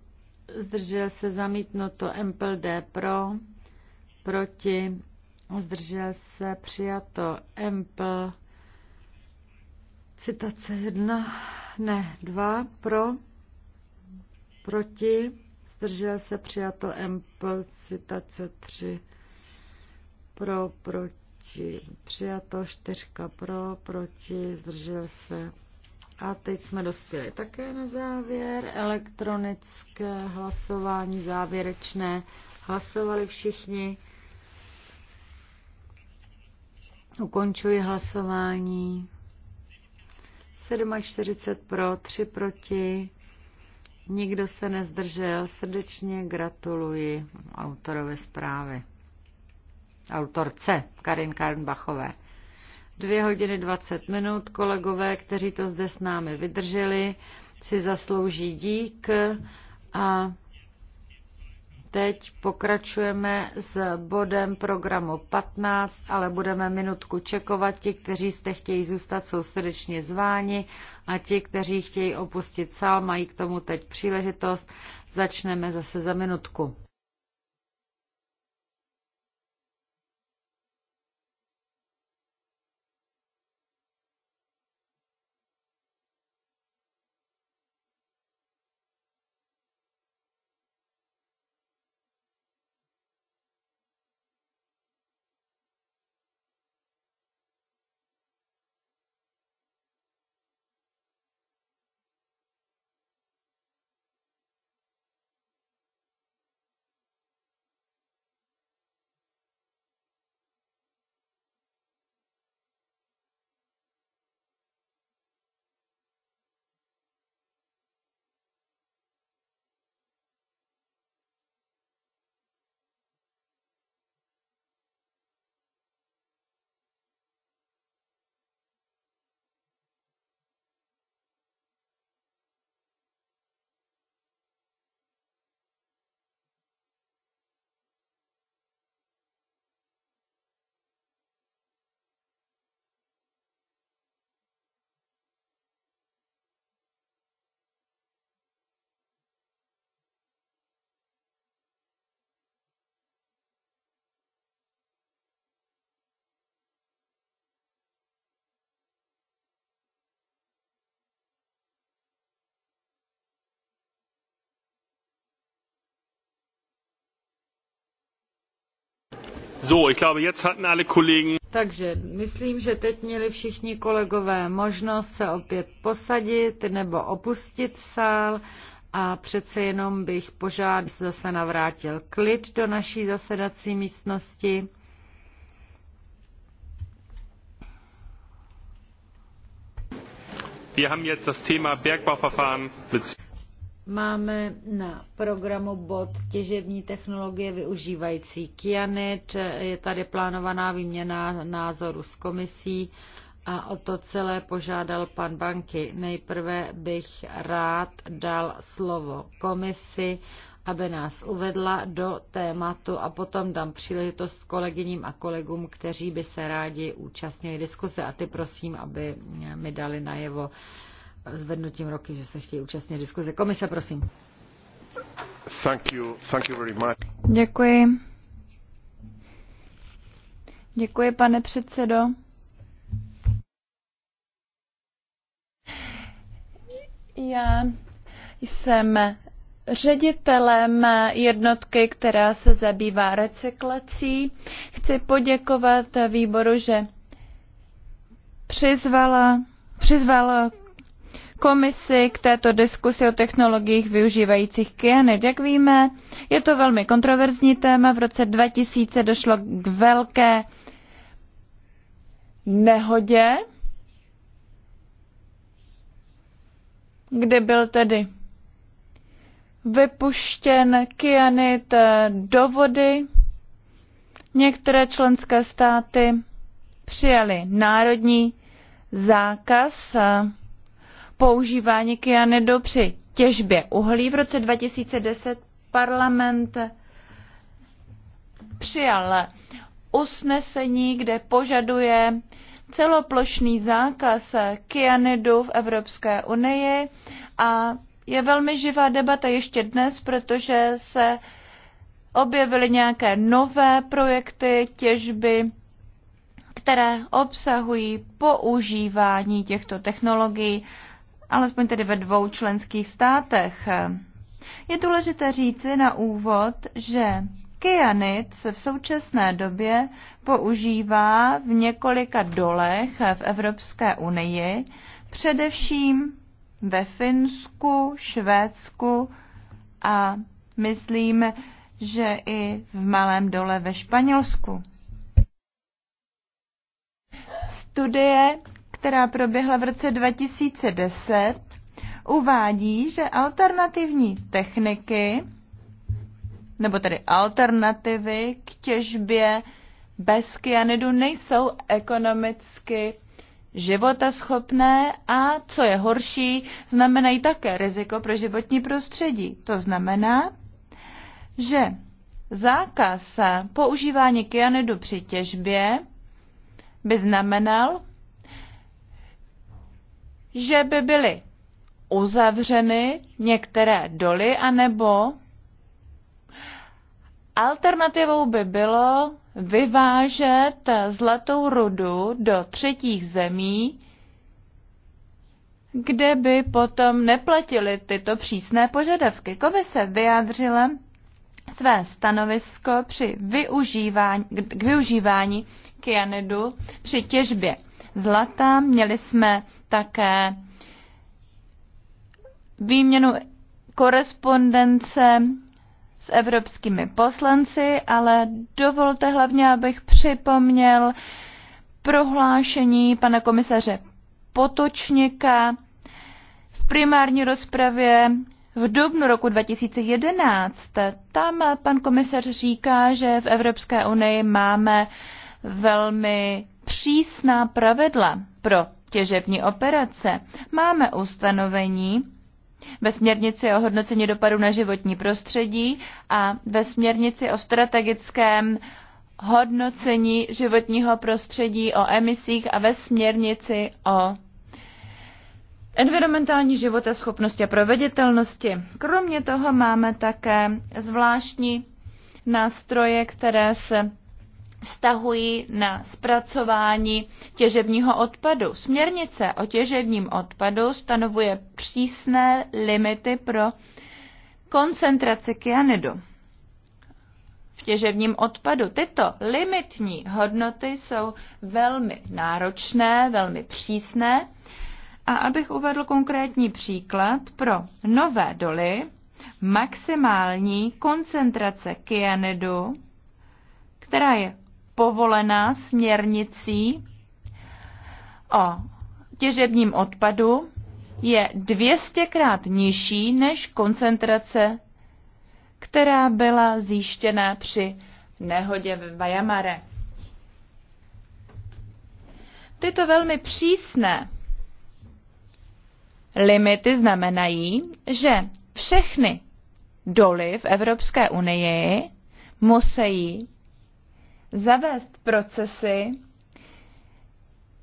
zdržel se zamítnuto MPLD pro, proti, zdržel se přijato MPL, citace 1, ne 2, pro, proti, zdržel se přijato MPL, citace 3, pro, proti, přijato 4, pro, proti, zdržel se a teď jsme dospěli také na závěr. Elektronické hlasování závěrečné. Hlasovali všichni. Ukončuji hlasování. 47 pro, 3 proti. Nikdo se nezdržel. Srdečně gratuluji autorové zprávy. Autorce Karin Karnbachové. Dvě hodiny 20 minut. Kolegové, kteří to zde s námi vydrželi, si zaslouží dík. A teď pokračujeme s bodem programu 15, ale budeme minutku čekovat. Ti, kteří jste chtějí zůstat, jsou srdečně zváni a ti, kteří chtějí opustit sál, mají k tomu teď příležitost. Začneme zase za minutku. So, ich glaube, jetzt hatten alle Kollegen. Takže myslím, že teď měli všichni kolegové možnost se opět posadit nebo opustit sál a přece jenom bych požádal, zase navrátil klid do naší zasedací místnosti. Wir haben jetzt das Thema Bergbauverfahren. Máme na programu bod těžební technologie využívající kyanit. Je tady plánovaná výměna názoru s komisí a o to celé požádal pan Banky. Nejprve bych rád dal slovo komisi, aby nás uvedla do tématu a potom dám příležitost kolegyním a kolegům, kteří by se rádi účastnili diskuse. A ty prosím, aby mi dali najevo zvednutím roky, že se chtějí účastnit diskuze. Komise, prosím. Thank you. Thank you very much. Děkuji. Děkuji, pane předsedo. Já jsem ředitelem jednotky, která se zabývá recyklací. Chci poděkovat výboru, že přizvala, přizvala komisi k této diskusi o technologiích využívajících kyanid. Jak víme, je to velmi kontroverzní téma. V roce 2000 došlo k velké nehodě, kde byl tedy vypuštěn kyanid do vody. Některé členské státy přijali národní zákaz používání kyanidu při těžbě uhlí. V roce 2010 parlament přijal usnesení, kde požaduje celoplošný zákaz kyanidu v Evropské unii a je velmi živá debata ještě dnes, protože se objevily nějaké nové projekty těžby, které obsahují používání těchto technologií alespoň tedy ve dvou členských státech. Je důležité říci na úvod, že kyanid se v současné době používá v několika dolech v Evropské unii, především ve Finsku, Švédsku a myslím, že i v malém dole ve Španělsku. Studie která proběhla v roce 2010, uvádí, že alternativní techniky, nebo tedy alternativy k těžbě bez kyanidu nejsou ekonomicky životaschopné a, co je horší, znamenají také riziko pro životní prostředí. To znamená, že zákaz používání kyanidu při těžbě by znamenal že by byly uzavřeny některé doly, anebo alternativou by bylo vyvážet zlatou rudu do třetích zemí, kde by potom neplatili tyto přísné požadavky. Komise vyjádřila své stanovisko při využívání, k využívání kyanidu při těžbě zlata. Měli jsme také výměnu korespondence s evropskými poslanci, ale dovolte hlavně, abych připomněl prohlášení pana komisaře Potočníka v primární rozpravě v dubnu roku 2011. Tam pan komisař říká, že v Evropské unii máme velmi přísná pravidla pro těžební operace. Máme ustanovení ve směrnici o hodnocení dopadu na životní prostředí a ve směrnici o strategickém hodnocení životního prostředí, o emisích a ve směrnici o environmentální životaschopnosti a proveditelnosti. Kromě toho máme také zvláštní nástroje, které se vztahují na zpracování těžebního odpadu. Směrnice o těžebním odpadu stanovuje přísné limity pro koncentraci kyanidu. V těžebním odpadu tyto limitní hodnoty jsou velmi náročné, velmi přísné. A abych uvedl konkrétní příklad, pro nové doly maximální koncentrace kyanidu, která je povolená směrnicí o těžebním odpadu, je 200krát nižší než koncentrace, která byla zjištěna při nehodě v Vajamare. Tyto velmi přísné limity znamenají, že všechny doly v Evropské unii musí zavést procesy,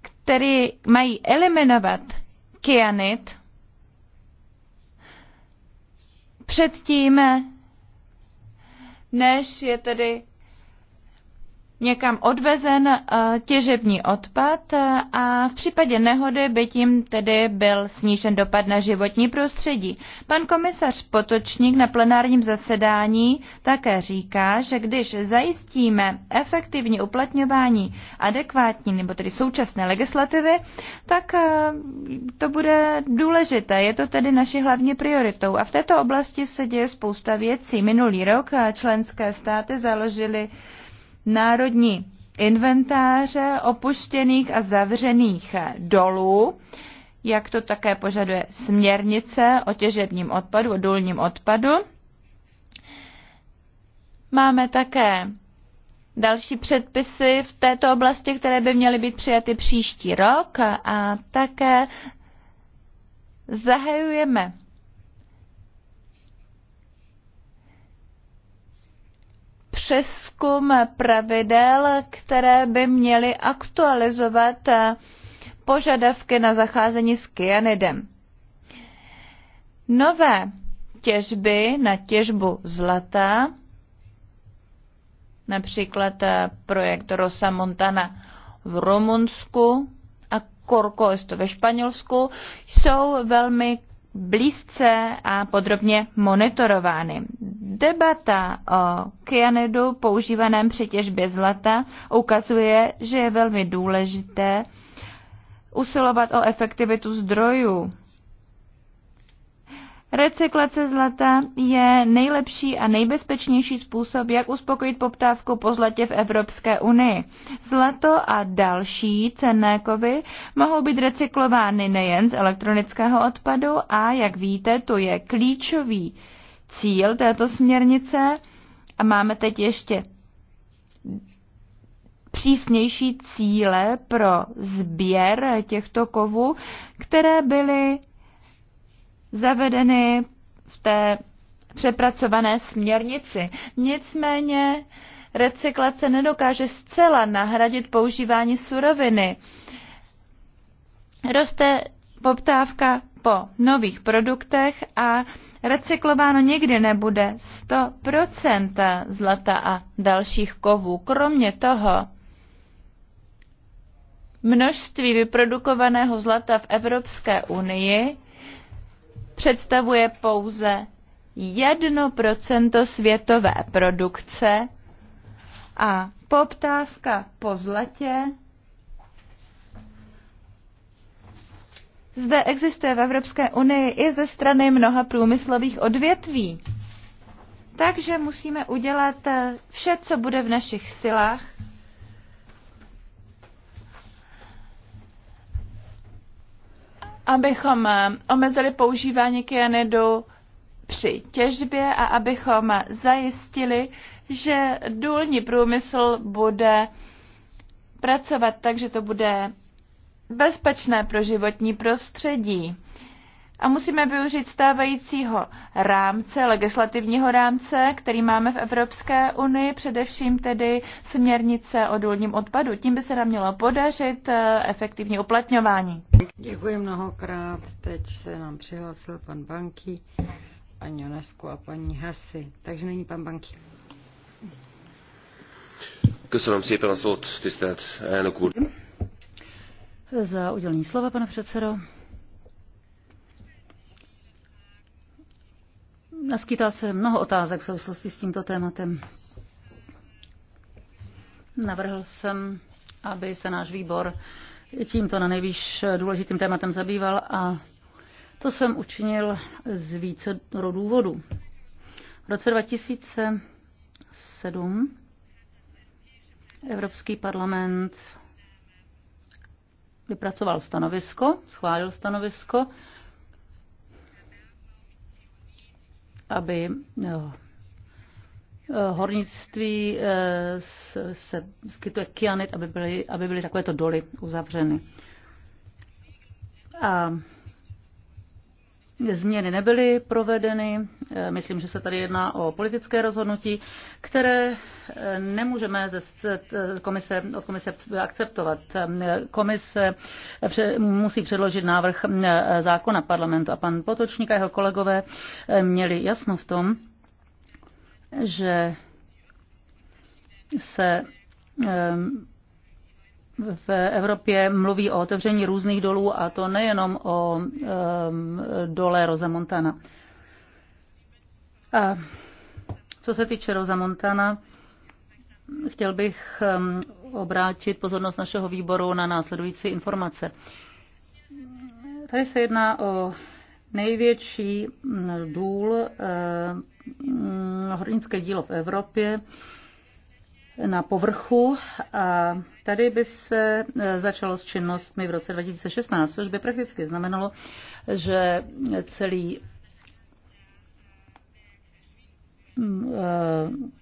které mají eliminovat kyanit předtím, než je tedy někam odvezen eh, těžební odpad eh, a v případě nehody by tím tedy byl snížen dopad na životní prostředí. Pan komisař Potočník na plenárním zasedání také říká, že když zajistíme efektivní uplatňování adekvátní nebo tedy současné legislativy, tak eh, to bude důležité. Je to tedy naši hlavní prioritou. A v této oblasti se děje spousta věcí. Minulý rok členské státy založily národní inventáře opuštěných a zavřených dolů, jak to také požaduje směrnice o těžebním odpadu, o důlním odpadu. Máme také další předpisy v této oblasti, které by měly být přijaty příští rok a také zahajujeme přeskum pravidel, které by měly aktualizovat požadavky na zacházení s kyanidem. Nové těžby na těžbu zlata, například projekt Rosa Montana v Rumunsku a Korkoest ve Španělsku, jsou velmi blízce a podrobně monitorovány. Debata o kyanidu používaném při těžbě zlata ukazuje, že je velmi důležité usilovat o efektivitu zdrojů Recyklace zlata je nejlepší a nejbezpečnější způsob, jak uspokojit poptávku po zlatě v Evropské unii. Zlato a další cenné kovy mohou být recyklovány nejen z elektronického odpadu a, jak víte, to je klíčový cíl této směrnice a máme teď ještě přísnější cíle pro sběr těchto kovů, které byly zavedeny v té přepracované směrnici. Nicméně recyklace nedokáže zcela nahradit používání suroviny. Roste poptávka po nových produktech a recyklováno nikdy nebude 100% zlata a dalších kovů. Kromě toho, množství vyprodukovaného zlata v Evropské unii představuje pouze 1% světové produkce a poptávka po zlatě zde existuje v Evropské unii i ze strany mnoha průmyslových odvětví. Takže musíme udělat eh, vše, co bude v našich silách, abychom eh, omezili používání kyanidu při těžbě a abychom zajistili, že důlní průmysl bude pracovat tak, že to bude bezpečné pro životní prostředí a musíme využít stávajícího rámce, legislativního rámce, který máme v Evropské unii, především tedy směrnice o důlním odpadu. Tím by se nám mělo podařit eh, efektivní uplatňování. Děkuji mnohokrát. Teď se nám přihlásil pan Banky, paní Onesku a paní Hasy. Takže není pan Banky. Köszönöm szépen a szót, tisztelt elnök úr. Za udělení slova, pane předsedo. naskytá se mnoho otázek v souvislosti s tímto tématem. Navrhl jsem, aby se náš výbor tímto na nejvýš důležitým tématem zabýval a to jsem učinil z více důvodů. V roce 2007 Evropský parlament vypracoval stanovisko, schválil stanovisko aby no, eh, hornictví eh, se skytuje kyanit, aby byly, aby byly takovéto doly uzavřeny. A Změny nebyly provedeny, eh, myslím, že se tady jedná o politické rozhodnutí, které eh, nemůžeme ze eh, komise, od komise akceptovat. Komise musí předložit návrh zákona parlamentu a pan Potočník a jeho kolegové měli jasno v tom, že se v Evropě mluví o otevření různých dolů a to nejenom o um, dole Rosamontana. A co se týče Rosamontana, chtěl bych um, obrátit pozornost našeho výboru na následující informace. Tady se jedná o největší důl, uh, hornické dílo v Evropě. Uh, na povrchu a tady by se e, začalo s činnostmi v roce 2016, což by prakticky znamenalo, že celý mm, e,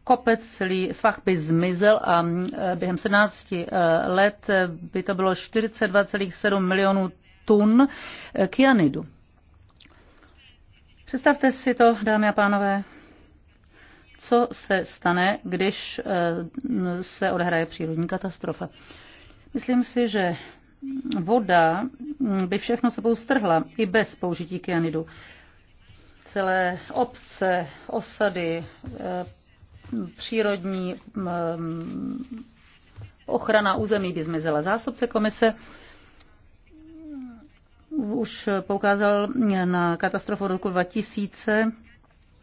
kopec, celý svah by zmizel a mm, e, během 17 let by to bylo 42,7 milionů tun kyanidu. Představte si to, dámy a pánové, co se stane, když eh, se odehraje přírodní katastrofa. Myslím si, že voda mm, by všechno sebou strhla i bez použití kyanidu. Celé obce, osady, eh, přírodní mm, ochrana území by zmizela. Zásobce komise už poukázal na katastrofu roku 2000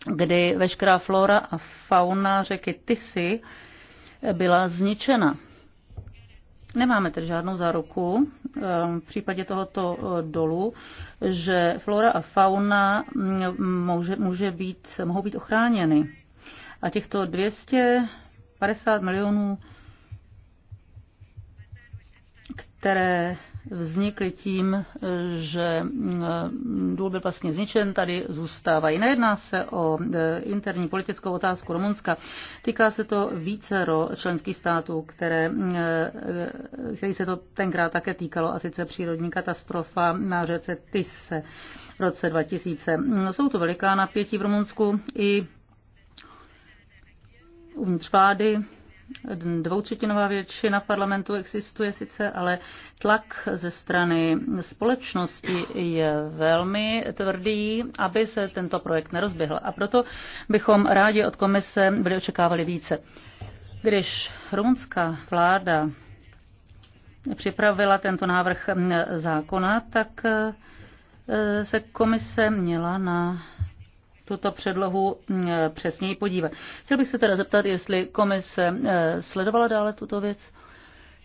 kdy veškerá flora a fauna řeky Tisy byla zničena. Nemáme tedy žádnou záruku ehm, v případě tohoto eh, dolu, že flora a fauna mm, může, může být, mohou být ochráněny. A těchto 250 milionů, které vznikly tím, že eh, důl byl vlastně zničen, tady zůstávají. Nejedná se o eh, interní politickou otázku Rumunska, týká se to vícero členských států, které, eh, které se to tenkrát také týkalo, a sice přírodní katastrofa na řece Tisse v roce 2000. Jsou to veliká napětí v Rumunsku i uvnitř vlády, Dvoutřetinová většina parlamentu existuje sice, ale tlak ze strany společnosti je velmi tvrdý, aby se tento projekt nerozběhl. A proto bychom rádi od komise byli očekávali více. Když rumunská vláda připravila tento návrh zákona, tak eh, se komise měla na tuto předlohu mm, přesněji podívat. Chtěl bych se teda zeptat, jestli komise eh, sledovala dále tuto věc.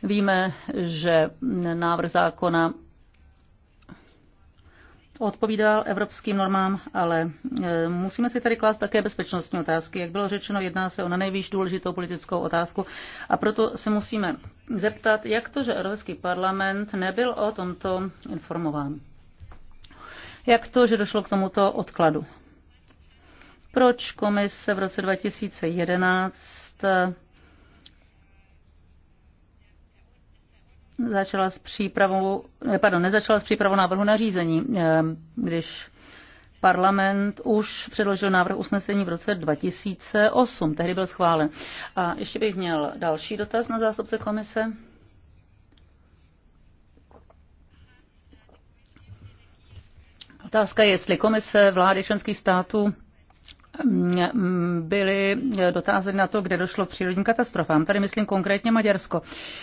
Víme, že mm, návrh zákona odpovídal evropským normám, ale eh, musíme si tady klást také bezpečnostní otázky. Jak bylo řečeno, jedná se o na nejvýš důležitou politickou otázku a proto se musíme zeptat, jak to, že Evropský parlament nebyl o tomto informován. Jak to, že došlo k tomuto odkladu? proč komise v roce 2011 eh, začala s přípravou, eh, pardon, nezačala s přípravou návrhu nařízení, eh, když parlament už předložil návrh usnesení v roce 2008, tehdy byl schválen. A ještě bych měl další dotaz na zástupce komise. Otázka je, jestli komise vlády členských států Mm, byly dotázeny na to, kde došlo k přírodním katastrofám. Tady myslím konkrétně Maďarsko.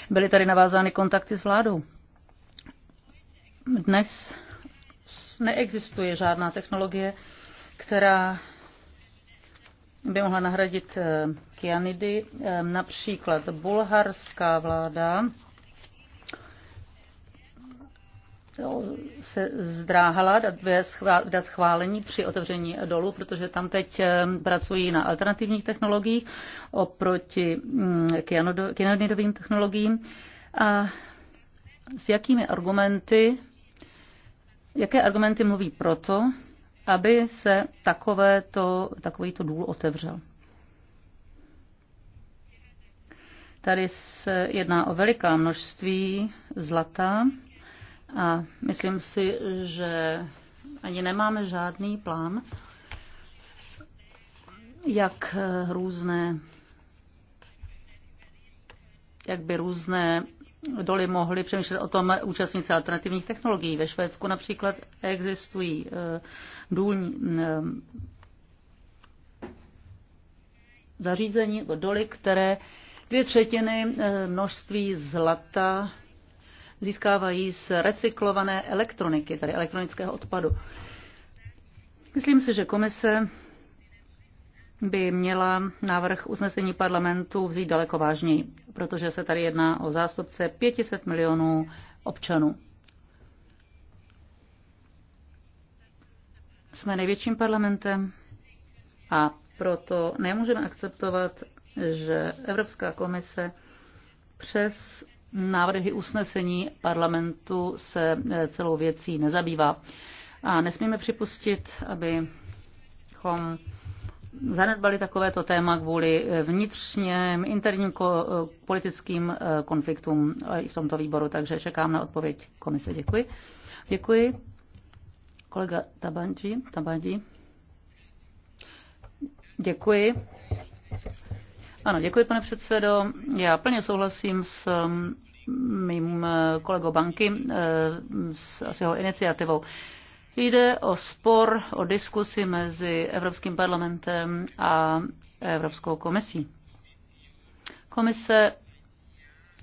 Byly tady navázány kontakty s vládou. Dnes neexistuje žádná technologie, která by mohla nahradit eh, kyanidy. Eh, například bulharská vláda se zdráhala dát schválení při otevření dolů, protože tam teď eh, pracují na alternativních technologiích oproti mm, kyanidovým technologiím. A s jakými argumenty, jaké argumenty mluví proto, aby se takový to důl otevřel? Tady se jedná o veliká množství zlata, a myslím si, že ani nemáme žádný plán, jak různé, jak by různé doly mohly přemýšlet o tom účastníci alternativních technologií. Ve Švédsku například existují eh, důlní eh, zařízení, doly, které dvě třetiny eh, množství zlata získávají z recyklované elektroniky, tedy elektronického odpadu. Myslím si, že komise by měla návrh usnesení parlamentu vzít daleko vážněji, protože se tady jedná o zástupce 500 milionů občanů. Jsme největším parlamentem a proto nemůžeme akceptovat, že Evropská komise přes návrhy usnesení parlamentu se eh, celou věcí nezabývá. A nesmíme připustit, abychom zanedbali takovéto téma kvůli eh, vnitřním interním ko- eh, politickým konfliktům i v tomto výboru, takže čekám na odpověď komise. Děkuji. Děkuji. Kolega Tabanji. Tabanji. Děkuji. Ano, děkuji, pane předsedo. Já plně souhlasím s um, mým uh, kolegou banky, uh, s jeho iniciativou. Jde o spor, o diskusi mezi Evropským parlamentem a Evropskou komisí. Komise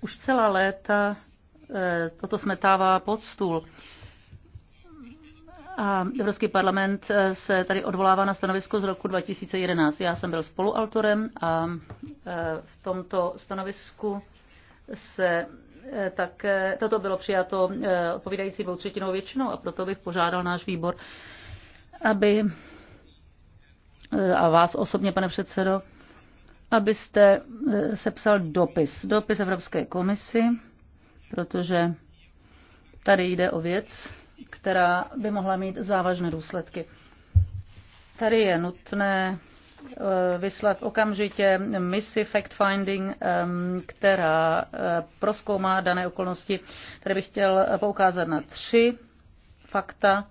už celá léta eh, toto smetává pod stůl. A Evropský parlament eh, se tady odvolává na stanovisko z roku 2011. Já jsem byl spoluautorem a eh, v tomto stanovisku se eh, tak toto bylo přijato odpovídající třetinou většinou a proto bych požádal náš výbor, aby a vás osobně, pane předsedo, abyste sepsal dopis, dopis Evropské komisi, protože tady jde o věc, která by mohla mít závažné důsledky. Tady je nutné eh, vyslat okamžitě misi fact-finding, která eh, proskoumá dané okolnosti. Tady bych chtěl eh, poukázat na tři fakta.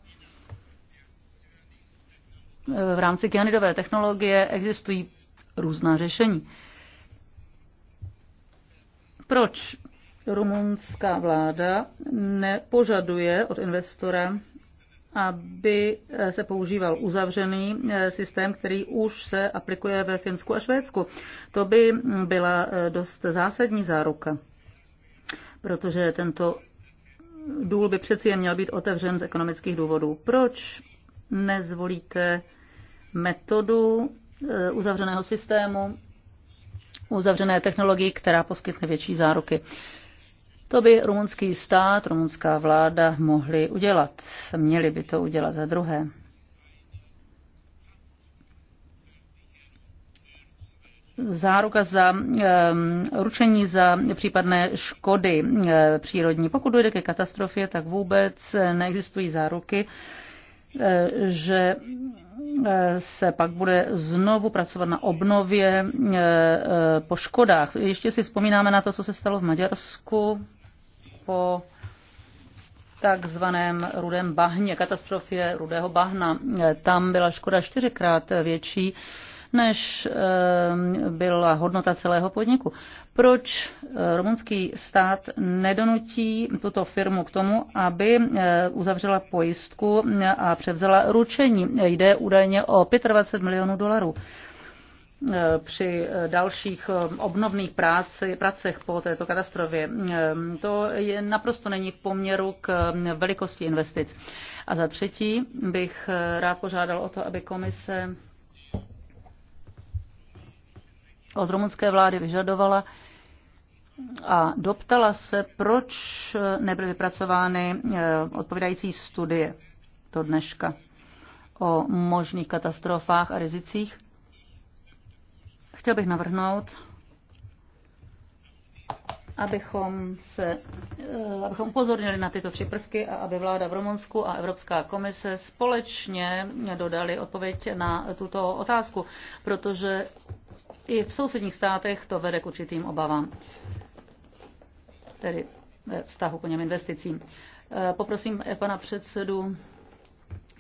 V rámci kyanidové technologie existují různá řešení. Proč rumunská vláda nepožaduje od investora, aby se používal uzavřený eh, systém, který už se aplikuje ve Finsku a Švédsku. To by byla eh, dost zásadní záruka, protože tento důl by přeci jen měl být otevřen z ekonomických důvodů. Proč nezvolíte metodu eh, uzavřeného systému, uzavřené technologii, která poskytne větší záruky? To by rumunský stát, rumunská vláda mohli udělat. Měli by to udělat za druhé. záruka za um, ručení za případné škody um, přírodní. Pokud dojde ke katastrofě, tak vůbec neexistují záruky, že se pak bude znovu pracovat na obnově po škodách. Ještě si vzpomínáme na to, co se stalo v Maďarsku po takzvaném rudém bahně, katastrofě rudého bahna. Tam byla škoda čtyřikrát větší, než ehm, byla hodnota celého podniku. Proč eh, rumunský stát nedonutí tuto firmu k tomu, aby eh, uzavřela pojistku a převzala ručení? Jde údajně o 25 milionů dolarů. Eh, při eh, dalších eh, obnovných práci, pracech po této katastrofě. To je, naprosto není v poměru k velikosti investic. A za třetí bych rád požádal o to, aby komise od rumunské vlády vyžadovala a doptala se, proč nebyly vypracovány odpovídající studie do dneška o možných katastrofách a rizicích Chtěl bych navrhnout, abychom, se, eh, abychom upozornili na tyto tři prvky a aby vláda v Rumunsku a Evropská komise společně dodali odpověď na tuto otázku, protože i v sousedních státech to vede k určitým obavám, tedy ve vztahu k něm investicím. Eh, poprosím pana předsedu,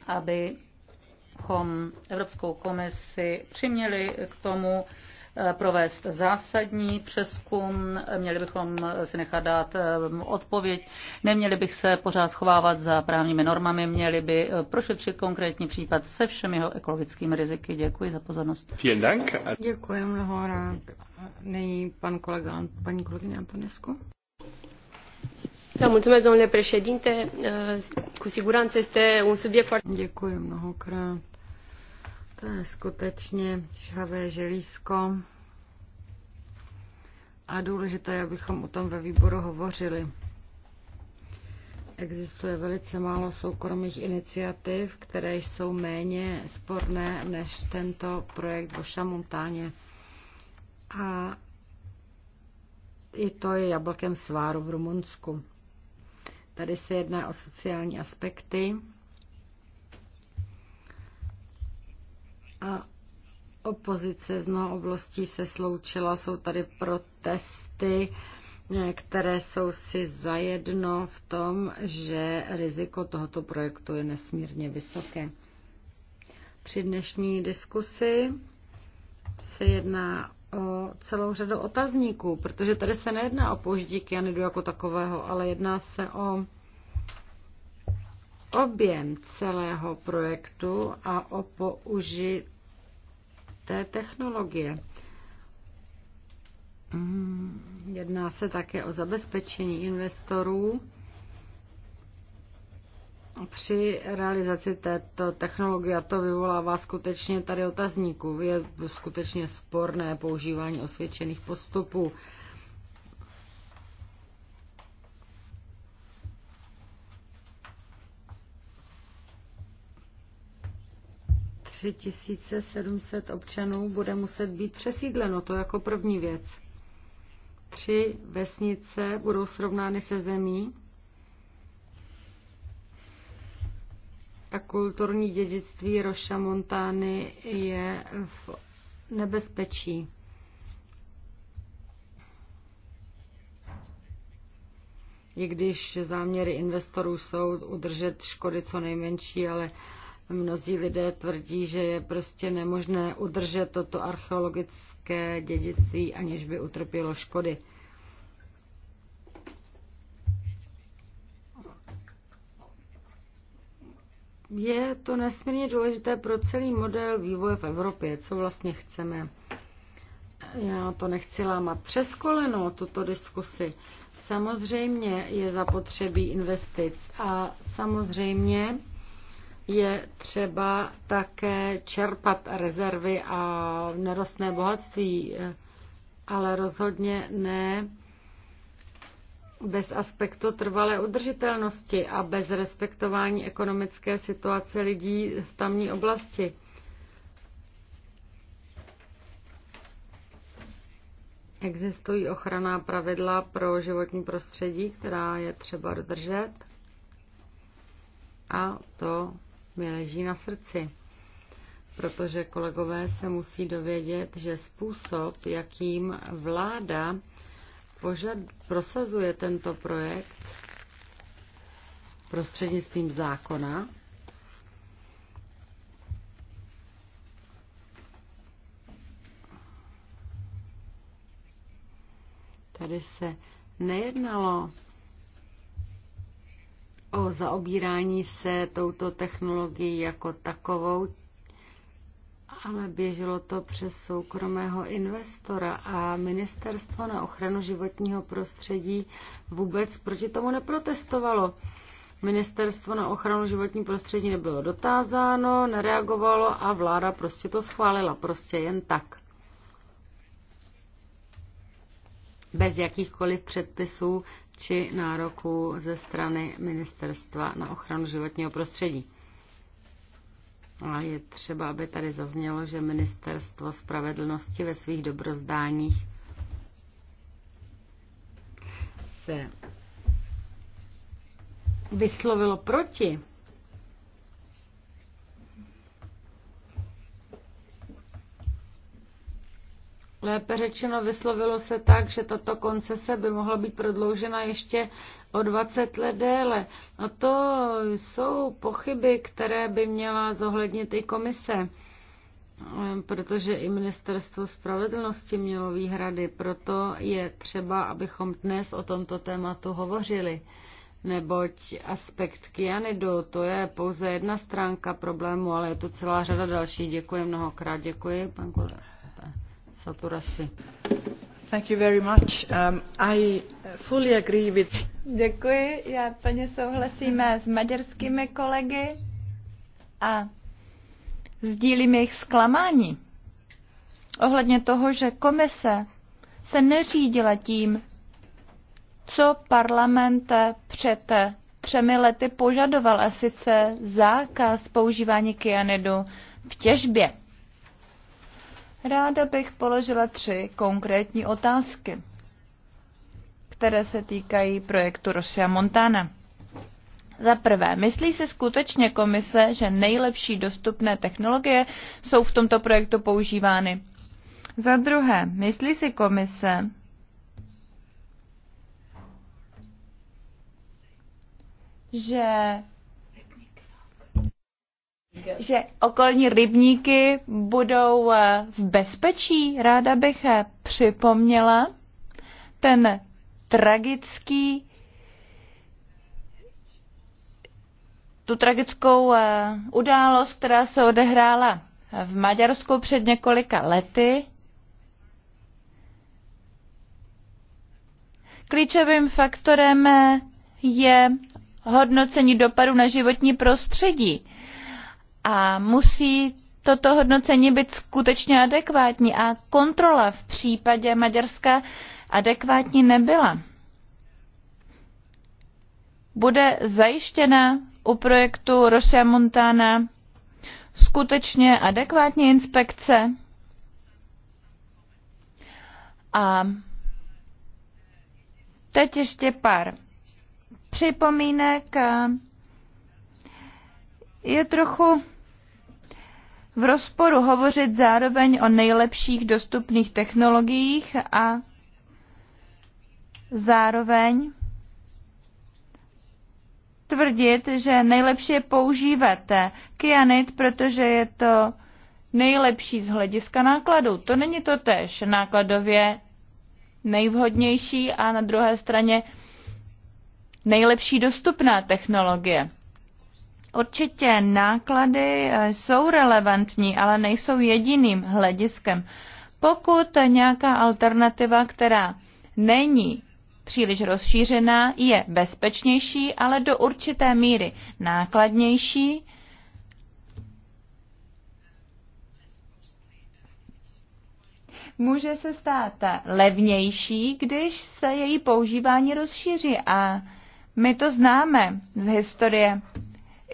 abychom Evropskou komisi přiměli k tomu, Eh, provést zásadní přeskum, měli bychom eh, si nechat dát eh, odpověď, neměli bych se pořád schovávat za právními normami, měli by prošetřit konkrétní případ se všemi jeho ekologickými riziky. Děkuji za pozornost. Děkuji mnohokrát. Není pan kolega, paní kolegyně Antonescu? Děkuji mnohokrát. To je skutečně žhavé želízko. A důležité je, abychom o tom ve výboru hovořili. Existuje velice málo soukromých iniciativ, které jsou méně sporné než tento projekt v Montáně. A i to je jablkem sváru v Rumunsku. Tady se jedná o sociální aspekty A opozice z mnoha oblastí se sloučila, jsou tady protesty, eh, které jsou si zajedno v tom, že riziko tohoto projektu je nesmírně vysoké. Při dnešní diskusi se jedná o celou řadu otazníků, protože tady se nejedná o použití kyanidu jako takového, ale jedná se o objem celého projektu a o použití té technologie. Mm, jedná se také o zabezpečení investorů při realizaci této technologie a to vyvolává skutečně tady otazníků. Je skutečně sporné používání osvědčených postupů. 3700 občanů bude muset být přesídleno, to jako první věc. Tři vesnice budou srovnány se zemí a kulturní dědictví Roša Montány je v nebezpečí. I když záměry investorů jsou udržet škody co nejmenší, ale Mnozí lidé tvrdí, že je prostě nemožné udržet toto archeologické dědictví, aniž by utrpělo škody. Je to nesmírně důležité pro celý model vývoje v Evropě, co vlastně chceme. Já to nechci lámat přes koleno, tuto diskusi. Samozřejmě je zapotřebí investic a samozřejmě je třeba také čerpat rezervy a nerostné bohatství, ale rozhodně ne bez aspektu trvalé udržitelnosti a bez respektování ekonomické situace lidí v tamní oblasti. Existují ochranná pravidla pro životní prostředí, která je třeba dodržet. A to mi leží na srdci, protože kolegové se musí dovědět, že způsob, jakým vláda požad, prosazuje tento projekt prostřednictvím zákona, Tady se nejednalo o zaobírání se touto technologií jako takovou, ale běželo to přes soukromého investora a ministerstvo na ochranu životního prostředí vůbec proti tomu neprotestovalo. Ministerstvo na ochranu životní prostředí nebylo dotázáno, nereagovalo a vláda prostě to schválila, prostě jen tak. bez jakýchkoliv předpisů či nároků ze strany Ministerstva na ochranu životního prostředí. A je třeba, aby tady zaznělo, že Ministerstvo spravedlnosti ve svých dobrozdáních se vyslovilo proti Lépe řečeno vyslovilo se tak, že tato koncese by mohla být prodloužena ještě o 20 let déle. A to jsou pochyby, které by měla zohlednit i komise, ehm, protože i ministerstvo spravedlnosti mělo výhrady. Proto je třeba, abychom dnes o tomto tématu hovořili neboť aspekt kyanidu, to je pouze jedna stránka problému, ale je tu celá řada dalších. Děkuji mnohokrát, děkuji, pan kolega. Saturasi. Thank you very much. Um, I fully agree with... Děkuji, já plně souhlasím s maďarskými kolegy a sdílím jejich zklamání ohledně toho, že komise se neřídila tím, co parlament před třemi lety požadoval, a sice zákaz používání kyanidu v těžbě. Ráda bych položila tři konkrétní otázky, které se týkají projektu Rosia Montana. Za prvé, myslí si skutečně komise, že nejlepší dostupné technologie jsou v tomto projektu používány? Za druhé, myslí si komise, že že okolní rybníky budou eh, v bezpečí. Ráda bych eh, připomněla ten tragický tu tragickou eh, událost, která se odehrála v Maďarsku před několika lety. Klíčovým faktorem je hodnocení dopadu na životní prostředí a musí toto hodnocení být skutečně adekvátní a kontrola v případě Maďarska adekvátní nebyla. Bude zajištěna u projektu Rosia Montana skutečně adekvátní inspekce a teď ještě pár připomínek. Je trochu v rozporu hovořit zároveň o nejlepších dostupných technologiích a zároveň tvrdit, že nejlepší je používat kyanit, protože je to nejlepší z hlediska nákladů. To není to tež nákladově nejvhodnější a na druhé straně nejlepší dostupná technologie. Určitě náklady eh, jsou relevantní, ale nejsou jediným hlediskem. Pokud nějaká alternativa, která není příliš rozšířená, je bezpečnější, ale do určité míry nákladnější, může se stát levnější, když se její používání rozšíří. A my to známe z historie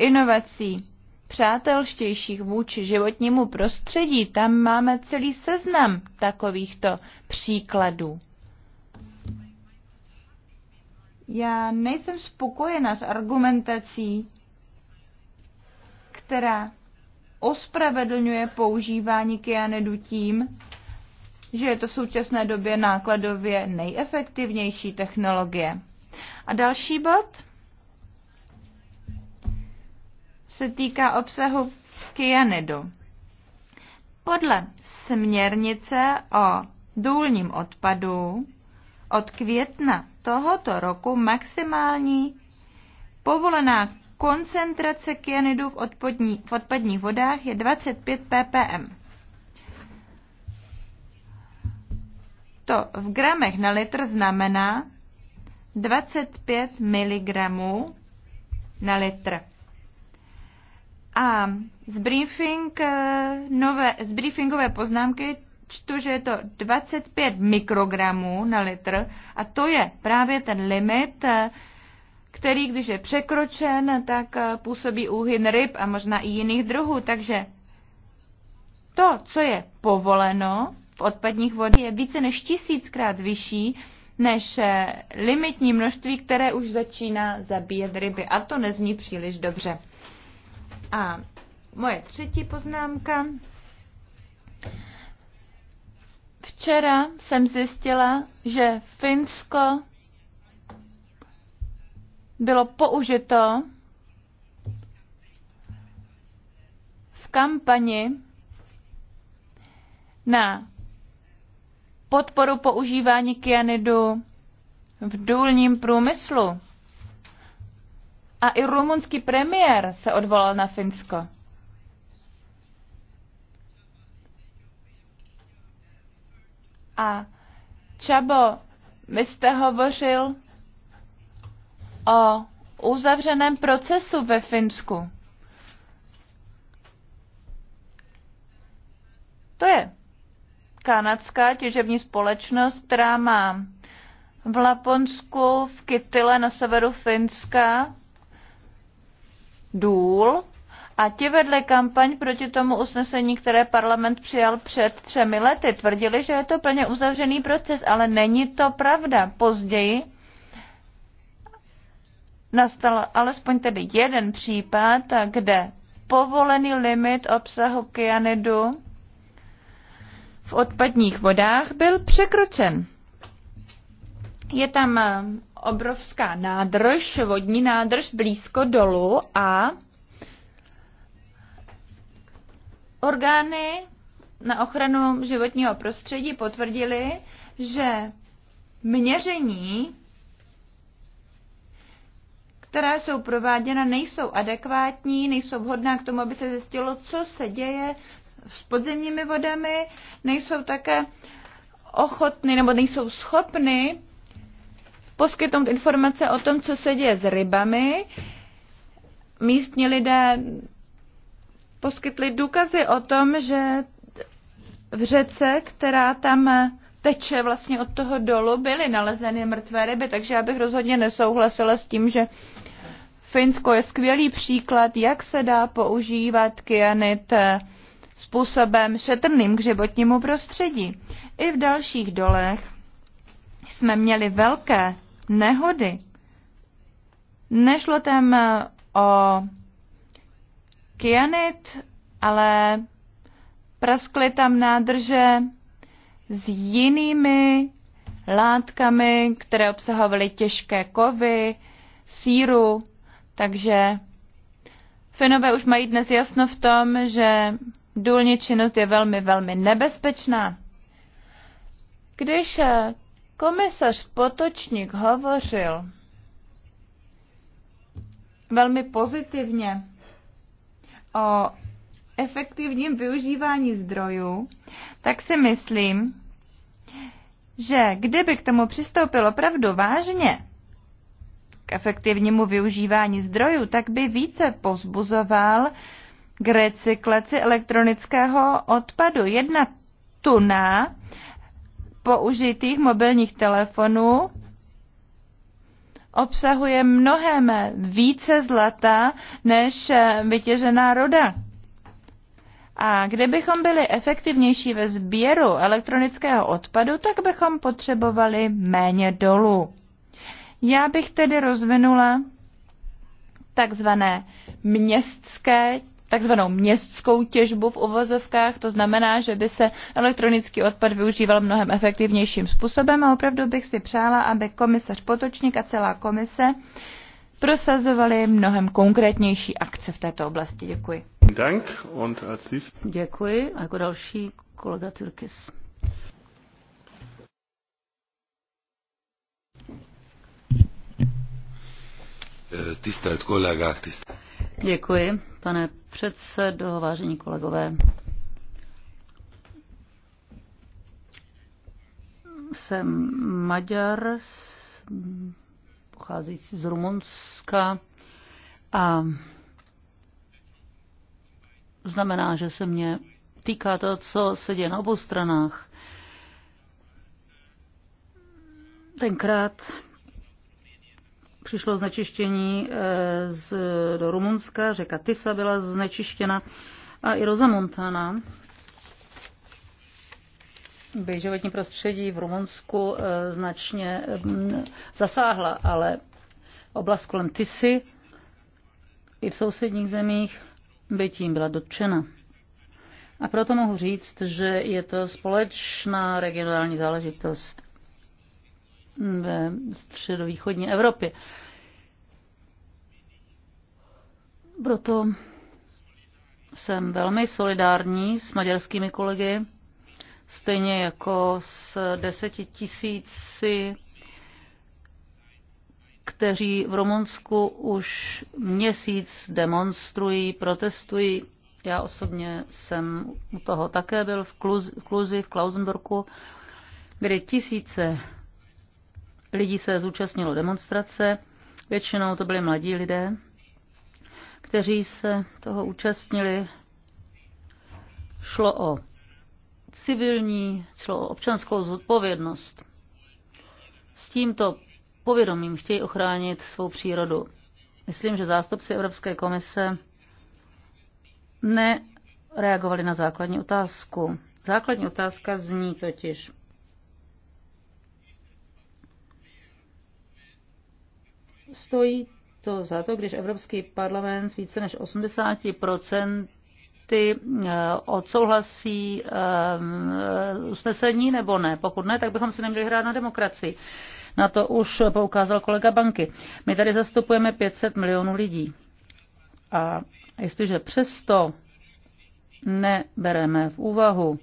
inovací přátelštějších vůči životnímu prostředí, tam máme celý seznam takovýchto příkladů. Já nejsem spokojena s argumentací, která ospravedlňuje používání kyanidu tím, že je to v současné době nákladově nejefektivnější technologie. A další bod? se týká obsahu kyanidu. Podle směrnice o důlním odpadu od května tohoto roku maximální povolená koncentrace kyanidu v, odpadní, v odpadních vodách je 25 ppm. To v gramech na litr znamená 25 mg na litr. A z, briefing, eh, nové, z briefingové poznámky čtu, že je to 25 mikrogramů na litr a to je právě ten limit, eh, který, když je překročen, tak eh, působí úhyn ryb a možná i jiných druhů. Takže to, co je povoleno v odpadních vodách, je více než tisíckrát vyšší než limitní množství, které už začíná zabíjet ryby. A to nezní příliš dobře. A moje třetí poznámka. Včera jsem zjistila, že Finsko bylo použito v kampani na podporu používání kyanidu v důlním průmyslu. A i rumunský premiér se odvolal na Finsko. A Čabo, vy jste hovořil o uzavřeném procesu ve Finsku. To je kanadská těžební společnost, která má v Laponsku, v Kytile na severu Finska důl a ti vedli kampaň proti tomu usnesení, které parlament přijal před třemi lety. Tvrdili, že je to plně uzavřený proces, ale není to pravda. Později nastal alespoň tedy jeden případ, kde povolený limit obsahu kyanidu v odpadních vodách byl překročen. Je tam obrovská nádrž, vodní nádrž blízko dolu a orgány na ochranu životního prostředí potvrdili, že měření, která jsou prováděna, nejsou adekvátní, nejsou vhodná k tomu, aby se zjistilo, co se děje s podzemními vodami, nejsou také ochotny nebo nejsou schopny poskytnout informace o tom, co se děje s rybami. Místní lidé poskytli důkazy o tom, že v řece, která tam teče vlastně od toho dolu, byly nalezeny mrtvé ryby, takže já bych rozhodně nesouhlasila s tím, že Finsko je skvělý příklad, jak se dá používat kyanit způsobem šetrným k životnímu prostředí. I v dalších dolech jsme měli velké nehody. Nešlo tam eh, o kyanit, ale praskly tam nádrže s jinými látkami, které obsahovaly těžké kovy, síru, takže Finové už mají dnes jasno v tom, že důlní činnost je velmi, velmi nebezpečná. Když eh, Komisař Potočník hovořil velmi pozitivně o efektivním využívání zdrojů, tak si myslím, že kdyby k tomu přistoupil opravdu vážně, k efektivnímu využívání zdrojů, tak by více pozbuzoval k recyklaci elektronického odpadu. Jedna tuna použitých mobilních telefonů obsahuje mnohem více zlata než vytěžená roda. A kdybychom byli efektivnější ve sběru elektronického odpadu, tak bychom potřebovali méně dolů. Já bych tedy rozvinula takzvané městské takzvanou městskou těžbu v uvozovkách, to znamená, že by se elektronický odpad využíval mnohem efektivnějším způsobem a opravdu bych si přála, aby komisař Potočník a celá komise prosazovali mnohem konkrétnější akce v této oblasti. Děkuji. Děkuji. A jako další kolega Turkis. Tisztelt kollégák, tisztelt. Děkuji pane předsedo, vážení kolegové. Jsem Maďar, pocházející z Rumunska a znamená, že se mě týká to, co se děje na obou stranách. Tenkrát přišlo znečištění eh, z, do Rumunska, řeka Tisa byla znečištěna a i Rozamontana by životní prostředí v Rumunsku eh, značně mm, zasáhla, ale oblast kolem Tisy i v sousedních zemích by tím byla dotčena. A proto mohu říct, že je to společná regionální záležitost ve středovýchodní Evropě. Proto jsem velmi solidární s maďarskými kolegy, stejně jako s deseti tisíci, kteří v Rumunsku už měsíc demonstrují, protestují. Já osobně jsem u toho také byl v Kluzi, v, Kluzi, v Klausenburku, kde tisíce lidí se zúčastnilo demonstrace, většinou to byli mladí lidé, kteří se toho účastnili. Šlo o civilní, šlo o občanskou zodpovědnost. S tímto povědomím chtějí ochránit svou přírodu. Myslím, že zástupci Evropské komise nereagovali na základní otázku. Základní otázka zní totiž, Stojí to za to, když Evropský parlament s více než 80% eh, odsouhlasí eh, usnesení nebo ne. Pokud ne, tak bychom si neměli hrát na demokracii. Na to už poukázal kolega banky. My tady zastupujeme 500 milionů lidí. A jestliže přesto nebereme v úvahu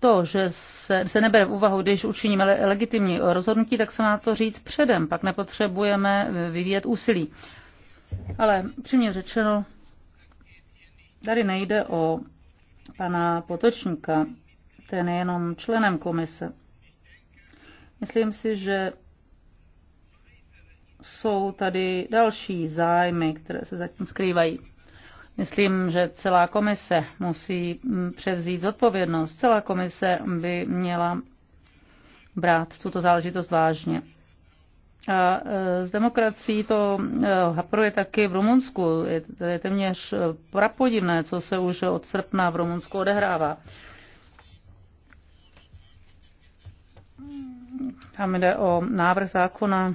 to, že se, se nebere v úvahu, když učiníme legitimní rozhodnutí, tak se má to říct předem, pak nepotřebujeme vyvíjet úsilí. Ale přímě řečeno, tady nejde o pana Potočníka, ten je jenom členem komise. Myslím si, že jsou tady další zájmy, které se zatím skrývají. Myslím, že celá komise musí mm, převzít zodpovědnost. Celá komise by měla brát tuto záležitost vážně. A e, s demokracií to e, haproje taky v Rumunsku. Je, je téměř e, prapodivné, co se už od srpna v Rumunsku odehrává. Tam jde o návrh zákona,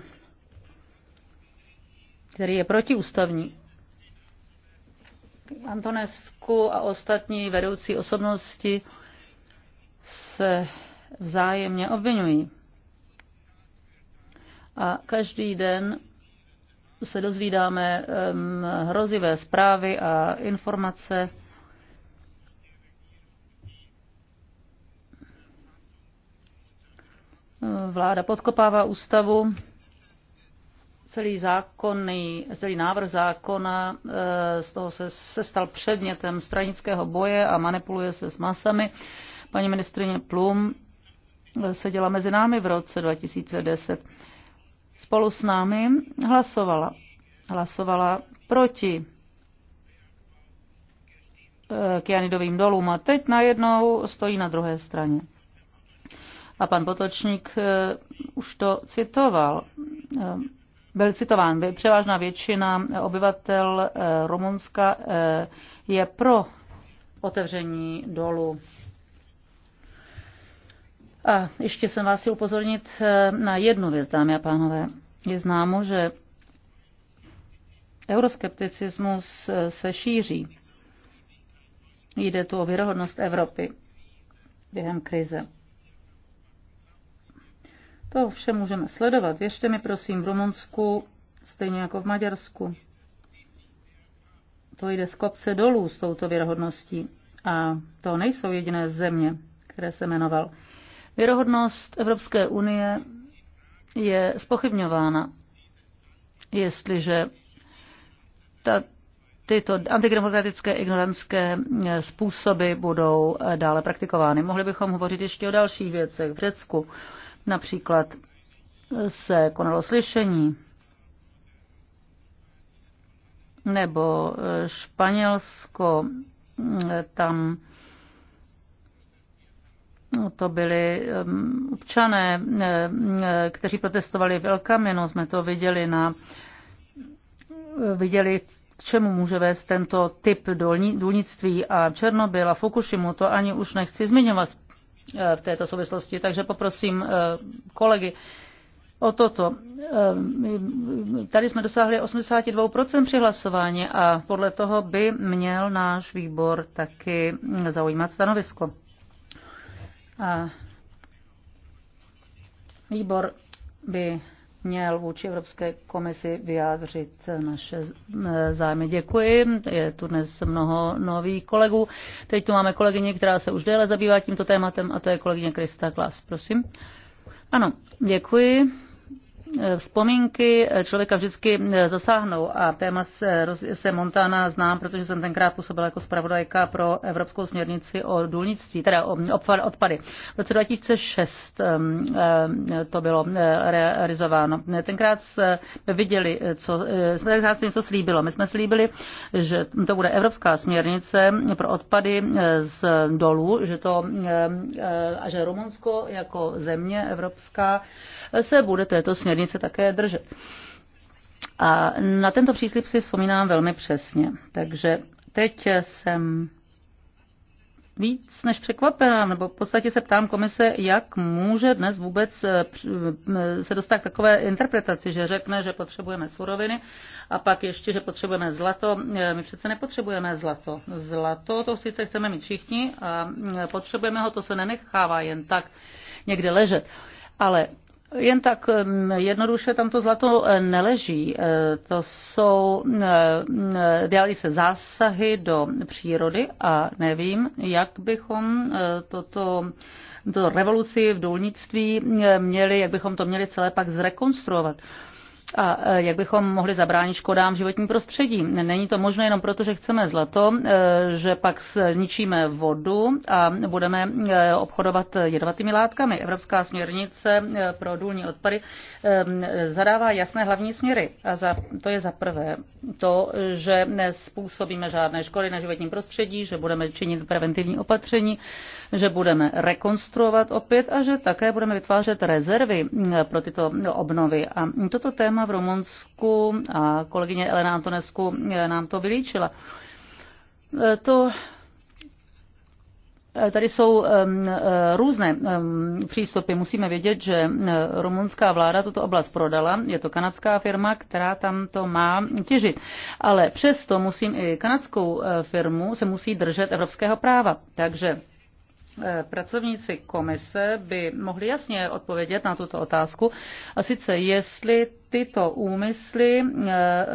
který je protiústavní. Antonesku a ostatní vedoucí osobnosti se vzájemně obvinují. A každý den se dozvídáme hrozivé zprávy a informace, Vláda podkopává ústavu celý, zákonný, celý návrh zákona eh, z toho se, se stal předmětem stranického boje a manipuluje se s masami. Paní ministrině Plum eh, seděla mezi námi v roce 2010. Spolu s námi hlasovala. Hlasovala proti eh, kyanidovým dolům a teď najednou stojí na druhé straně. A pan Potočník už to citoval byl citován. Převážná většina eh, obyvatel eh, Rumunska eh, je pro otevření dolu. A ještě jsem vás chtěl upozornit na jednu věc, dámy a pánové. Je známo, že euroskepticismus se šíří. Jde tu o věrohodnost Evropy během krize. To vše můžeme sledovat. Věřte mi prosím v Rumunsku, stejně jako v Maďarsku. To jde z kopce dolů s touto věrohodností. A to nejsou jediné země, které se jmenoval. Věrohodnost Evropské unie je spochybňována, jestliže ta, tyto antidemokratické ignorantské eh, způsoby budou eh, dále praktikovány. Mohli bychom hovořit ještě o dalších věcech v Řecku. Například se konalo slyšení nebo e, Španělsko, e, tam no, to byli občané, e, kteří protestovali v El Camino, jsme to viděli na viděli, k čemu může vést tento typ důlnictví a Černobyl a Fukushima, to ani už nechci zmiňovat v této souvislosti, takže poprosím eh, kolegy o toto. Eh, tady jsme dosáhli 82% při hlasování a podle toho by měl náš výbor taky zaujímat stanovisko. A výbor by měl vůči Evropské komisi vyjádřit naše zájmy. Děkuji. Je tu dnes mnoho nových kolegů. Teď tu máme kolegyně, která se už déle zabývá tímto tématem, a to je kolegyně Krista Klas. Prosím. Ano, děkuji. Eh, vzpomínky eh, člověka vždycky eh, zasáhnou a téma se, se Montana znám, protože jsem tenkrát působila jako zpravodajka pro Evropskou směrnici o důlnictví, teda o odpady. V roce 2006 to bylo realizováno. Tenkrát jsme viděli, co, jsme tenkrát něco slíbilo. My jsme slíbili, že to bude Evropská směrnice pro odpady z dolů, že to a že Rumunsko jako země evropská se bude této směrnice se také držet. A na tento příslip si vzpomínám velmi přesně. Takže teď jsem víc než překvapená, nebo v podstatě se ptám komise, jak může dnes vůbec eh, eh, se dostat k takové interpretaci, že řekne, že potřebujeme suroviny a pak ještě, že potřebujeme zlato. Eh, my přece nepotřebujeme zlato. Zlato to sice chceme mít všichni a mm, potřebujeme ho, to se nenechává jen tak někde ležet. Ale jen tak jednoduše tam to zlato eh, neleží. Eh, to jsou, eh, dělali se zásahy do přírody a nevím, jak bychom toto to revoluci v důlnictví měli, jak bychom to měli celé pak zrekonstruovat a e, jak bychom mohli zabránit škodám v životním prostředí. Není to možné jenom proto, že chceme zlato, e, že pak zničíme vodu a budeme e, obchodovat jedovatými látkami. Evropská směrnice pro důlní odpady zadává jasné hlavní směry. A za, to je za prvé to, že nespůsobíme žádné škody na životním prostředí, že budeme činit preventivní opatření, že budeme rekonstruovat opět a že také budeme vytvářet rezervy pro tyto obnovy. A toto téma téma v Rumunsku a kolegyně Elena Antonesku eh, nám to vylíčila. Eh, to eh, Tady jsou různé přístupy. Musíme vědět, že rumunská vláda tuto oblast prodala. Je to kanadská firma, která tam to má těžit. Ale přesto musím i kanadskou firmu se musí držet evropského práva. Takže Eh, pracovníci komise by mohli jasně odpovědět na tuto otázku, a sice jestli tyto úmysly eh, eh,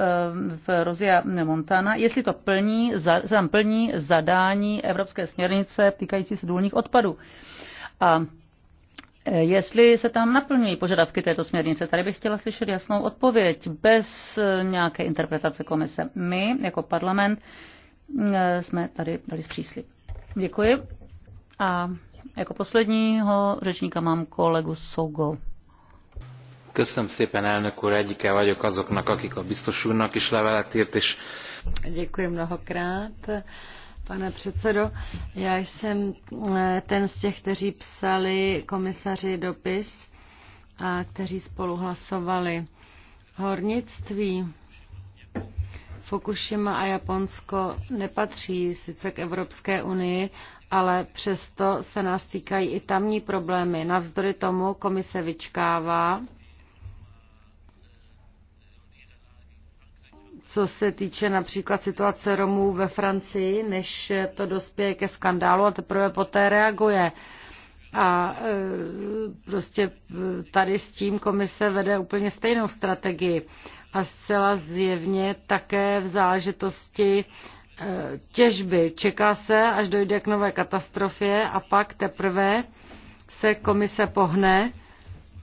v Rozia Montana, jestli to plní, tam plní zadání Evropské směrnice týkající se důlních odpadů. A Jestli se tam naplňují požadavky této směrnice, tady bych chtěla slyšet jasnou odpověď bez nějaké interpretace komise. My jako parlament jsme tady dali zpřísli. Děkuji. A jako posledního řečníka mám kolegu Sogo. Köszönöm szépen, elnök úr, egyike vagyok azoknak, akik a biztos úrnak is levelet írt, és... Děkuji mnohokrát, pane předsedo. Já jsem eh, ten z těch, kteří psali komisaři dopis a kteří spolu hlasovali. Hornictví Fukushima a Japonsko nepatří sice k Evropské unii, ale přesto se nás týkají i tamní problémy. Navzdory tomu komise vyčkává, co se týče například situace Romů ve Francii, než to dospěje ke skandálu a teprve poté reaguje. A e, prostě e, tady s tím komise vede úplně stejnou strategii. A zcela zjevně také v záležitosti těžby. Čeká se, až dojde k nové katastrofě a pak teprve se komise pohne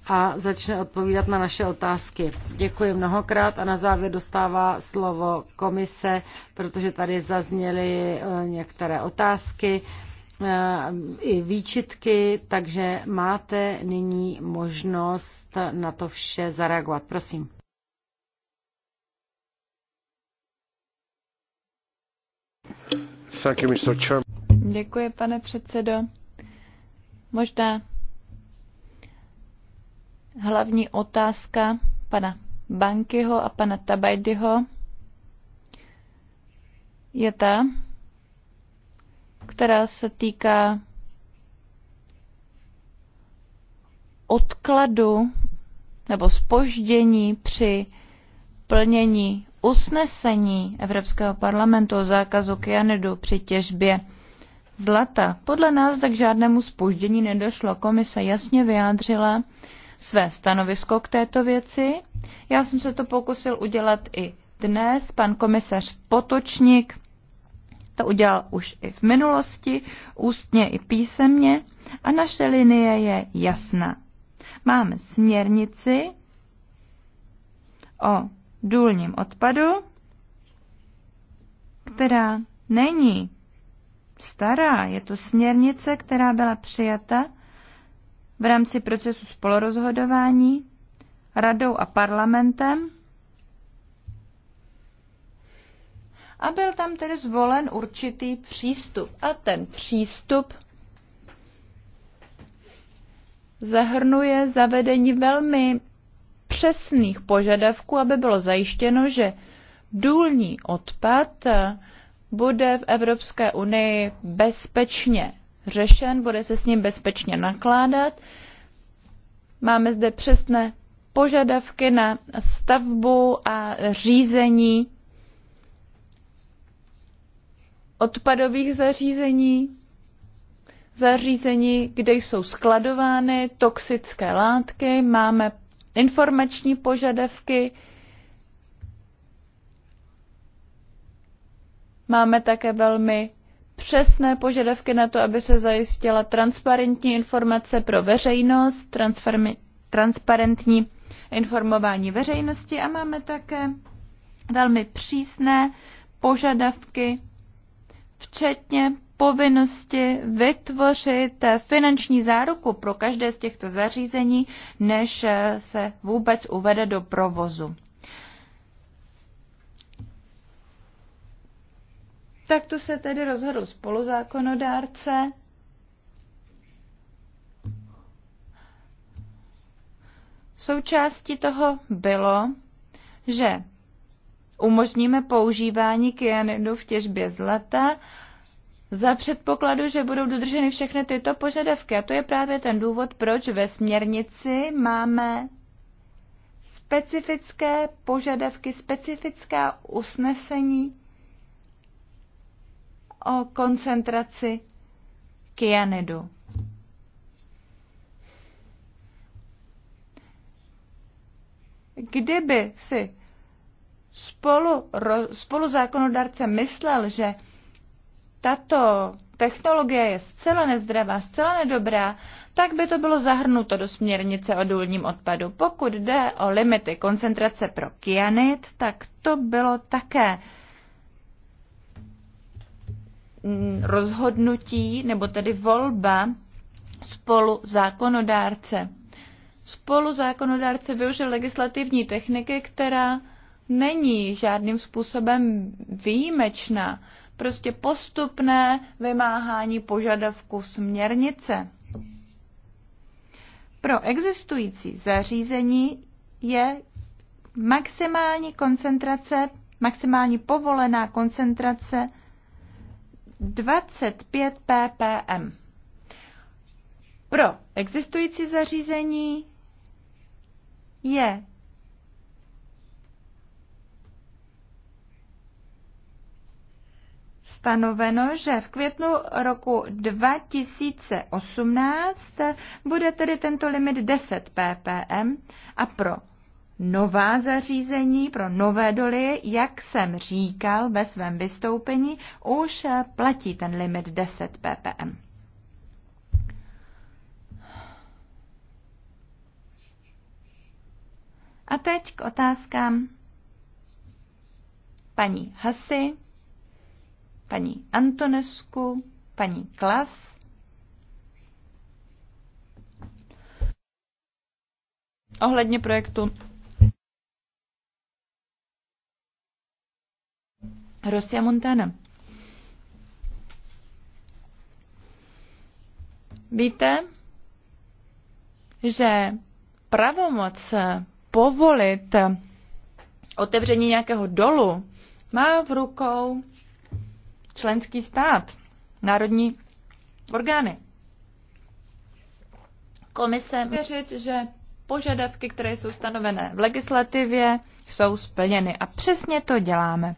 a začne odpovídat na naše otázky. Děkuji mnohokrát a na závěr dostává slovo komise, protože tady zazněly eh, některé otázky eh, i výčitky, takže máte nyní možnost na to vše zareagovat. Prosím. Děkuji, pane předsedo. Možná hlavní otázka pana Bankyho a pana Tabajdyho je ta, která se týká odkladu nebo spoždění při plnění usnesení Evropského parlamentu o zákazu kyanidu při těžbě zlata. Podle nás tak žádnému spoždění nedošlo. Komise jasně vyjádřila své stanovisko k této věci. Já jsem se to pokusil udělat i dnes. Pan komisař Potočník to udělal už i v minulosti, ústně i písemně a naše linie je jasná. Máme směrnici o důlním odpadu, která není stará, je to směrnice, která byla přijata v rámci procesu spolorozhodování radou a parlamentem. A byl tam tedy zvolen určitý přístup. A ten přístup zahrnuje zavedení velmi přesných požadavků, aby bylo zajištěno, že důlní odpad bude v Evropské unii bezpečně řešen, bude se s ním bezpečně nakládat. Máme zde přesné požadavky na stavbu a řízení odpadových zařízení, zařízení, kde jsou skladovány toxické látky. Máme informační požadavky. Máme také velmi přesné požadavky na to, aby se zajistila transparentní informace pro veřejnost, transparentní informování veřejnosti a máme také velmi přísné požadavky, včetně povinnosti vytvořit finanční záruku pro každé z těchto zařízení, než se vůbec uvede do provozu. Tak to se tedy rozhodl spoluzákonodárce. Součástí toho bylo, že umožníme používání kyanidu v těžbě zlata za předpokladu, že budou dodrženy všechny tyto požadavky. A to je právě ten důvod, proč ve směrnici máme specifické požadavky, specifická usnesení o koncentraci kyanidu. Kdyby si spolu, spolu zákonodárce myslel, že tato technologie je zcela nezdravá, zcela nedobrá, tak by to bylo zahrnuto do směrnice o důlním odpadu. Pokud jde o limity koncentrace pro kyanid, tak to bylo také rozhodnutí, nebo tedy volba spolu zákonodárce. Spolu zákonodárce využil legislativní techniky, která není žádným způsobem výjimečná prostě postupné vymáhání požadavku směrnice. Pro existující zařízení je maximální koncentrace, maximální povolená koncentrace 25 ppm. Pro existující zařízení je stanoveno, že v květnu roku 2018 bude tedy tento limit 10 ppm a pro nová zařízení, pro nové doly, jak jsem říkal ve svém vystoupení, už platí ten limit 10 ppm. A teď k otázkám paní Hasy paní Antonesku, paní Klas. Ohledně projektu Rosia Montana. Víte, že pravomoc povolit otevření nějakého dolu má v rukou členský stát, národní orgány. Komise věřit, že požadavky, které jsou stanovené v legislativě, jsou splněny. A přesně to děláme.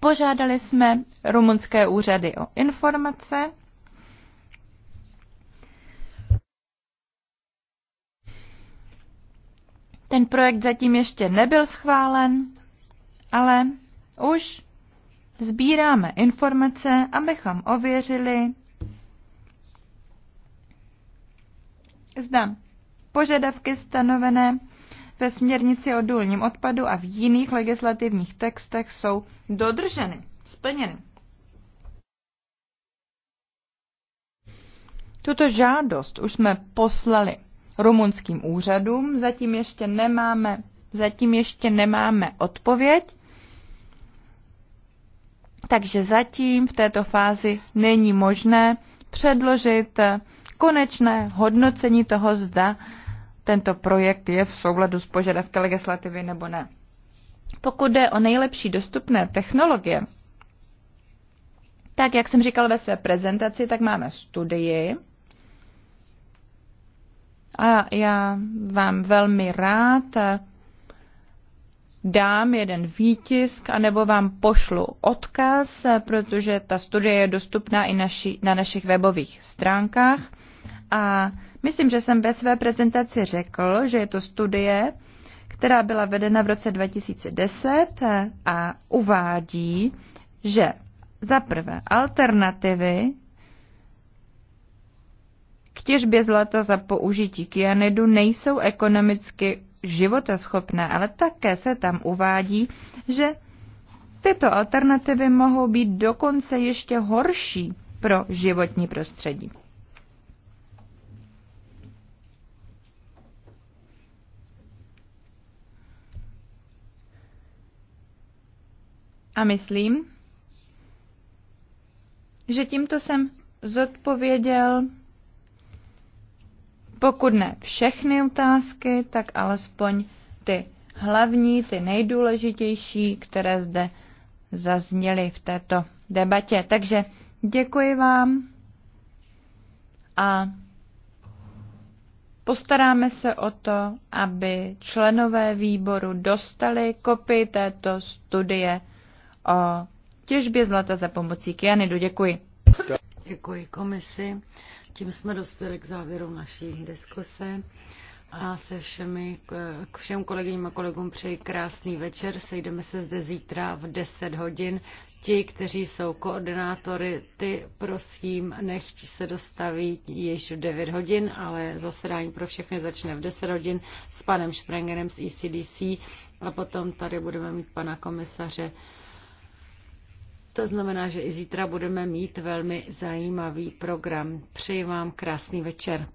Požádali jsme rumunské úřady o informace. Ten projekt zatím ještě nebyl schválen, ale už sbíráme informace, abychom ověřili, zda požadavky stanovené ve směrnici o důlním odpadu a v jiných legislativních textech jsou dodrženy, splněny. Tuto žádost už jsme poslali rumunským úřadům, zatím ještě nemáme, zatím ještě nemáme odpověď. Takže zatím v této fázi není možné předložit konečné hodnocení toho, zda tento projekt je v souladu s požadavky legislativy nebo ne. Pokud jde o nejlepší dostupné technologie, tak jak jsem říkal ve své prezentaci, tak máme studii. A já vám velmi rád dám jeden výtisk, anebo vám pošlu odkaz, protože ta studie je dostupná i naši, na našich webových stránkách. A myslím, že jsem ve své prezentaci řekl, že je to studie, která byla vedena v roce 2010 a uvádí, že za prvé alternativy k těžbě zlata za použití kyanidu nejsou ekonomicky životaschopné, ale také se tam uvádí, že tyto alternativy mohou být dokonce ještě horší pro životní prostředí. A myslím, že tímto jsem zodpověděl pokud ne všechny otázky, tak alespoň ty hlavní, ty nejdůležitější, které zde zazněly v této debatě. Takže děkuji vám a postaráme se o to, aby členové výboru dostali kopii této studie o těžbě zlata za pomocí kyanidu. Děkuji. Děkuji komisi. Tím jsme dospěli k závěru naší diskuse a se všemi, k všem kolegyním a kolegům přeji krásný večer. Sejdeme se zde zítra v 10 hodin. Ti, kteří jsou koordinátory, ty prosím nechť se dostaví již v 9 hodin, ale zasedání pro všechny začne v 10 hodin s panem Sprengerem z ECDC a potom tady budeme mít pana komisaře to znamená, že i zítra budeme mít velmi zajímavý program. Přeji vám krásný večer.